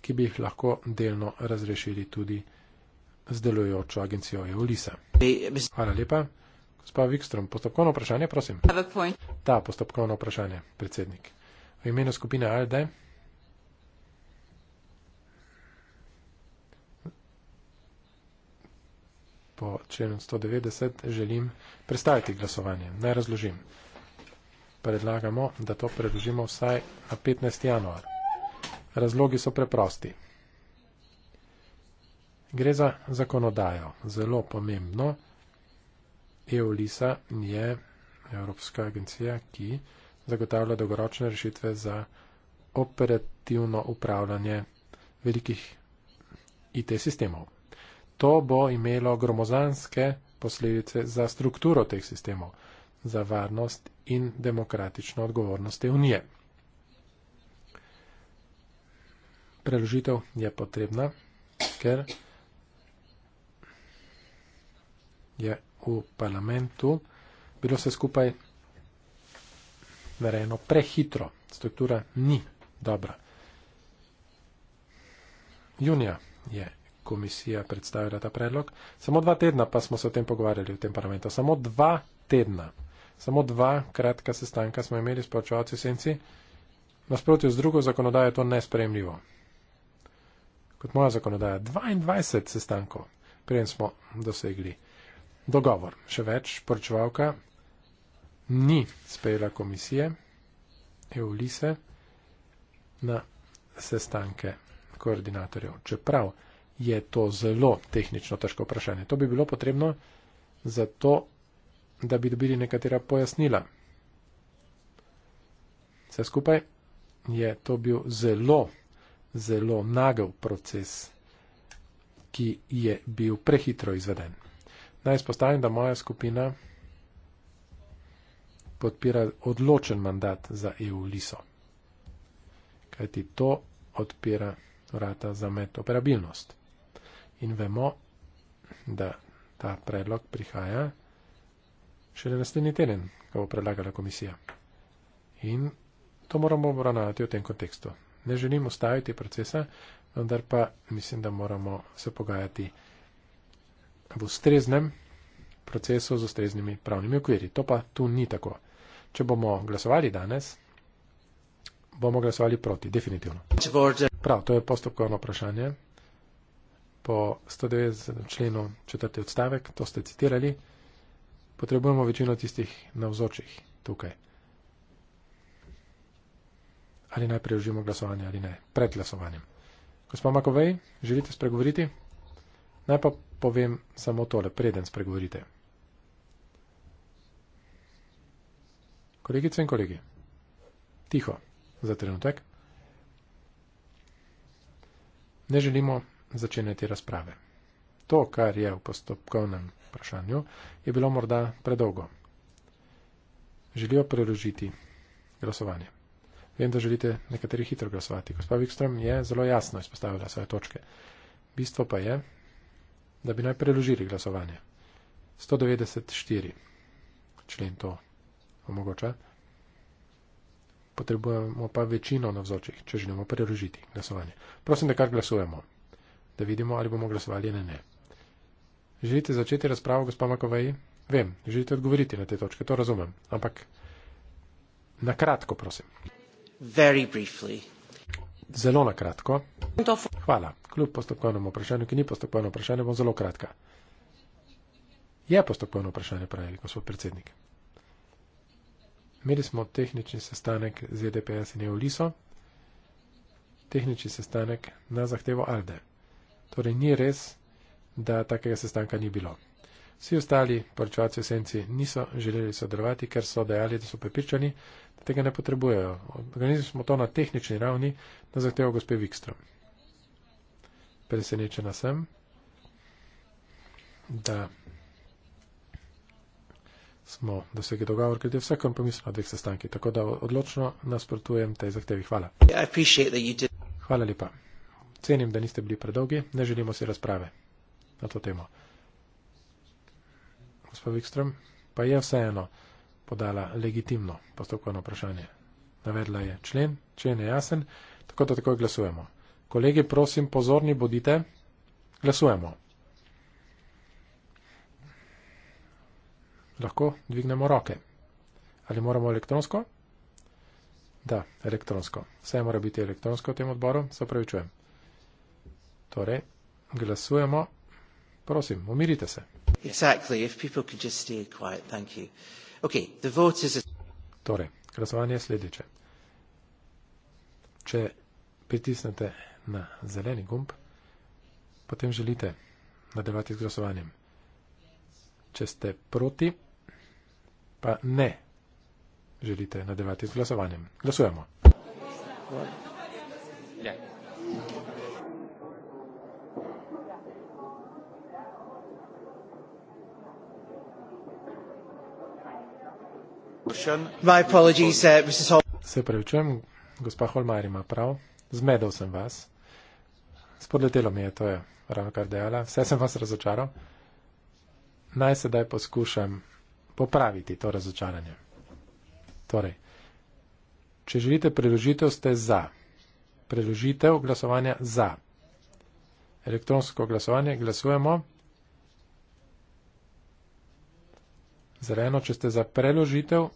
ki bi jih lahko delno razrešili tudi z delujočo agencijo EULISA. Hvala lepa. Gospod Vikstrom, postopkovno vprašanje, prosim. Da, postopkovno vprašanje, predsednik. V imenu skupine ALDE. Po členu 190 želim predstaviti glasovanje. Naj razložim. Predlagamo, da to predložimo vsaj na 15. januar. Razlogi so preprosti. Gre za zakonodajo, zelo pomembno. EOLISA je Evropska agencija, ki zagotavlja dolgoročne rešitve za operativno upravljanje velikih IT sistemov. To bo imelo gromozanske posledice za strukturo teh sistemov, za varnost in demokratično odgovornost te unije. preložitev je potrebna, ker je v parlamentu bilo vse skupaj narejeno prehitro. Struktura ni dobra. Junija je komisija predstavila ta predlog. Samo dva tedna pa smo se o tem pogovarjali v tem parlamentu. Samo dva tedna. Samo dva kratka sestanka smo imeli s poročevalci senci. Nasprotju z drugo zakonodajo je to nespremljivo kot moja zakonodaja, 22 sestankov, preden smo dosegli dogovor. Še več, poročevalka ni sprejela komisije EULISE na sestanke koordinatorjev, čeprav je to zelo tehnično težko vprašanje. To bi bilo potrebno zato, da bi dobili nekatera pojasnila. Vse skupaj je to bil zelo zelo nagel proces, ki je bil prehitro izveden. Naj spostavim, da moja skupina podpira odločen mandat za EU LISO, kajti to odpira vrata za med operabilnost. In vemo, da ta predlog prihaja šele naslednji teden, ko bo predlagala komisija. In to moramo obravnavati v tem kontekstu. Ne želim ustaviti procesa, vendar pa mislim, da moramo se pogajati v ustreznem procesu z ustreznimi pravnimi okviri. To pa tu ni tako. Če bomo glasovali danes, bomo glasovali proti, definitivno. Prav, to je postopkovno vprašanje. Po 190. členu četrti odstavek, to ste citirali, potrebujemo večino tistih navzočih tukaj ali naj preužimo glasovanje ali ne, pred glasovanjem. Gospod Makovej, želite spregovoriti? Naj pa povem samo tole, preden spregovorite. Kolegice in kolegi, tiho za trenutek. Ne želimo začenjati razprave. To, kar je v postopkovnem vprašanju, je bilo morda predolgo. Želijo preložiti glasovanje. Vem, da želite nekateri hitro glasovati. Gospod Wikström je zelo jasno izpostavila svoje točke. Bistvo pa je, da bi naj preložili glasovanje. 194 člen to omogoča. Potrebujemo pa večino navzočih, če želimo preložiti glasovanje. Prosim, da kar glasujemo, da vidimo, ali bomo glasovali ali ne. Želite začeti razpravo, gospod Makovej? Vem, želite odgovoriti na te točke, to razumem. Ampak na kratko, prosim. Zelo na kratko. Hvala. Kljub postopkovnemu vprašanju, ki ni postopkovno vprašanje, bom zelo kratka. Je postopkovno vprašanje, pravi gospod predsednik. Imeli smo tehnični sestanek z EDPS in EOLISO, tehnični sestanek na zahtevo ALDE. Torej ni res, da takega sestanka ni bilo. Vsi ostali poročevalci v senci niso želeli sodelovati, ker so dejali, da so prepričani, da tega ne potrebujejo. Organizirali smo to na tehnični ravni na zahtevo gospe Vikstrom. Presenečena sem, da smo dosegli dogovor, ker je vsakom pomislil na dveh sestankih. Tako da odločno nasprotujem tej zahtevi. Hvala. Hvala lepa. Cenim, da niste bili predolgi, ne želimo si razprave na to temo gospod Vikström, pa je vseeno podala legitimno postopkovno vprašanje. Navedla je člen, člen je jasen, tako da takoj glasujemo. Kolegi, prosim, pozorni bodite, glasujemo. Lahko dvignemo roke. Ali moramo elektronsko? Da, elektronsko. Vse mora biti elektronsko v tem odboru, se pravi čujem. Torej, glasujemo. Prosim, umirite se. Exactly. If people could just stay quiet, thank you. Okay, the vote is. Torej, glasovanje je sledeče. Če pritisnete na zeleni gumb, potem želite nadaljevati z glasovanjem. Če ste proti, pa ne želite nadaljevati z glasovanjem. Glasujemo. Hvala. Uh, Se pravičujem, gospa Holmar ima prav, zmedel sem vas. Spodletelo mi je, to je ravno kar dejala. Vse sem vas razočaral. Naj sedaj poskušam popraviti to razočaranje. Torej, če želite preložitev, ste za. Preložitev glasovanja za. Elektronsko glasovanje glasujemo. Zeleno, če ste za preložitev,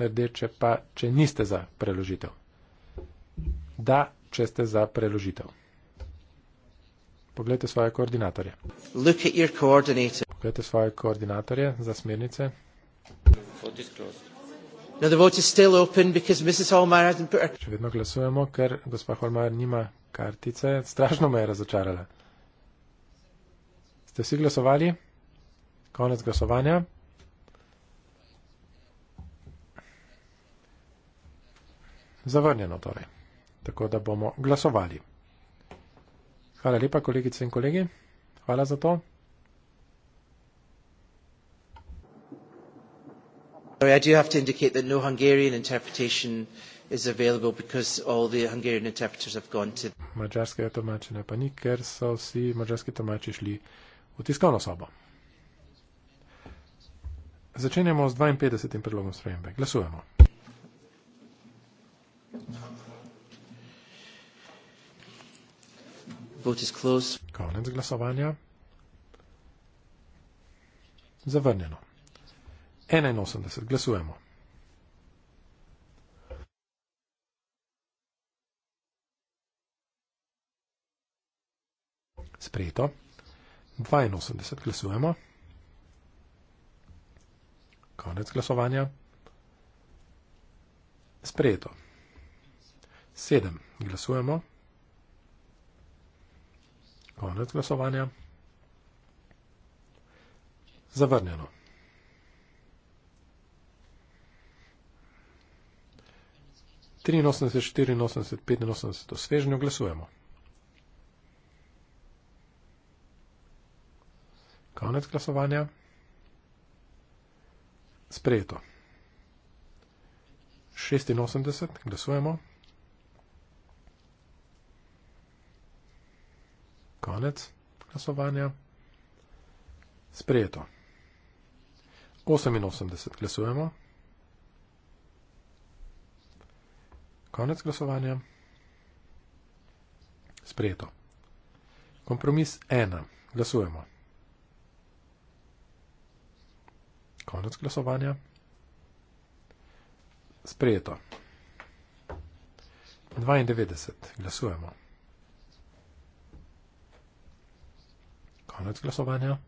rdeče pa, če niste za preložitev. Da, če ste za preložitev. Poglejte svoje koordinatorje. Poglejte svoje koordinatorje za smernice. Še vedno glasujemo, ker gospa Holmar nima kartice. Strašno me je razočarala. Ste vsi glasovali? Konec glasovanja. Zavrnjeno torej. Tako da bomo glasovali. Hvala lepa, kolegice in kolegi. Hvala za to. Sorry, I do have to indicate that no Hungarian interpretation is available because all the Hungarian interpreters have gone to. Mađarskega tolmačenja pa ni, ker so vsi mađarski tolmači šli v tiskovno sobo. Začenjamo s 52. predlogom spremembe. Glasujemo. Konec glasovanja. Zavrnjeno. 81. Glasujemo. Sprejeto. 82. Glasujemo. Konec glasovanja. Sprejeto. 7. Glasujemo. Konec glasovanja. Zavrnjeno. Trinosemdeset, štiriinosemdeset, petinosemdeset, v svežnju glasujemo. Konec glasovanja. Sprejeto. Šestinosemdeset, glasujemo. Konec glasovanja. Sprejeto. 88 glasujemo. Konec glasovanja. Sprejeto. Kompromis 1. Glasujemo. Konec glasovanja. Sprejeto. 92. Glasujemo. Konec glasovanja.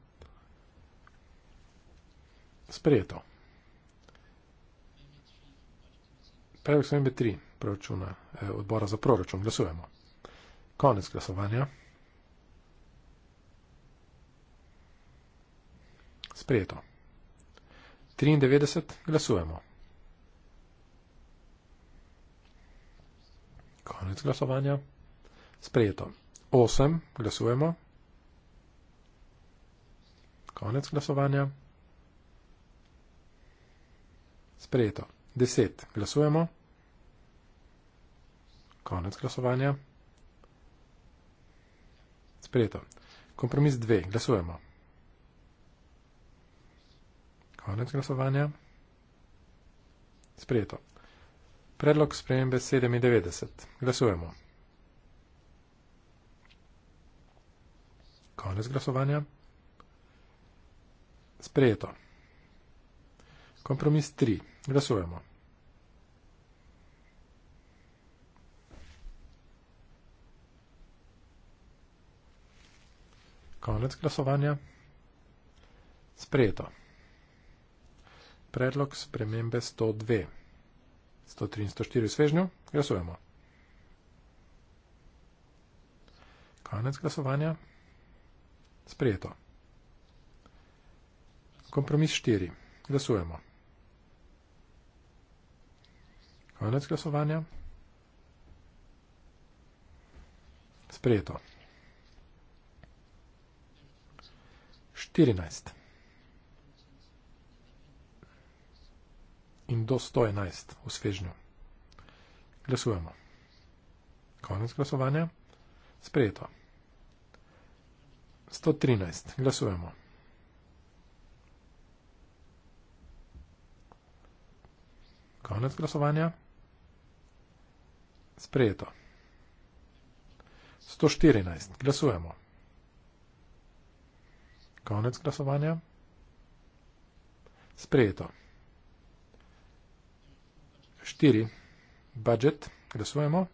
Sprejeto. Predlog sem 3 proračuna eh, odbora za proračun. Glasujemo. Konec glasovanja. Sprejeto. 93 glasujemo. Konec glasovanja. Sprejeto. 8 glasujemo. Konec glasovanja. Sprejeto. 10. Glasujemo. Konec glasovanja. Sprejeto. Kompromis 2. Glasujemo. Konec glasovanja. Sprejeto. Predlog spremembe 97. Glasujemo. Konec glasovanja. Sprejeto. Kompromis 3. Glasujemo. Konec glasovanja. Sprejeto. Predlog spremembe 102. 103 in 104 v svežnju. Glasujemo. Konec glasovanja. Sprejeto. Kompromis 4. Glasujemo. Konec glasovanja. Sprejeto. 14. In do 111 v svežnju. Glasujemo. Konec glasovanja. Sprejeto. 113. Glasujemo. Konec glasovanja. Sprejeto. 114. Glasujemo. Konec glasovanja. Sprejeto. 4. Budget. Glasujemo.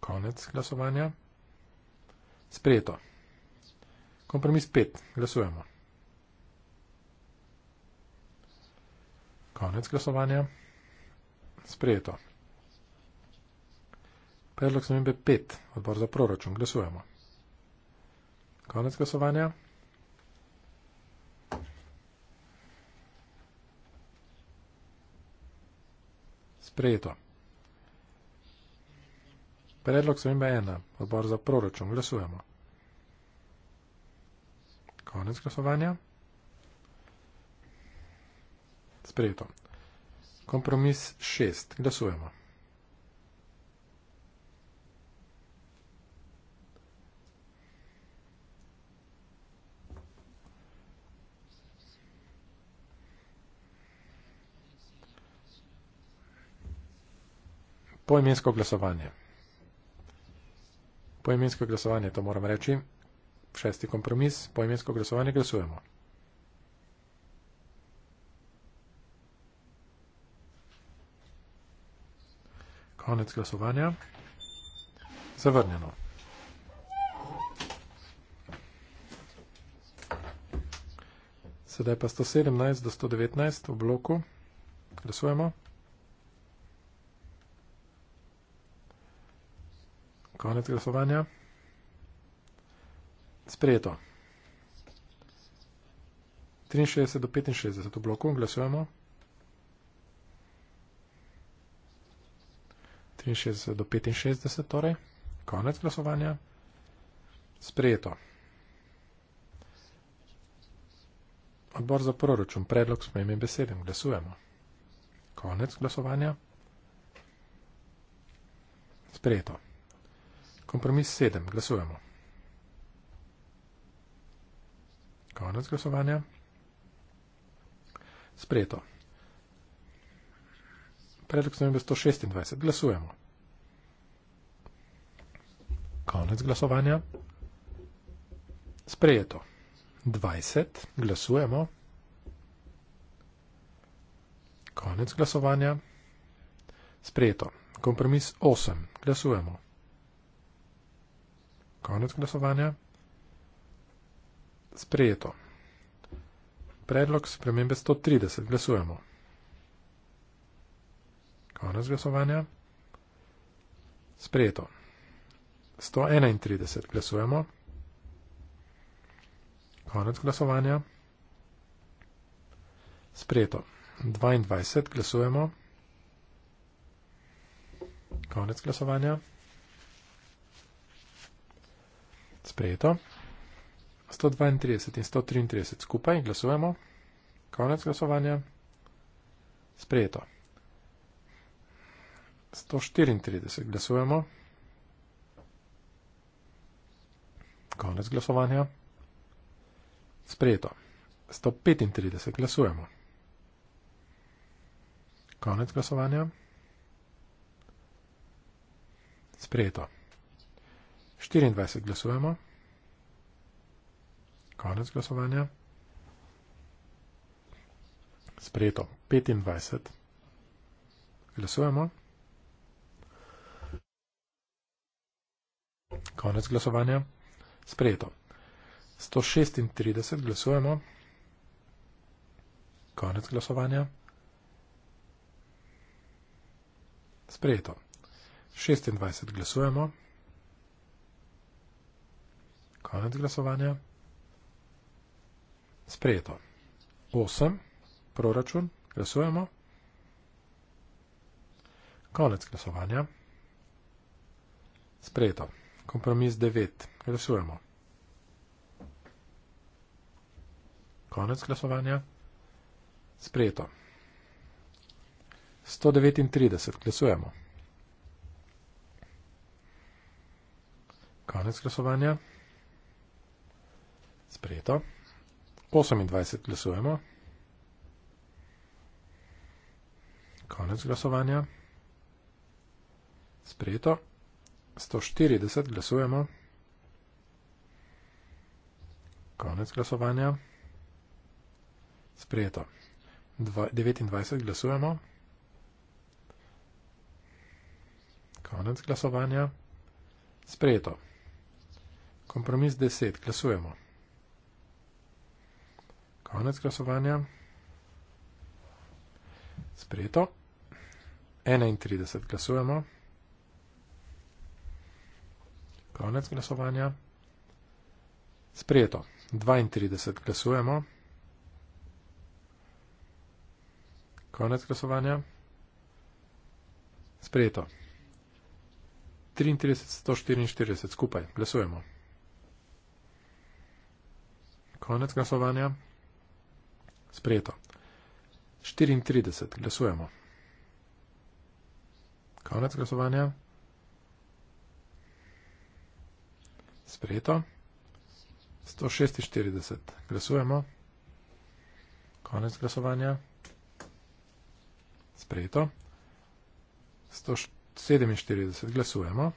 Konec glasovanja. Sprejeto. Kompromis 5. Glasujemo. Konec glasovanja. Sprejeto. Predlog spremembe 5. Odbor za proračun. Glasujemo. Konec glasovanja. Sprejeto. Predlog spremembe 1. Odbor za proračun. Glasujemo. Konec glasovanja. Sprejeto. Kompromis šest. Glasujemo. Poimensko glasovanje. Poimensko glasovanje, to moram reči. Šesti kompromis. Poimensko glasovanje glasujemo. Koniec głosowania. Zawarniono. Sedaj pa 117 do 119 v bloku. Glasujemo. Konec glasovanja. Sprejeto. 63 do 65 v bloku. Glasujemo. 65 do 65, torej konec glasovanja, sprejeto. Odbor za proračun, predlog s mojim besedem, glasujemo. Konec glasovanja, sprejeto. Kompromis 7, glasujemo. Konec glasovanja, sprejeto predlog spremembe 126. Glasujemo. Konec glasovanja. Sprejeto. 20. Glasujemo. Konec glasovanja. Sprejeto. Kompromis 8. Glasujemo. Konec glasovanja. Sprejeto. Predlog spremembe 130. Glasujemo. Konec glasovanja. Sprejeto. 131 glasujemo. Konec glasovanja. Sprejeto. 22 glasujemo. Konec glasovanja. Sprejeto. 132 in 133 skupaj glasujemo. Konec glasovanja. Sprejeto. 134 glasujemo. Konec glasovanja. Sprejeto. 135 glasujemo. Konec glasovanja. Sprejeto. 24 glasujemo. Konec glasovanja. Sprejeto. 25 glasujemo. Konec glasovanja. Sprejeto. 136 glasujemo. Konec glasovanja. Sprejeto. 26 glasujemo. Konec glasovanja. Sprejeto. 8. Proračun. Glasujemo. Konec glasovanja. Sprejeto kompromis 9. Glasujemo. Konec glasovanja. Sprejeto. 139. Glasujemo. Konec glasovanja. Sprejeto. 28. Glasujemo. Konec glasovanja. Sprejeto. 140 glasujemo. Konec glasovanja. Sprejeto. 29 glasujemo. Konec glasovanja. Sprejeto. Kompromis 10. Glasujemo. Konec glasovanja. Sprejeto. 31. Glasujemo. Konec glasovanja. Sprijeto. 32 glasujemo. Konec glasovanja. Sprijeto. 33, 144 skupaj. Glasujemo. Konec glasovanja. Sprijeto. 34 glasujemo. Konec glasovanja. Sprejeto. 146. Glasujemo. Konec glasovanja. Sprejeto. 147. Glasujemo.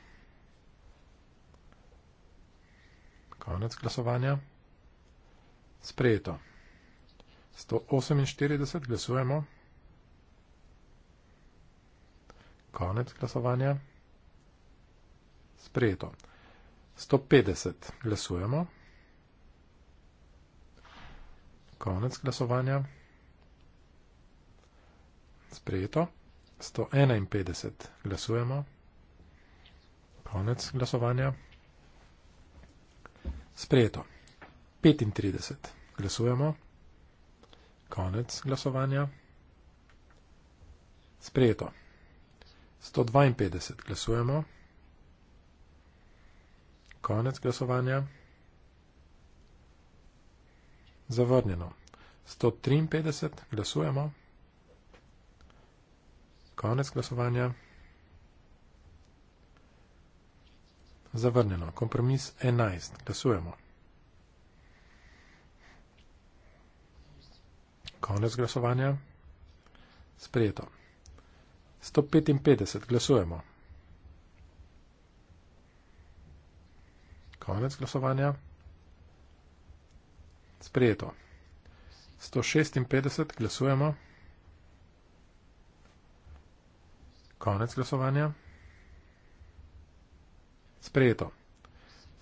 Konec glasovanja. Sprejeto. 148. Glasujemo. Konec glasovanja. Sprejeto. 150. Glasujemo. Konec glasovanja. Sprejeto. 151. Glasujemo. Konec glasovanja. Sprejeto. 35. Glasujemo. Konec glasovanja. Sprejeto. 152. Glasujemo konec glasovanja. Zavrnjeno. 153 glasujemo. Konec glasovanja. Zavrnjeno. Kompromis 11. Glasujemo. Konec glasovanja. Sprejeto. 155. Glasujemo. konec glasovanja. Sprejeto. 156 glasujemo. Konec glasovanja. Sprejeto.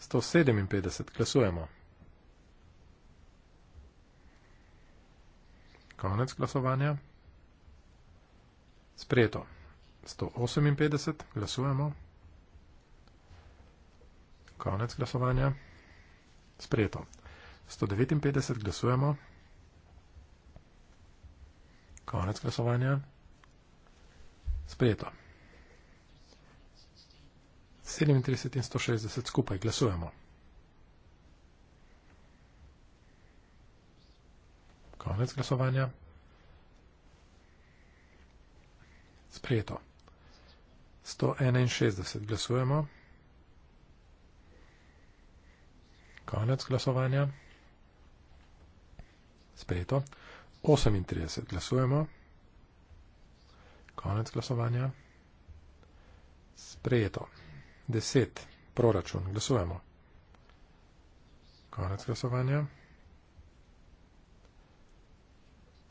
157 glasujemo. Konec glasovanja. Sprejeto. 158 glasujemo. Konec glasovanja. Sprejeto. 159 glasujemo. Konec glasovanja. Sprejeto. 37 in 160 skupaj glasujemo. Konec glasovanja. Sprejeto. 161 glasujemo. Konec glasovanja. Sprejeto. 38 glasujemo. Konec glasovanja. Sprejeto. 10 proračun glasujemo. Konec glasovanja.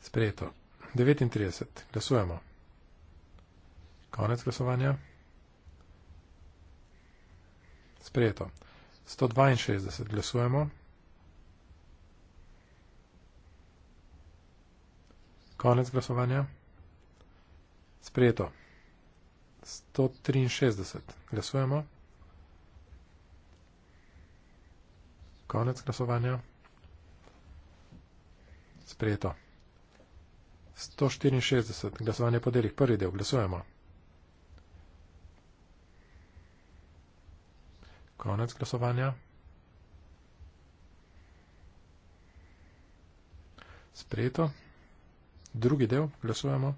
Sprejeto. 39 glasujemo. Konec glasovanja. Sprejeto. 162 glasujemo. Konec glasovanja. Sprejeto. 163 glasujemo. Konec glasovanja. Sprejeto. 164 glasovanje podelih. Prvi del glasujemo. koniec głosowania. Sprejeto. Drugi del, glasujemo.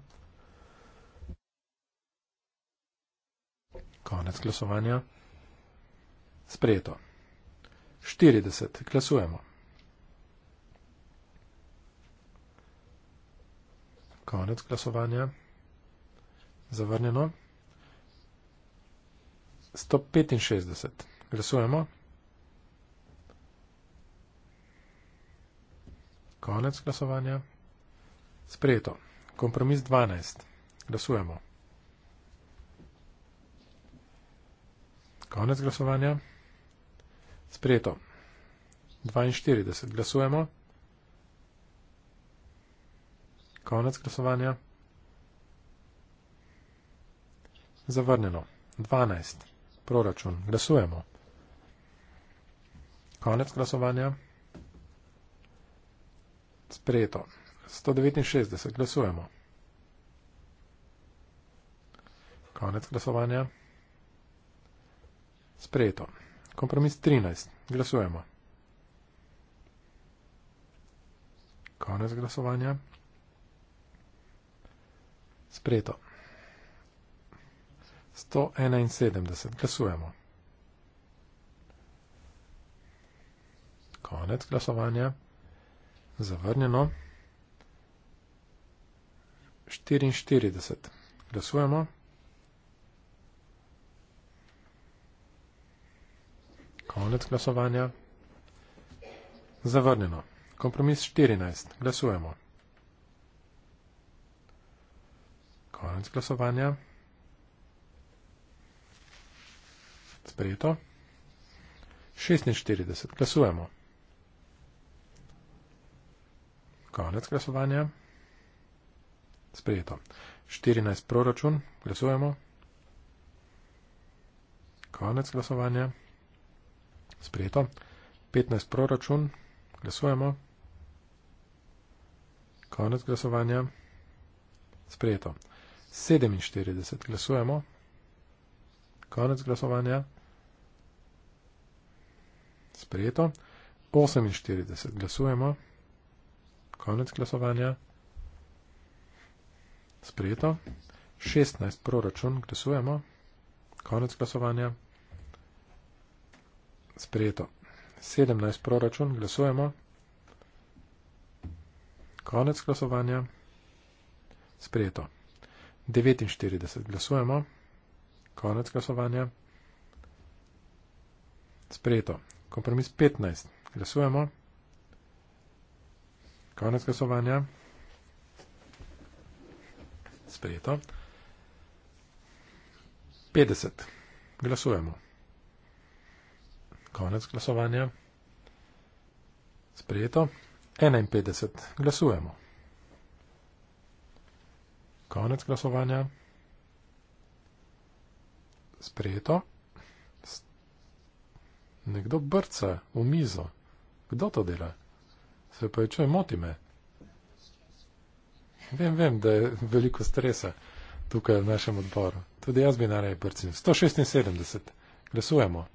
Konec glasovanja. Sprejeto. 40, glasujemo. Konec glasovanja. Zavrnjeno. 165. Glasujemo. Konec glasovanja. Sprejeto. Kompromis 12. Glasujemo. Konec glasovanja. Sprejeto. 42. Glasujemo. Konec glasovanja. Zavrnjeno. 12. Proračun. Glasujemo. Konec glasovanja. Sprejeto. 169. Glasujemo. Konec glasovanja. Sprejeto. Kompromis 13. Glasujemo. Konec glasovanja. Sprejeto. 171. Glasujemo. Konec glasovanja. Zavrnjeno. 44. Glasujemo. Konec glasovanja. Zavrnjeno. Kompromis 14. Glasujemo. Konec glasovanja. Sprejeto. 46. Glasujemo. konec glasovanja. Sprejeto. 14 proračun, glasujemo. Konec glasovanja. Sprejeto. 15 proračun, glasujemo. Konec glasovanja. Sprejeto. 47 glasujemo. Konec glasovanja. Sprejeto. 48 glasujemo. Konec glasovanja. Sprejeto. 16 proračun, glasujemo. Konec glasovanja. Sprejeto. 17 proračun, glasujemo. Konec glasovanja. Sprejeto. 49 glasujemo. Konec glasovanja. Sprejeto. Kompromis 15. Glasujemo. Konec glasovanja. Sprejeto. 50. Glasujemo. Konec glasovanja. Sprejeto. 51. Glasujemo. Konec glasovanja. Sprejeto. Nekdo brca v mizo. Kdo to dela? Se pa je čuje, moti me. Vem, vem, da je veliko stresa tukaj v našem odboru. Tudi jaz bi naraj prcim. 176. Glasujemo.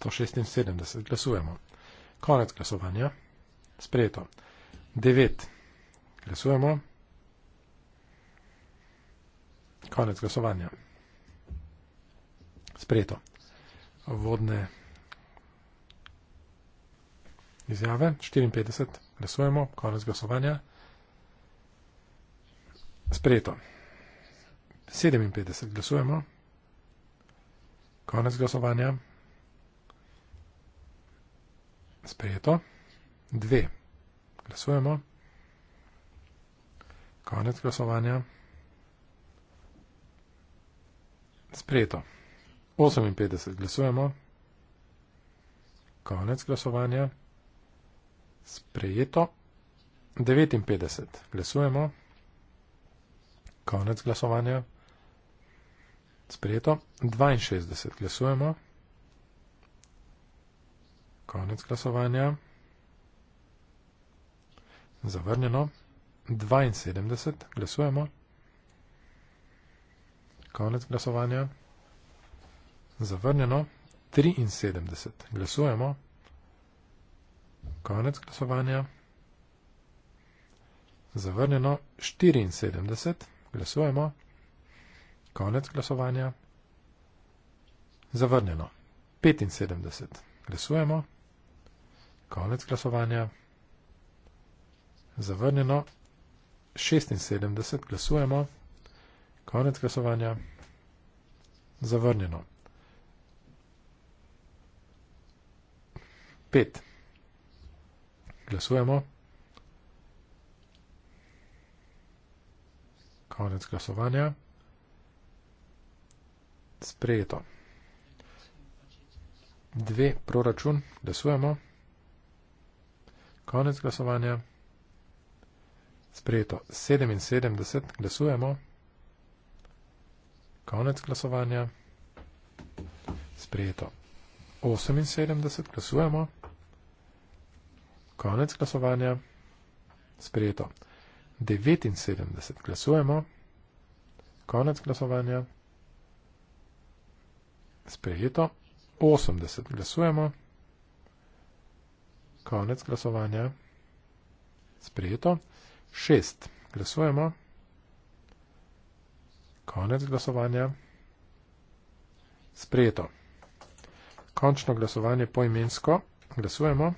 To 76 glasujemo. Konec glasovanja. Sprejeto. 9 glasujemo. Konec glasovanja. Sprejeto vodne izjave. 54, glasujemo, konec glasovanja. Sprejeto. 57, glasujemo, konec glasovanja. Sprejeto. 2, glasujemo, konec glasovanja. Sprejeto. 58 glasujemo. Konec glasovanja. Sprejeto. 59 glasujemo. Konec glasovanja. Sprejeto. 62 glasujemo. Konec glasovanja. Zavrnjeno. 72 glasujemo. Konec glasovanja zavrnjeno 73. Glasujemo. Konec glasovanja. Zavrnjeno 74. Glasujemo. Konec glasovanja. Zavrnjeno 75. Glasujemo. Konec glasovanja. Zavrnjeno 76. Glasujemo. Konec glasovanja. Zavrnjeno 5. Glasujemo. Konec glasovanja. Sprejeto. 2. Proračun. Glasujemo. Konec glasovanja. Sprejeto. 77. Glasujemo. Konec glasovanja. Sprejeto. 78. Glasujemo. Konec glasovanja. Sprejeto. 79 glasujemo. Konec glasovanja. Sprejeto. 80 glasujemo. Konec glasovanja. Sprejeto. 6 glasujemo. Konec glasovanja. Sprejeto. Končno glasovanje poimensko. Glasujemo.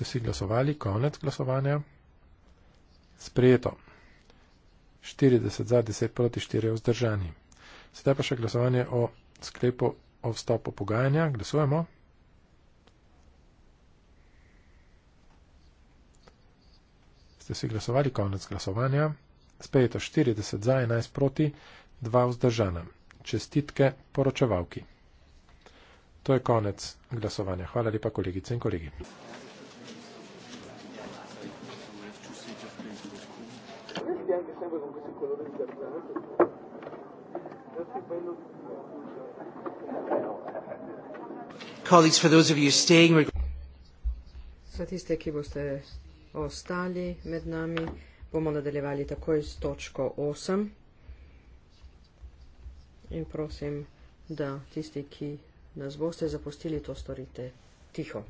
ste si glasovali, konec glasovanja. Sprejeto. 40 za, 10 proti 4 vzdržani. Sedaj pa še glasovanje o sklepu o vstopu pogajanja. Glasujemo. Ste si glasovali, konec glasovanja. Sprejeto 40 za, 11 proti, 2 vzdržana. Čestitke poročevalki. To je konec glasovanja. Hvala lepa, kolegice in kolegi. Za tiste, ki boste ostali med nami, bomo nadaljevali takoj s točko 8. In prosim, da tisti, ki nas boste zapustili, to storite tiho.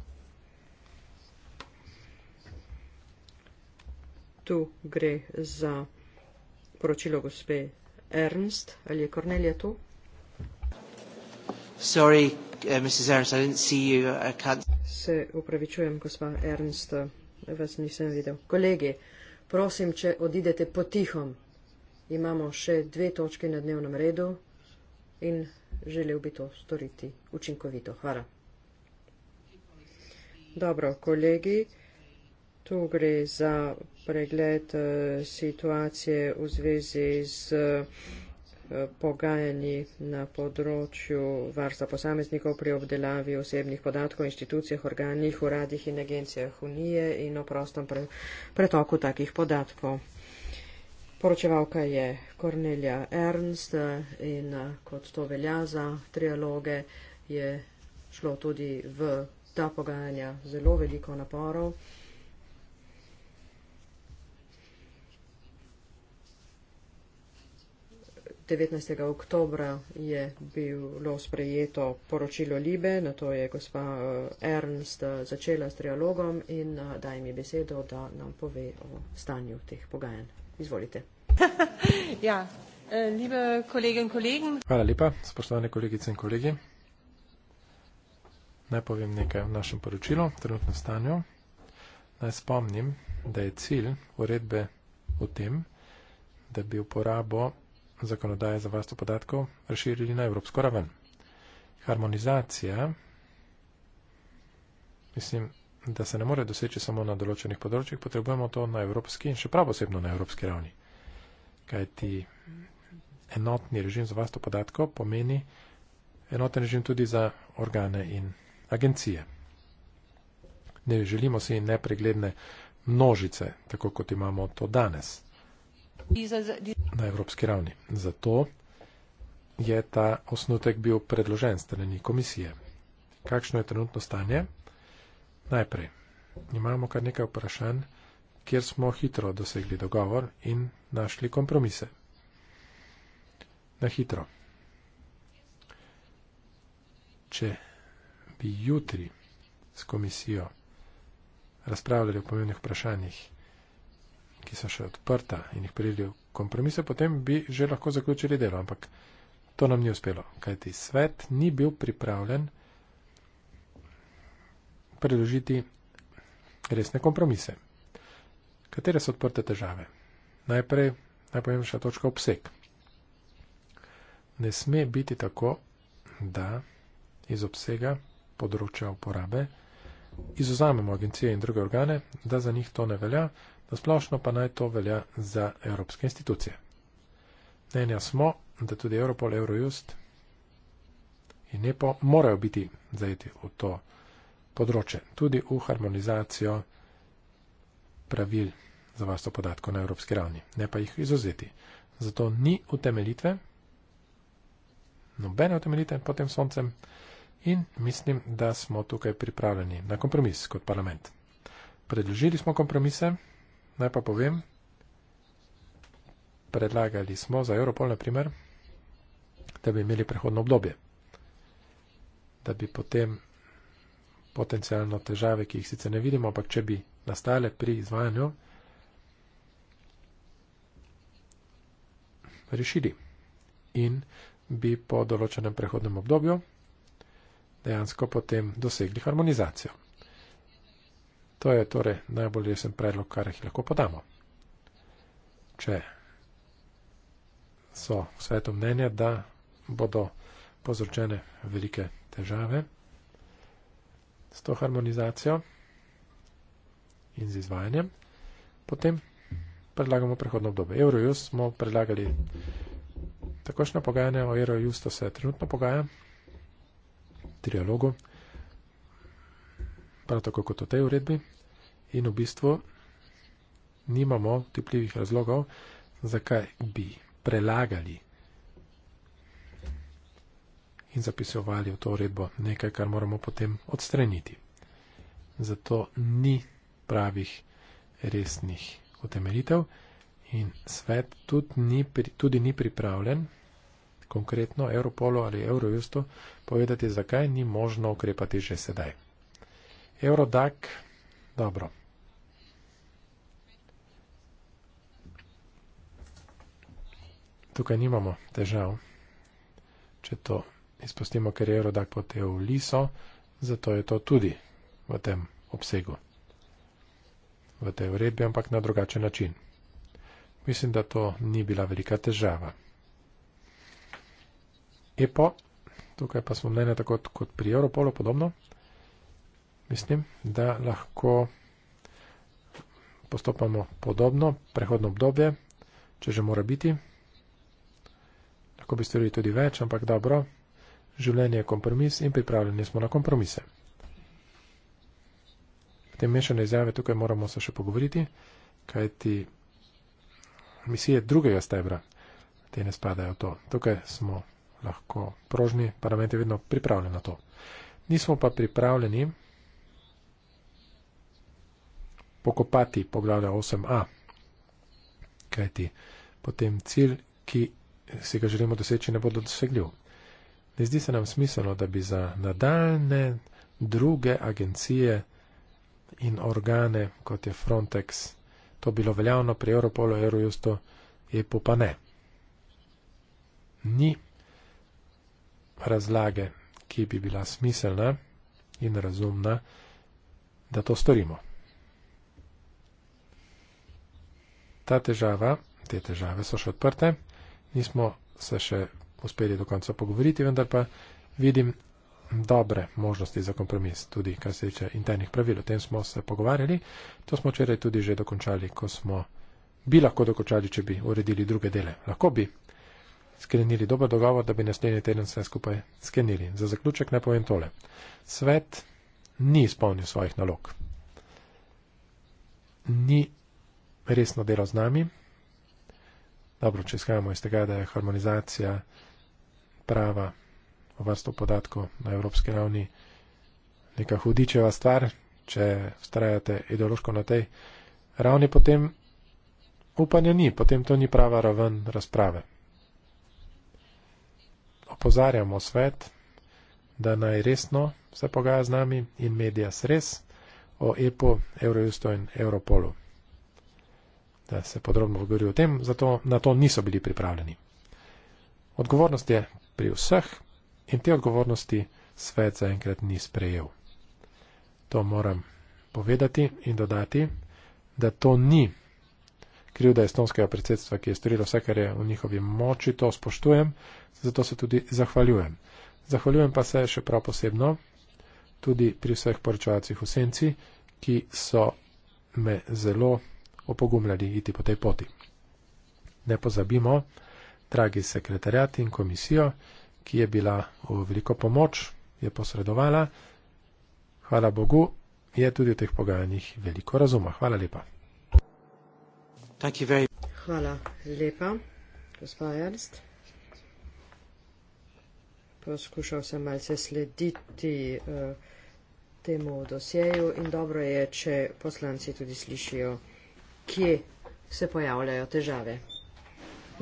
Tu gre za poročilo gospe Ernst. Ali je Kornelija tu? Sorry, uh, Mrs. Ernst, I didn't see you. Uh, I can't. Se upravičujem, gospa Ernst, vas nisem videl. Kolegi, prosim, če odidete potihom, imamo še dve točke na dnevnem redu in želel bi to storiti učinkovito. Hvala. Dobro, kolegi, tu gre za pregled uh, situacije v zvezi z. Uh, pogajanji na področju varstva posameznikov pri obdelavi osebnih podatkov v inštitucijah, organih, uradih in agencijah Unije in o prostem pre pretoku takih podatkov. Poročevalka je Kornelija Ernst eh, in eh, kot to velja za trialoge, je šlo tudi v ta pogajanja zelo veliko naporov. 19. oktobra je bilo sprejeto poročilo Libe, na to je gospa eh, Ernst eh, začela s trialogom in eh, daj mi besedo, da nam pove o stanju teh pogajanj. Izvolite. ja, libe kolege in kolegi. Hvala lepa, spoštovane kolegice in kolegi. Naj povem nekaj o našem poročilu, trenutnem stanju. Naj spomnim, da je cilj uredbe v tem, da bi uporabo zakonodaje za varstvo podatkov razširili na evropsko raven. Harmonizacija, mislim, da se ne more doseči samo na določenih področjih, potrebujemo to na evropski in še prav posebno na evropski ravni. Kaj ti enotni režim za varstvo podatkov pomeni enoten režim tudi za organe in agencije. Ne želimo si nepregledne množice, tako kot imamo to danes na evropski ravni. Zato je ta osnutek bil predložen strani komisije. Kakšno je trenutno stanje? Najprej imamo kar nekaj vprašanj, kjer smo hitro dosegli dogovor in našli kompromise. Na hitro. Če bi jutri s komisijo razpravljali o pomembnih vprašanjih, ki so še odprta in jih prijeli v kompromise, potem bi že lahko zaključili delo. Ampak to nam ni uspelo, kajti svet ni bil pripravljen predložiti resne kompromise. Katere so odprte težave? Najprej najpomembnejša točka obseg. Ne sme biti tako, da iz obsega področja uporabe izuzamemo agencije in druge organe, da za njih to ne velja, Na splošno pa naj to velja za evropske institucije. Mnenja smo, da tudi Europol, Eurojust in NEPO morajo biti zajeti v to področje, tudi v harmonizacijo pravil za varstvo podatkov na evropski ravni, ne pa jih izuzeti. Zato ni utemeljitve, nobene utemeljitve pod tem soncem in mislim, da smo tukaj pripravljeni na kompromis kot parlament. Predložili smo kompromise. Naj pa povem, predlagali smo za Europol, na primer, da bi imeli prehodno obdobje, da bi potem potencijalno težave, ki jih sicer ne vidimo, ampak če bi nastale pri izvajanju, rešili in bi po določenem prehodnem obdobju dejansko potem dosegli harmonizacijo. To je torej najbolj jesen predlog, kar jih lahko podamo. Če so svetom mnenja, da bodo povzročene velike težave s to harmonizacijo in z izvajanjem, potem predlagamo prehodno obdobje. Eurojust smo predlagali takošnjo pogajanje, o Eurojustu se trenutno pogaja, trialogu, prav tako kot v tej uredbi. In v bistvu nimamo tipljivih razlogov, zakaj bi prelagali in zapisovali v to uredbo nekaj, kar moramo potem odstraniti. Zato ni pravih resnih utemeljitev in svet tudi ni, tudi ni pripravljen, konkretno Europolu ali Eurojustu, povedati, zakaj ni možno ukrepati že sedaj. Eurodak, dobro. Tukaj nimamo težav, če to izpustimo, ker je Eurodak potel v liso, zato je to tudi v tem obsegu, v tej uredbi, ampak na drugačen način. Mislim, da to ni bila velika težava. EPO, tukaj pa smo mnenja tako kot pri Europolu podobno mislim, da lahko postopamo podobno, prehodno obdobje, če že mora biti. Lahko bi storili tudi več, ampak dobro, življenje je kompromis in pripravljeni smo na kompromise. V tem mešane izjave tukaj moramo se še pogovoriti, kajti misije drugega stebra, te ne spadajo to. Tukaj smo lahko prožni, parlament je vedno pripravljen na to. Nismo pa pripravljeni, pokopati, poglavlja 8a. Kajti potem cilj, ki si ga želimo doseči, ne bodo dosegljiv. Ne zdi se nam smiselno, da bi za nadaljne druge agencije in organe, kot je Frontex, to bilo veljavno pri Europolu, Eurojustu, EPO pa ne. Ni razlage, ki bi bila smiselna in razumna, da to storimo. ta težava, te težave so še odprte, nismo se še uspeli do konca pogovoriti, vendar pa vidim dobre možnosti za kompromis, tudi kar se tiče internih pravil. O tem smo se pogovarjali, to smo včeraj tudi že dokončali, ko smo bi lahko dokončali, če bi uredili druge dele. Lahko bi sklenili dober dogovor, da bi naslednji teden vse skupaj sklenili. Za zaključek ne povem tole. Svet ni izpolnil svojih nalog. Ni resno delo z nami. Dobro, če izhajamo iz tega, da je harmonizacija prava o vrstu podatkov na evropski ravni neka hudičeva stvar, če vztrajate ideološko na tej ravni, potem upanja ni, potem to ni prava raven razprave. Opozarjamo svet, da naj resno se pogaja z nami in medija s res o EPO, Eurojusto in Europolu da se podrobno govori o tem, zato na to niso bili pripravljeni. Odgovornost je pri vseh in te odgovornosti svet zaenkrat ni sprejel. To moram povedati in dodati, da to ni krivda estonskega predsedstva, ki je storilo vse, kar je v njihovi moči, to spoštujem, zato se tudi zahvaljujem. Zahvaljujem pa se še prav posebno tudi pri vseh poročevalcih v senci, ki so me zelo opogumljali iti po tej poti. Ne pozabimo, dragi sekretarjati in komisijo, ki je bila v veliko pomoč, je posredovala. Hvala Bogu, je tudi v teh pogajanjih veliko razuma. Hvala lepa. Hvala lepa, gospa Ernst. Poskušal sem malce slediti uh, temu dosjeju in dobro je, če poslanci tudi slišijo kje se pojavljajo težave.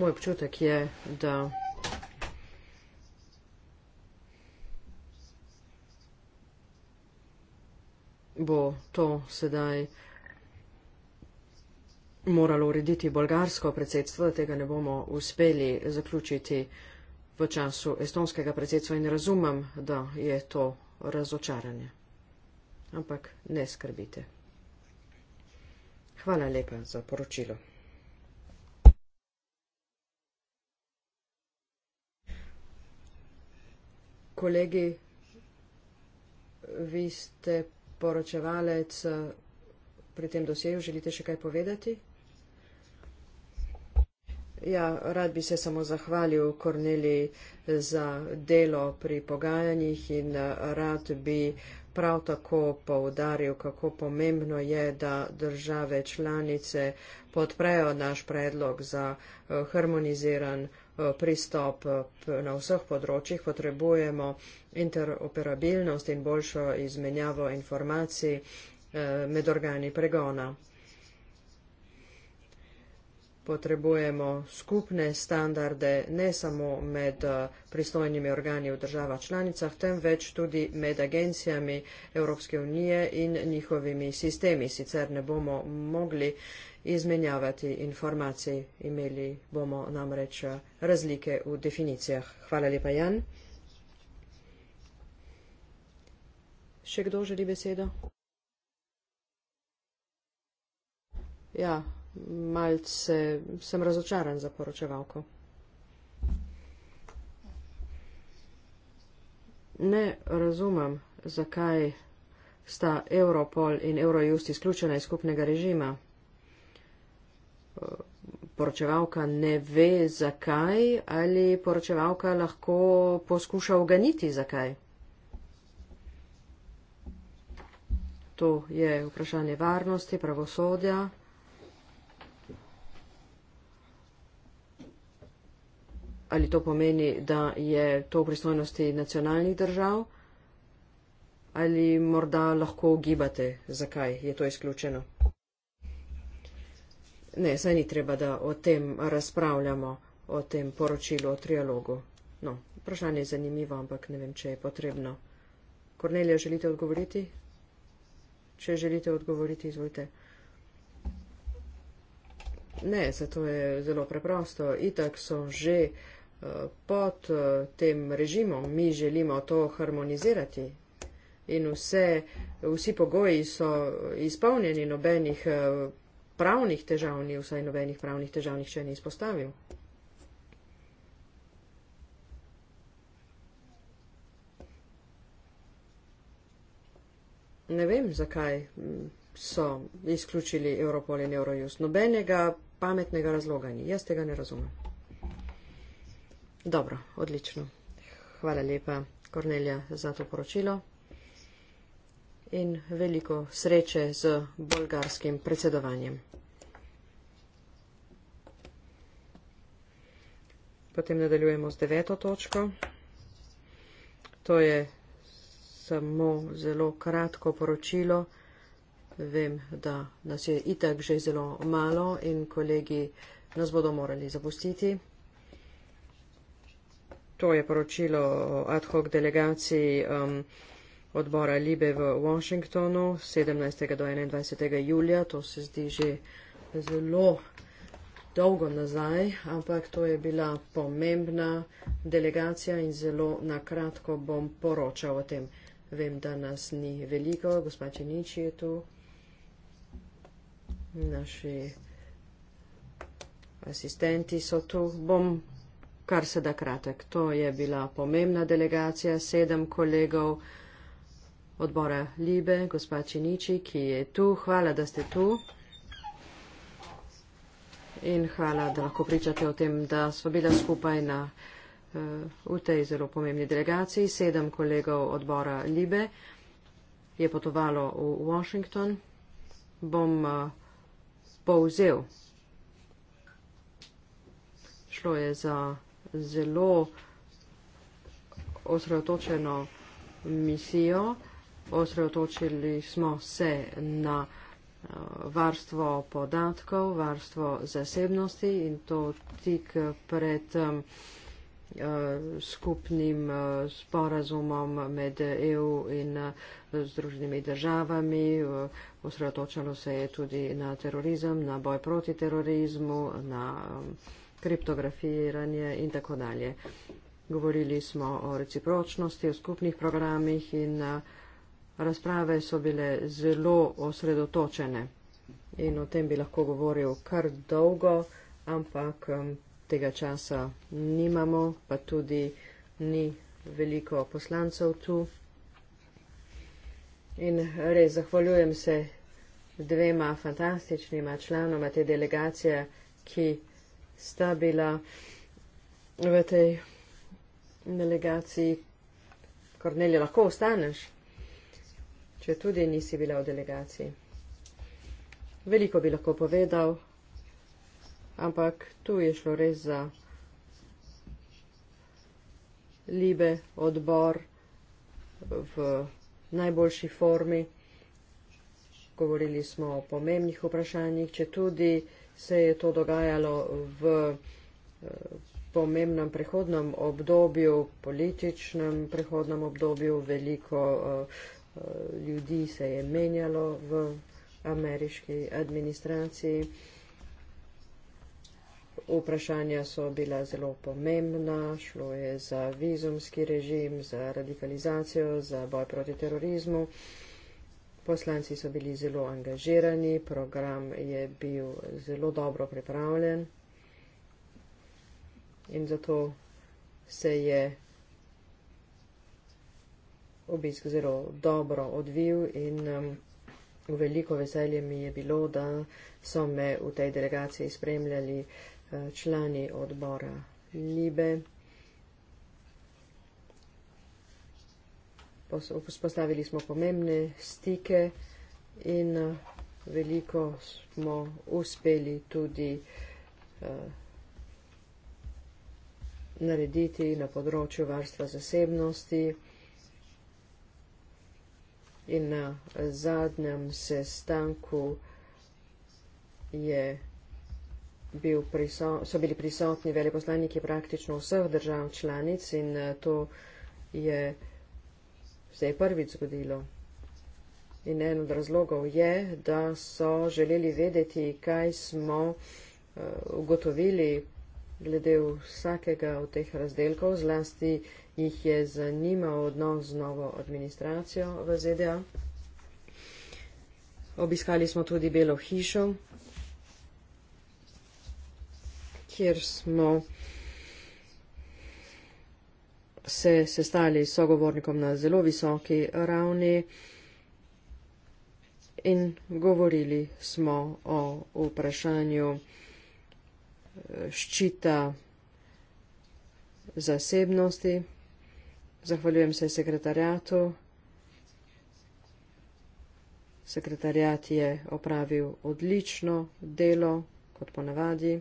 Moj občutek je, da. Bo to sedaj moralo urediti bolgarsko predsedstvo, da tega ne bomo uspeli zaključiti v času estonskega predsedstva in razumem, da je to razočaranje. Ampak ne skrbite. Hvala lepa za poročilo. Kolegi, vi ste poročevalec pri tem dosjeju, želite še kaj povedati? Ja, rad bi se samo zahvalil Korneli za delo pri pogajanjih in rad bi uh, prav tako poudaril, kako pomembno je, da države članice podprejo naš predlog za eh, harmoniziran eh, pristop eh, na vseh področjih. Potrebujemo interoperabilnost in boljšo izmenjavo informacij med organi pregona potrebujemo skupne standarde ne samo med eh, pristojnimi organi v državah članicah, temveč tudi med agencijami Evropske unije in njihovimi sistemi. Sicer ne bomo mogli izmenjavati informacij, imeli bomo namreč eh, razlike v definicijah. Hvala lepa, Jan. Še kdo želi besedo? Ja, malce sem razočaran za poročevalko. Ne razumem, zakaj sta Europol in Eurojust izključena iz skupnega režima. Poročevalka ne ve, zakaj, ali poročevalka lahko poskuša uganiti, zakaj. To je vprašanje varnosti, pravosodja. ali to pomeni, da je to v pristojnosti nacionalnih držav, ali morda lahko ugibate, zakaj je to izključeno. Ne, saj ni treba, da o tem razpravljamo, o tem poročilu, o trialogu. No, vprašanje je zanimivo, ampak ne vem, če je potrebno. Kornelija, želite odgovoriti? Če želite odgovoriti, izvolite. Ne, zato je zelo preprosto. Itak so že uh, pod eh, tem režimom, mi želimo to harmonizirati in vse, vsi pogoji so izpolnjeni nobenih eh, pravnih težav, ni vsaj nobenih pravnih težav, nihče ni izpostavil. Ne vem, zakaj mm, so izključili Europol in Eurojust. Nobenega pametnega razloga ni. Jaz tega ne razumem. Dobro, odlično. Hvala lepa, Kornelija, za to poročilo. In veliko sreče z bolgarskim predsedovanjem. Potem nadaljujemo z deveto točko. To je samo zelo kratko poročilo. Vem, da nas je itak že zelo malo in kolegi nas bodo morali zapustiti. To je poročilo ad hoc delegaciji um, odbora Libe v Washingtonu 17. do 21. julija. To se zdi že zelo dolgo nazaj, ampak to je bila pomembna delegacija in zelo nakratko bom poročal o tem. Vem, da nas ni veliko, gospa Čeniči je tu, naši asistenti so tu. Bom kar se da kratek. To je bila pomembna delegacija, sedem kolegov odbora Libe, gospa Činiči, ki je tu. Hvala, da ste tu. In hvala, da lahko pričate o tem, da smo bila skupaj na, eh, v tej zelo pomembni delegaciji. Sedem kolegov odbora Libe je potovalo v Washington. Bom eh, povzel. Šlo je za zelo osredotočeno misijo. Osredotočili smo se na eh, varstvo podatkov, varstvo zasebnosti in to tik pred eh, skupnim eh, sporazumom med EU in Združenimi državami. Osredotočalo se je tudi na terorizem, na boj proti terorizmu, na kriptografiranje in tako dalje. Govorili smo o recipročnosti, o skupnih programih in eh, razprave so bile zelo osredotočene. In o tem bi lahko govoril kar dolgo, ampak eh, tega časa nimamo, pa tudi ni veliko poslancev tu. In res zahvaljujem se dvema fantastičnima članoma te delegacije, ki sta bila v tej delegaciji. Kornelijo, lahko ostaneš, če tudi nisi bila v delegaciji. Veliko bi lahko povedal, ampak tu je šlo res za libe odbor v najboljši formi. Govorili smo o pomembnih vprašanjih, če tudi se je to dogajalo v eh, pomembnem prehodnem obdobju, političnem prehodnem obdobju, veliko eh, eh, ljudi se je menjalo v ameriški administraciji. Vprašanja so bila zelo pomembna, šlo je za vizumski režim, za radikalizacijo, za boj proti terorizmu. Uh, Poslanci so bili zelo angažirani, program je bil zelo dobro pripravljen in zato se je obisk zelo dobro odvil in um, v um, veliko veselje mi je bilo, da so me v tej delegaciji spremljali uh, člani odbora Libe. Vzpostavili smo pomembne stike in eh, veliko smo uspeli tudi eh, narediti na področju varstva zasebnosti. In na zadnjem sestanku bil so bili prisotni veleposlaniki praktično vseh držav članic in eh, to je se je prvič zgodilo. In en od razlogov je, da so želeli vedeti, kaj smo uh, ugotovili glede vsakega od teh razdelkov, zlasti jih je zanimal odnos z novo administracijo v ZDA. Obiskali smo tudi Belo hišo, kjer smo uh, se sestali s sogovornikom na zelo visoki ravni in govorili smo o vprašanju eh, ščita zasebnosti. Zahvaljujem se sekretarjatu. Sekretarjat je opravil odlično delo, kot ponavadi.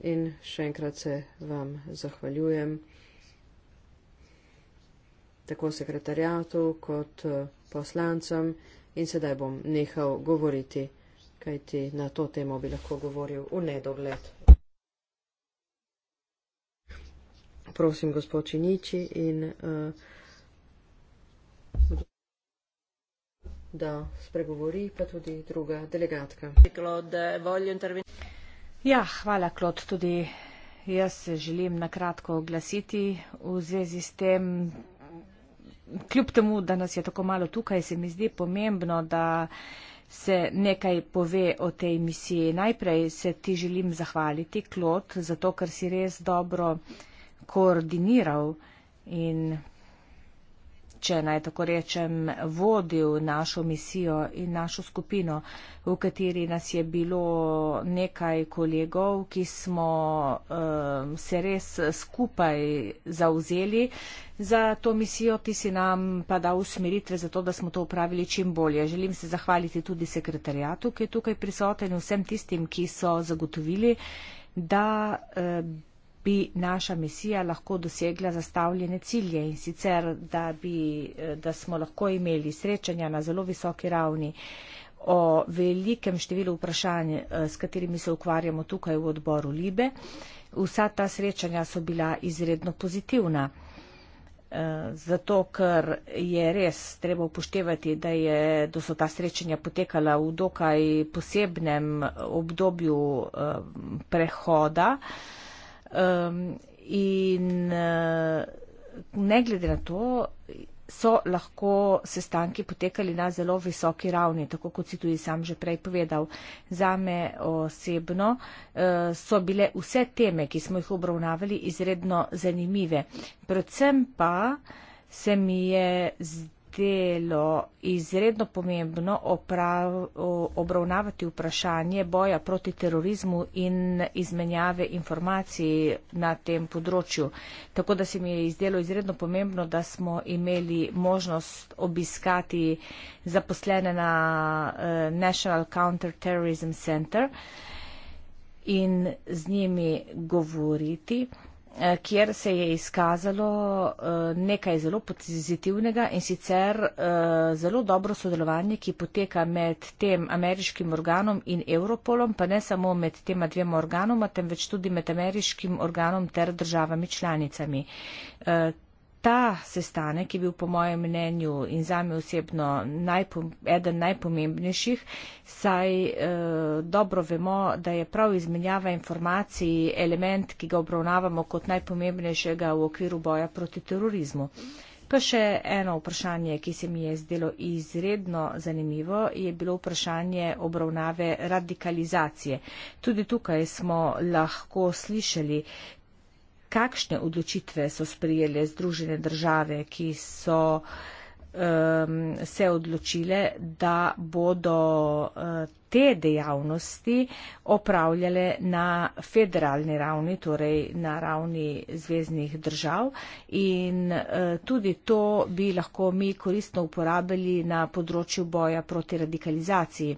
In še enkrat se vam zahvaljujem tako sekretarjatu kot eh, poslancem in sedaj bom nehal govoriti, kajti na to temo bi lahko govoril v nedogled. Prosim, gospod Činiči, in uh, da spregovori pa tudi druga delegatka. Ja, hvala, Klod, tudi jaz se želim nakratko oglasiti v zvezi s tem, kljub temu, da nas je tako malo tukaj, se mi zdi pomembno, da se nekaj pove o tej misiji. Najprej se ti želim zahvaliti, Klot, zato, ker si res dobro koordiniral in oče, naj tako rečem, vodil našo misijo in našo skupino, v kateri nas je bilo nekaj kolegov, ki smo um, se res skupaj zauzeli za to misijo, ti si nam pa dal usmeritve za to, da smo to upravili čim bolje. Želim se zahvaliti tudi sekretarjatu, ki je tukaj prisoten, vsem tistim, ki so zagotovili, da. Um, bi naša misija lahko dosegla zastavljene cilje in sicer, da, bi, eh, da smo lahko imeli srečanja na zelo visoki ravni o velikem številu vprašanj, eh, s katerimi se ukvarjamo tukaj v odboru Libe. Vsa ta srečanja so bila izredno pozitivna. Eh, zato, ker je res treba upoštevati, da, je, da so ta srečanja potekala v dokaj posebnem obdobju prehoda. Um, in uh, ne glede na to, so lahko sestanki potekali na zelo visoki ravni, tako kot si tudi sam že prej povedal. Za me osebno uh, so bile vse teme, ki smo jih obravnavali, izredno zanimive. Predvsem pa se mi je zdelo, zdelo izredno pomembno oprav, obravnavati vprašanje boja proti terorizmu in izmenjave informacij na tem področju. Tako da se mi je izdelo izredno pomembno, da smo imeli možnost obiskati zaposlene na eh, National Counter Terrorism Center in z njimi govoriti. Eh, kjer se je izkazalo eh, nekaj zelo pozitivnega in sicer eh, zelo dobro sodelovanje, ki poteka med tem ameriškim organom in Europolom, pa ne samo med tema dvema organoma, temveč tudi med ameriškim organom ter državami članicami ta sestanek je bil po mojem mnenju in zame osebno najpom, eden najpomembnejših, saj eh, dobro vemo, da je prav izmenjava informacij element, ki ga obravnavamo kot najpomembnejšega v okviru boja proti terorizmu. Pa še eno vprašanje, ki se mi je zdelo izredno zanimivo, je bilo vprašanje obravnave radikalizacije. Tudi tukaj smo lahko slišali, kakšne odločitve so sprijele Združene države, ki so um, se odločile, da bodo uh, te dejavnosti opravljale na federalni ravni, torej na ravni zvezdnih držav. In uh, tudi to bi lahko mi koristno uporabili na področju boja proti radikalizaciji.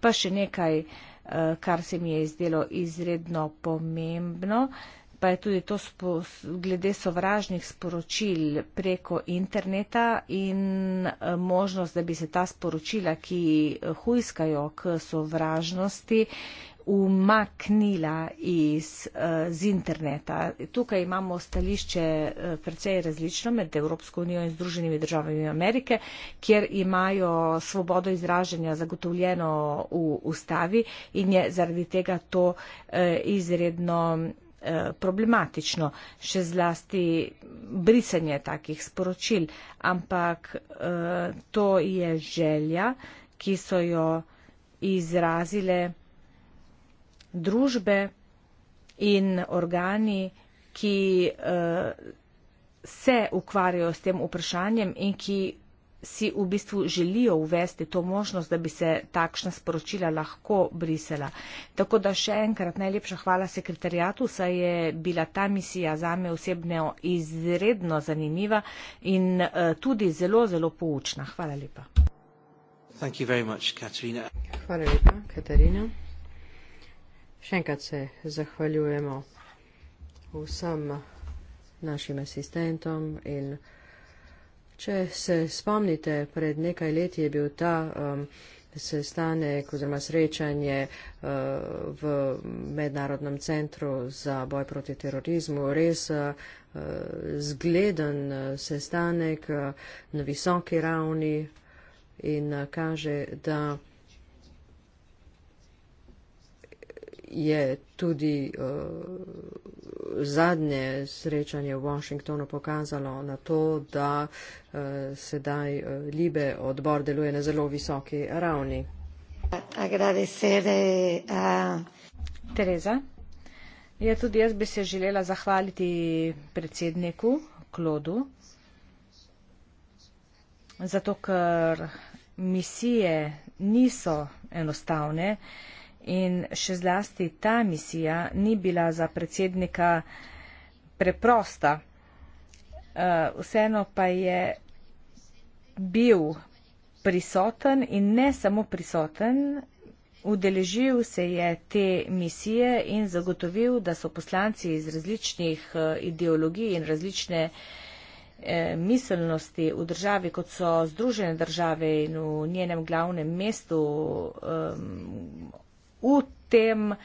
Pa še nekaj, uh, kar se mi je izdelo izredno pomembno. Uh, pa je tudi to glede sovražnih sporočil preko interneta in eh, možnost, da bi se ta sporočila, ki eh, hujskajo k sovražnosti, umaknila iz, eh, z interneta. Tukaj imamo stališče precej različno med Evropsko unijo in Združenimi državami Amerike, kjer imajo svobodo izraženja zagotovljeno v ustavi in je zaradi tega to izredno Eh, problematično, še zlasti brisanje takih sporočil, ampak eh, to je želja, ki so jo izrazile družbe in organi, ki eh, se ukvarjajo s tem vprašanjem in ki si v bistvu želijo uvesti to možnost, da bi se takšna sporočila lahko brisala. Tako da še enkrat najlepša hvala sekretarijatu, saj je bila ta misija za me osebno izredno zanimiva in eh, tudi zelo, zelo poučna. Hvala lepa. Much, hvala lepa, Katarina. Še enkrat se zahvaljujemo vsem našim asistentom in. Če se spomnite, pred nekaj leti je bil ta um, sestanek oziroma srečanje uh, v Mednarodnem centru za boj proti terorizmu res uh, zgleden uh, sestanek uh, na visoki ravni in uh, kaže, da. je tudi uh, zadnje srečanje v Washingtonu pokazalo na to, da uh, sedaj uh, Libe odbor deluje na zelo visoki ravni. Tereza, ja, tudi jaz bi se želela zahvaliti predsedniku Klodu, zato ker misije niso enostavne. Uh, In še zlasti ta misija ni bila za predsednika preprosta. Eh, vseeno pa je bil prisoten in ne samo prisoten, udeležil se je te misije in zagotovil, da so poslanci iz različnih eh, ideologij in različne eh, miselnosti v državi, kot so Združene države in v njenem glavnem mestu ehm, v tem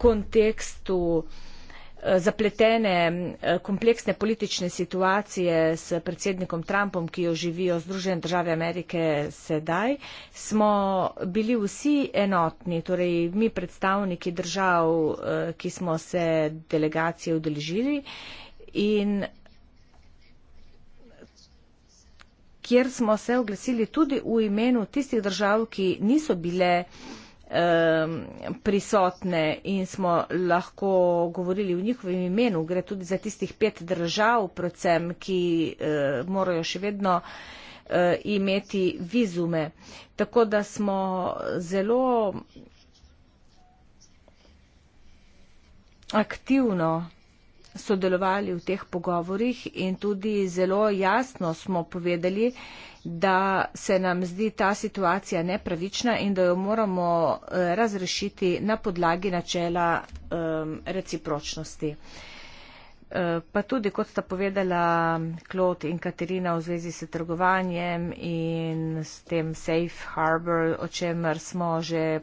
kontekstu eh, zapletene eh, kompleksne politične situacije s predsednikom Trumpom, ki jo živijo Združene države Amerike sedaj, smo bili vsi enotni, torej mi predstavniki držav, eh, ki smo se delegacije udeležili in kjer smo se oglasili tudi v imenu tistih držav, ki niso bile prisotne in smo lahko govorili v njihovem imenu. Gre tudi za tistih pet držav, predvsem, ki uh, morajo še vedno uh, imeti vizume. Tako da smo zelo aktivno sodelovali v teh pogovorjih in tudi zelo jasno smo povedali, da se nam zdi ta situacija nepravična in da jo moramo eh, razrešiti na podlagi načela recipročnosti. Eh, pa tudi, kot sta povedala Klot in Katerina v zvezi s trgovanjem in s tem Safe Harbor, o čemer smo že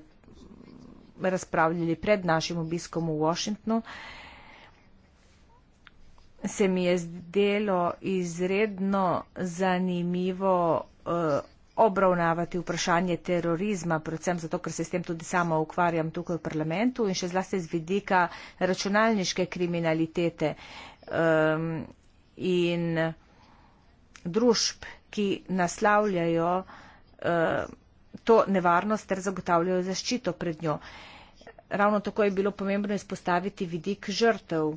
razpravljali pred našim obiskom v Washingtonu, se mi je zdelo izredno zanimivo eh, obravnavati vprašanje terorizma, predvsem zato, ker se s tem tudi sama ukvarjam tukaj v parlamentu in še zlasti z vidika računalniške kriminalitete in družb, ki naslavljajo eh, to nevarnost ter zagotavljajo zaščito pred njo. Ravno tako je bilo pomembno izpostaviti vidik žrtev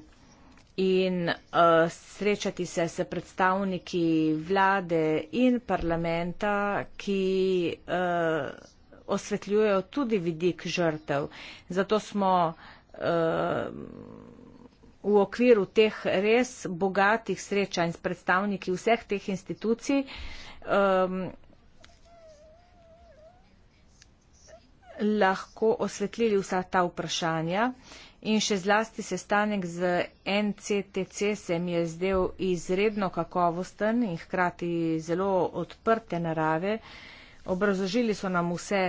in uh, srečati se s predstavniki vlade in parlamenta, ki uh, osvetljujejo tudi vidik žrtev. Zato smo uh, v okviru teh res bogatih srečanj s predstavniki vseh teh institucij um, lahko osvetlili vsa ta vprašanja. Uh, in še zlasti sestanek z NCTC se mi je zdel izredno kakovosten in hkrati zelo odprte narave. Obrazožili so nam vse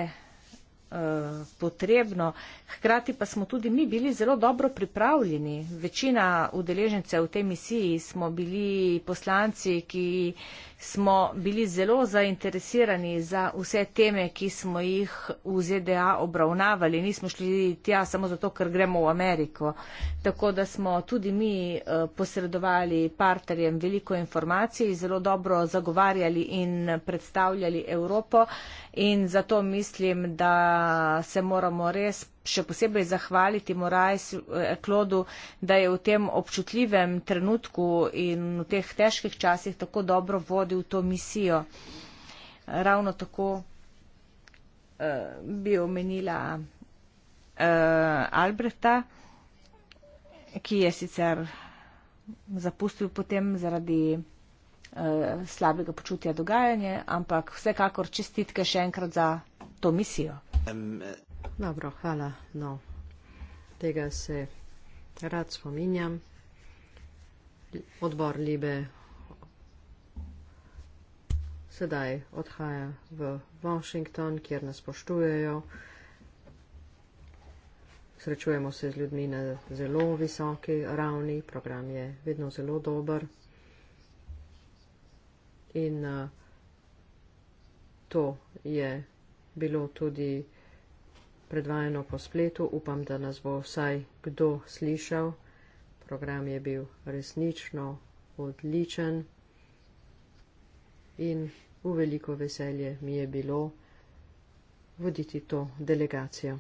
Eh, potrebno. Hkrati pa smo tudi mi bili zelo dobro pripravljeni. Večina udeležencev v tej misiji smo bili poslanci, ki smo bili zelo zainteresirani za vse teme, ki smo jih v ZDA obravnavali. Nismo šli tja samo zato, ker gremo v Ameriko. Tako da smo tudi mi eh, posredovali partnerjem veliko informacij, zelo dobro zagovarjali in predstavljali Evropo. In zato mislim, da se moramo res še posebej zahvaliti Morajs eh, Klodu, da je v tem občutljivem trenutku in v teh težkih časih tako dobro vodil to misijo. Ravno tako eh, bi omenila eh, Albrehta, ki je sicer zapustil potem zaradi slabega počutja dogajanja, ampak vsekakor čestitke še enkrat za to misijo. Dobro, hvala. No, tega se rad spominjam. Odbor Libe sedaj odhaja v Washington, kjer nas poštujejo. Srečujemo se z ljudmi na zelo visoki ravni, program je vedno zelo dober. In uh, to je bilo tudi predvajano po spletu. Upam, da nas bo vsaj kdo slišal. Program je bil resnično odličen in v veliko veselje mi je bilo voditi to delegacijo.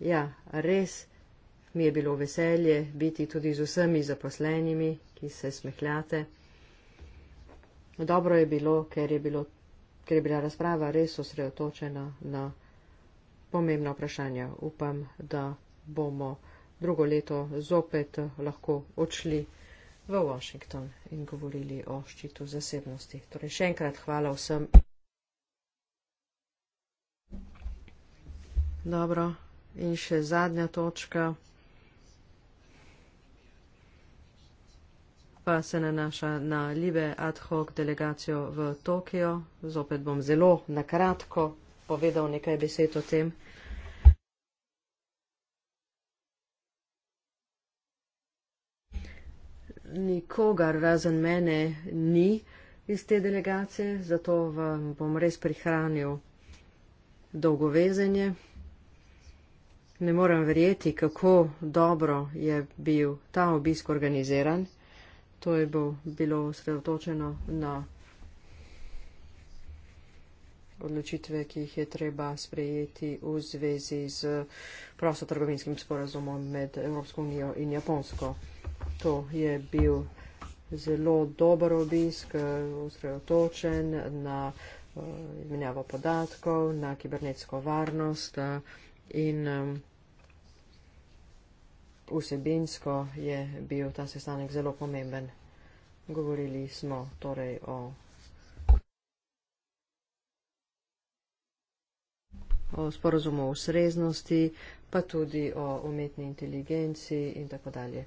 Ja, res mi je bilo veselje biti tudi z vsemi zaposlenimi, ki se smehljate. Dobro je bilo, ker je, bilo, ker je bila razprava res osredotočena na pomembna vprašanja. Upam, da bomo drugo leto zopet lahko odšli v Washington in govorili o ščitu zasebnosti. Torej še enkrat hvala vsem. Dobro, in še zadnja točka. Pa se nanaša na Libe ad hoc delegacijo v Tokio. Zopet bom zelo nakratko povedal nekaj besed o tem. Nikogar razen mene ni iz te delegacije, zato vam bom res prihranil dolgovezenje. Ne moram verjeti, kako dobro je bil ta obisk organiziran. To je bilo sredotočeno na odločitve, ki jih je treba sprejeti v zvezi z prostotrgovinskim sporazumom med Evropsko unijo in Japonsko. To je bil zelo dober obisk, usredotočen na eh, izmenjavo podatkov, na kibernetsko varnost eh, in eh, vsebinsko je bil ta sestanek zelo pomemben. Govorili smo torej o o sporozumu o ustreznosti, pa tudi o umetni inteligenci in tako dalje.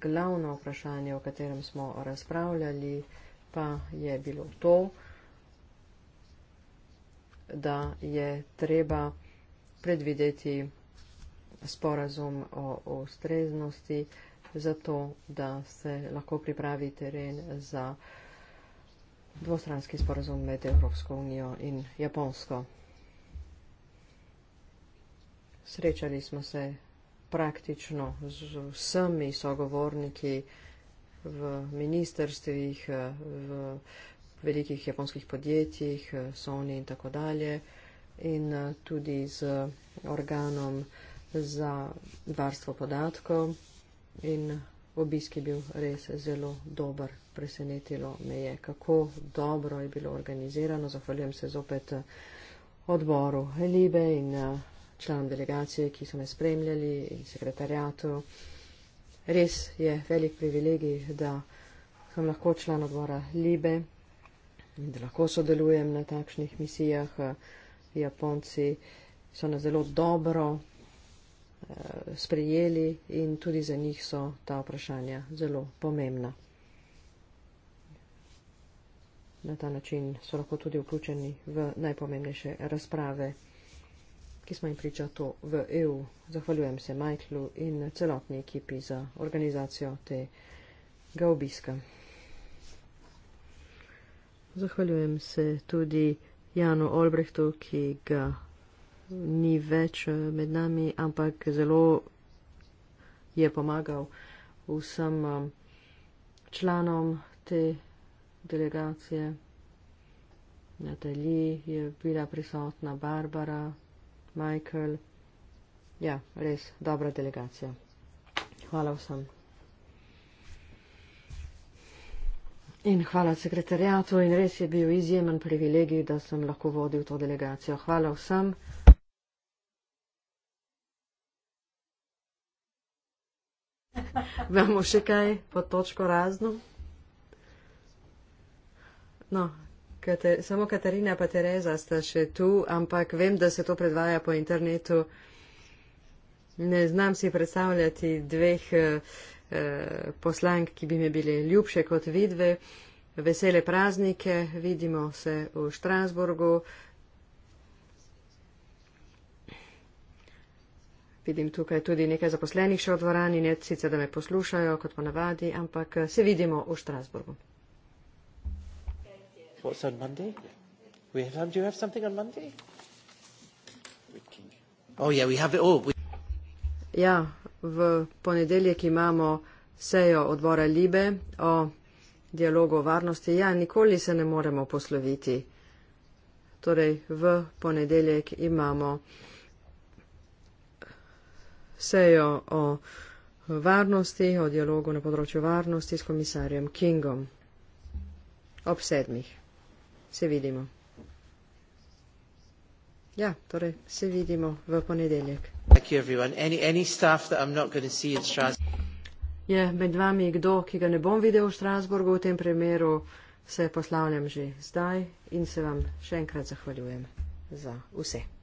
Glavno vprašanje, o katerem smo razpravljali, pa je bilo to, da je treba predvideti sporazum o ustreznosti, zato da se lahko pripravi teren za dvostranski sporazum med Evropsko unijo in Japonsko. Srečali smo se praktično z vsemi sogovorniki v ministerstvih, v velikih japonskih podjetjih, Sony in tako dalje in tudi z organom za varstvo podatkov in obisk je bil res zelo dober, presenetilo me je, kako dobro je bilo organizirano. Zahvaljujem se zopet eh, odboru Libe in eh, članom delegacije, ki so me spremljali in sekretarjatu. Res je velik privilegij, da sem lahko član odbora Libe in da lahko sodelujem na takšnih misijah. Eh, Japonci so nas zelo dobro sprejeli in tudi za njih so ta vprašanja zelo pomembna na ta način so lahko tudi vključeni v najpomembnejše razprave, ki smo jim priča to v EU. Zahvaljujem se Majklu in celotni ekipi za organizacijo tega obiska. Zahvaljujem se tudi Janu Olbrehtu, ki ga ni več eh, med nami, ampak zelo je pomagal vsem eh, članom te delegacije, Natalie je bila prisotna, Barbara, Michael. Ja, res dobra delegacija. Hvala vsem. In hvala sekretarjatu in res je bil izjemen privilegij, da sem lahko vodil to delegacijo. Hvala vsem. Vemo še kaj pod točko razno? No, kater, samo Katarina pa Tereza sta še tu, ampak vem, da se to predvaja po internetu. Ne znam si predstavljati dveh eh, eh poslank, ki bi mi bile ljubše kot vidve. Vesele praznike, vidimo se v Štrasburgu. Vidim tukaj tudi nekaj zaposlenih še v dvorani, ne sicer, da me poslušajo kot ponavadi, ampak eh, se vidimo v Štrasburgu. What's on Monday? We have, um, do you have something on Monday? Oh, yeah, we have it all. Oh, we ja, v ponedeljek imamo sejo odbora Libe o dialogu o varnosti. Ja, nikoli se ne moremo posloviti. Torej, v ponedeljek imamo sejo o varnosti, o dialogu na področju varnosti s komisarjem Kingom ob sedmih se vidimo. Ja, torej se vidimo v ponedeljek. Je med vami kdo, ki ga ne bom videl v Strasburgu v tem primeru, se poslavljam že zdaj in se vam še enkrat zahvaljujem za vse.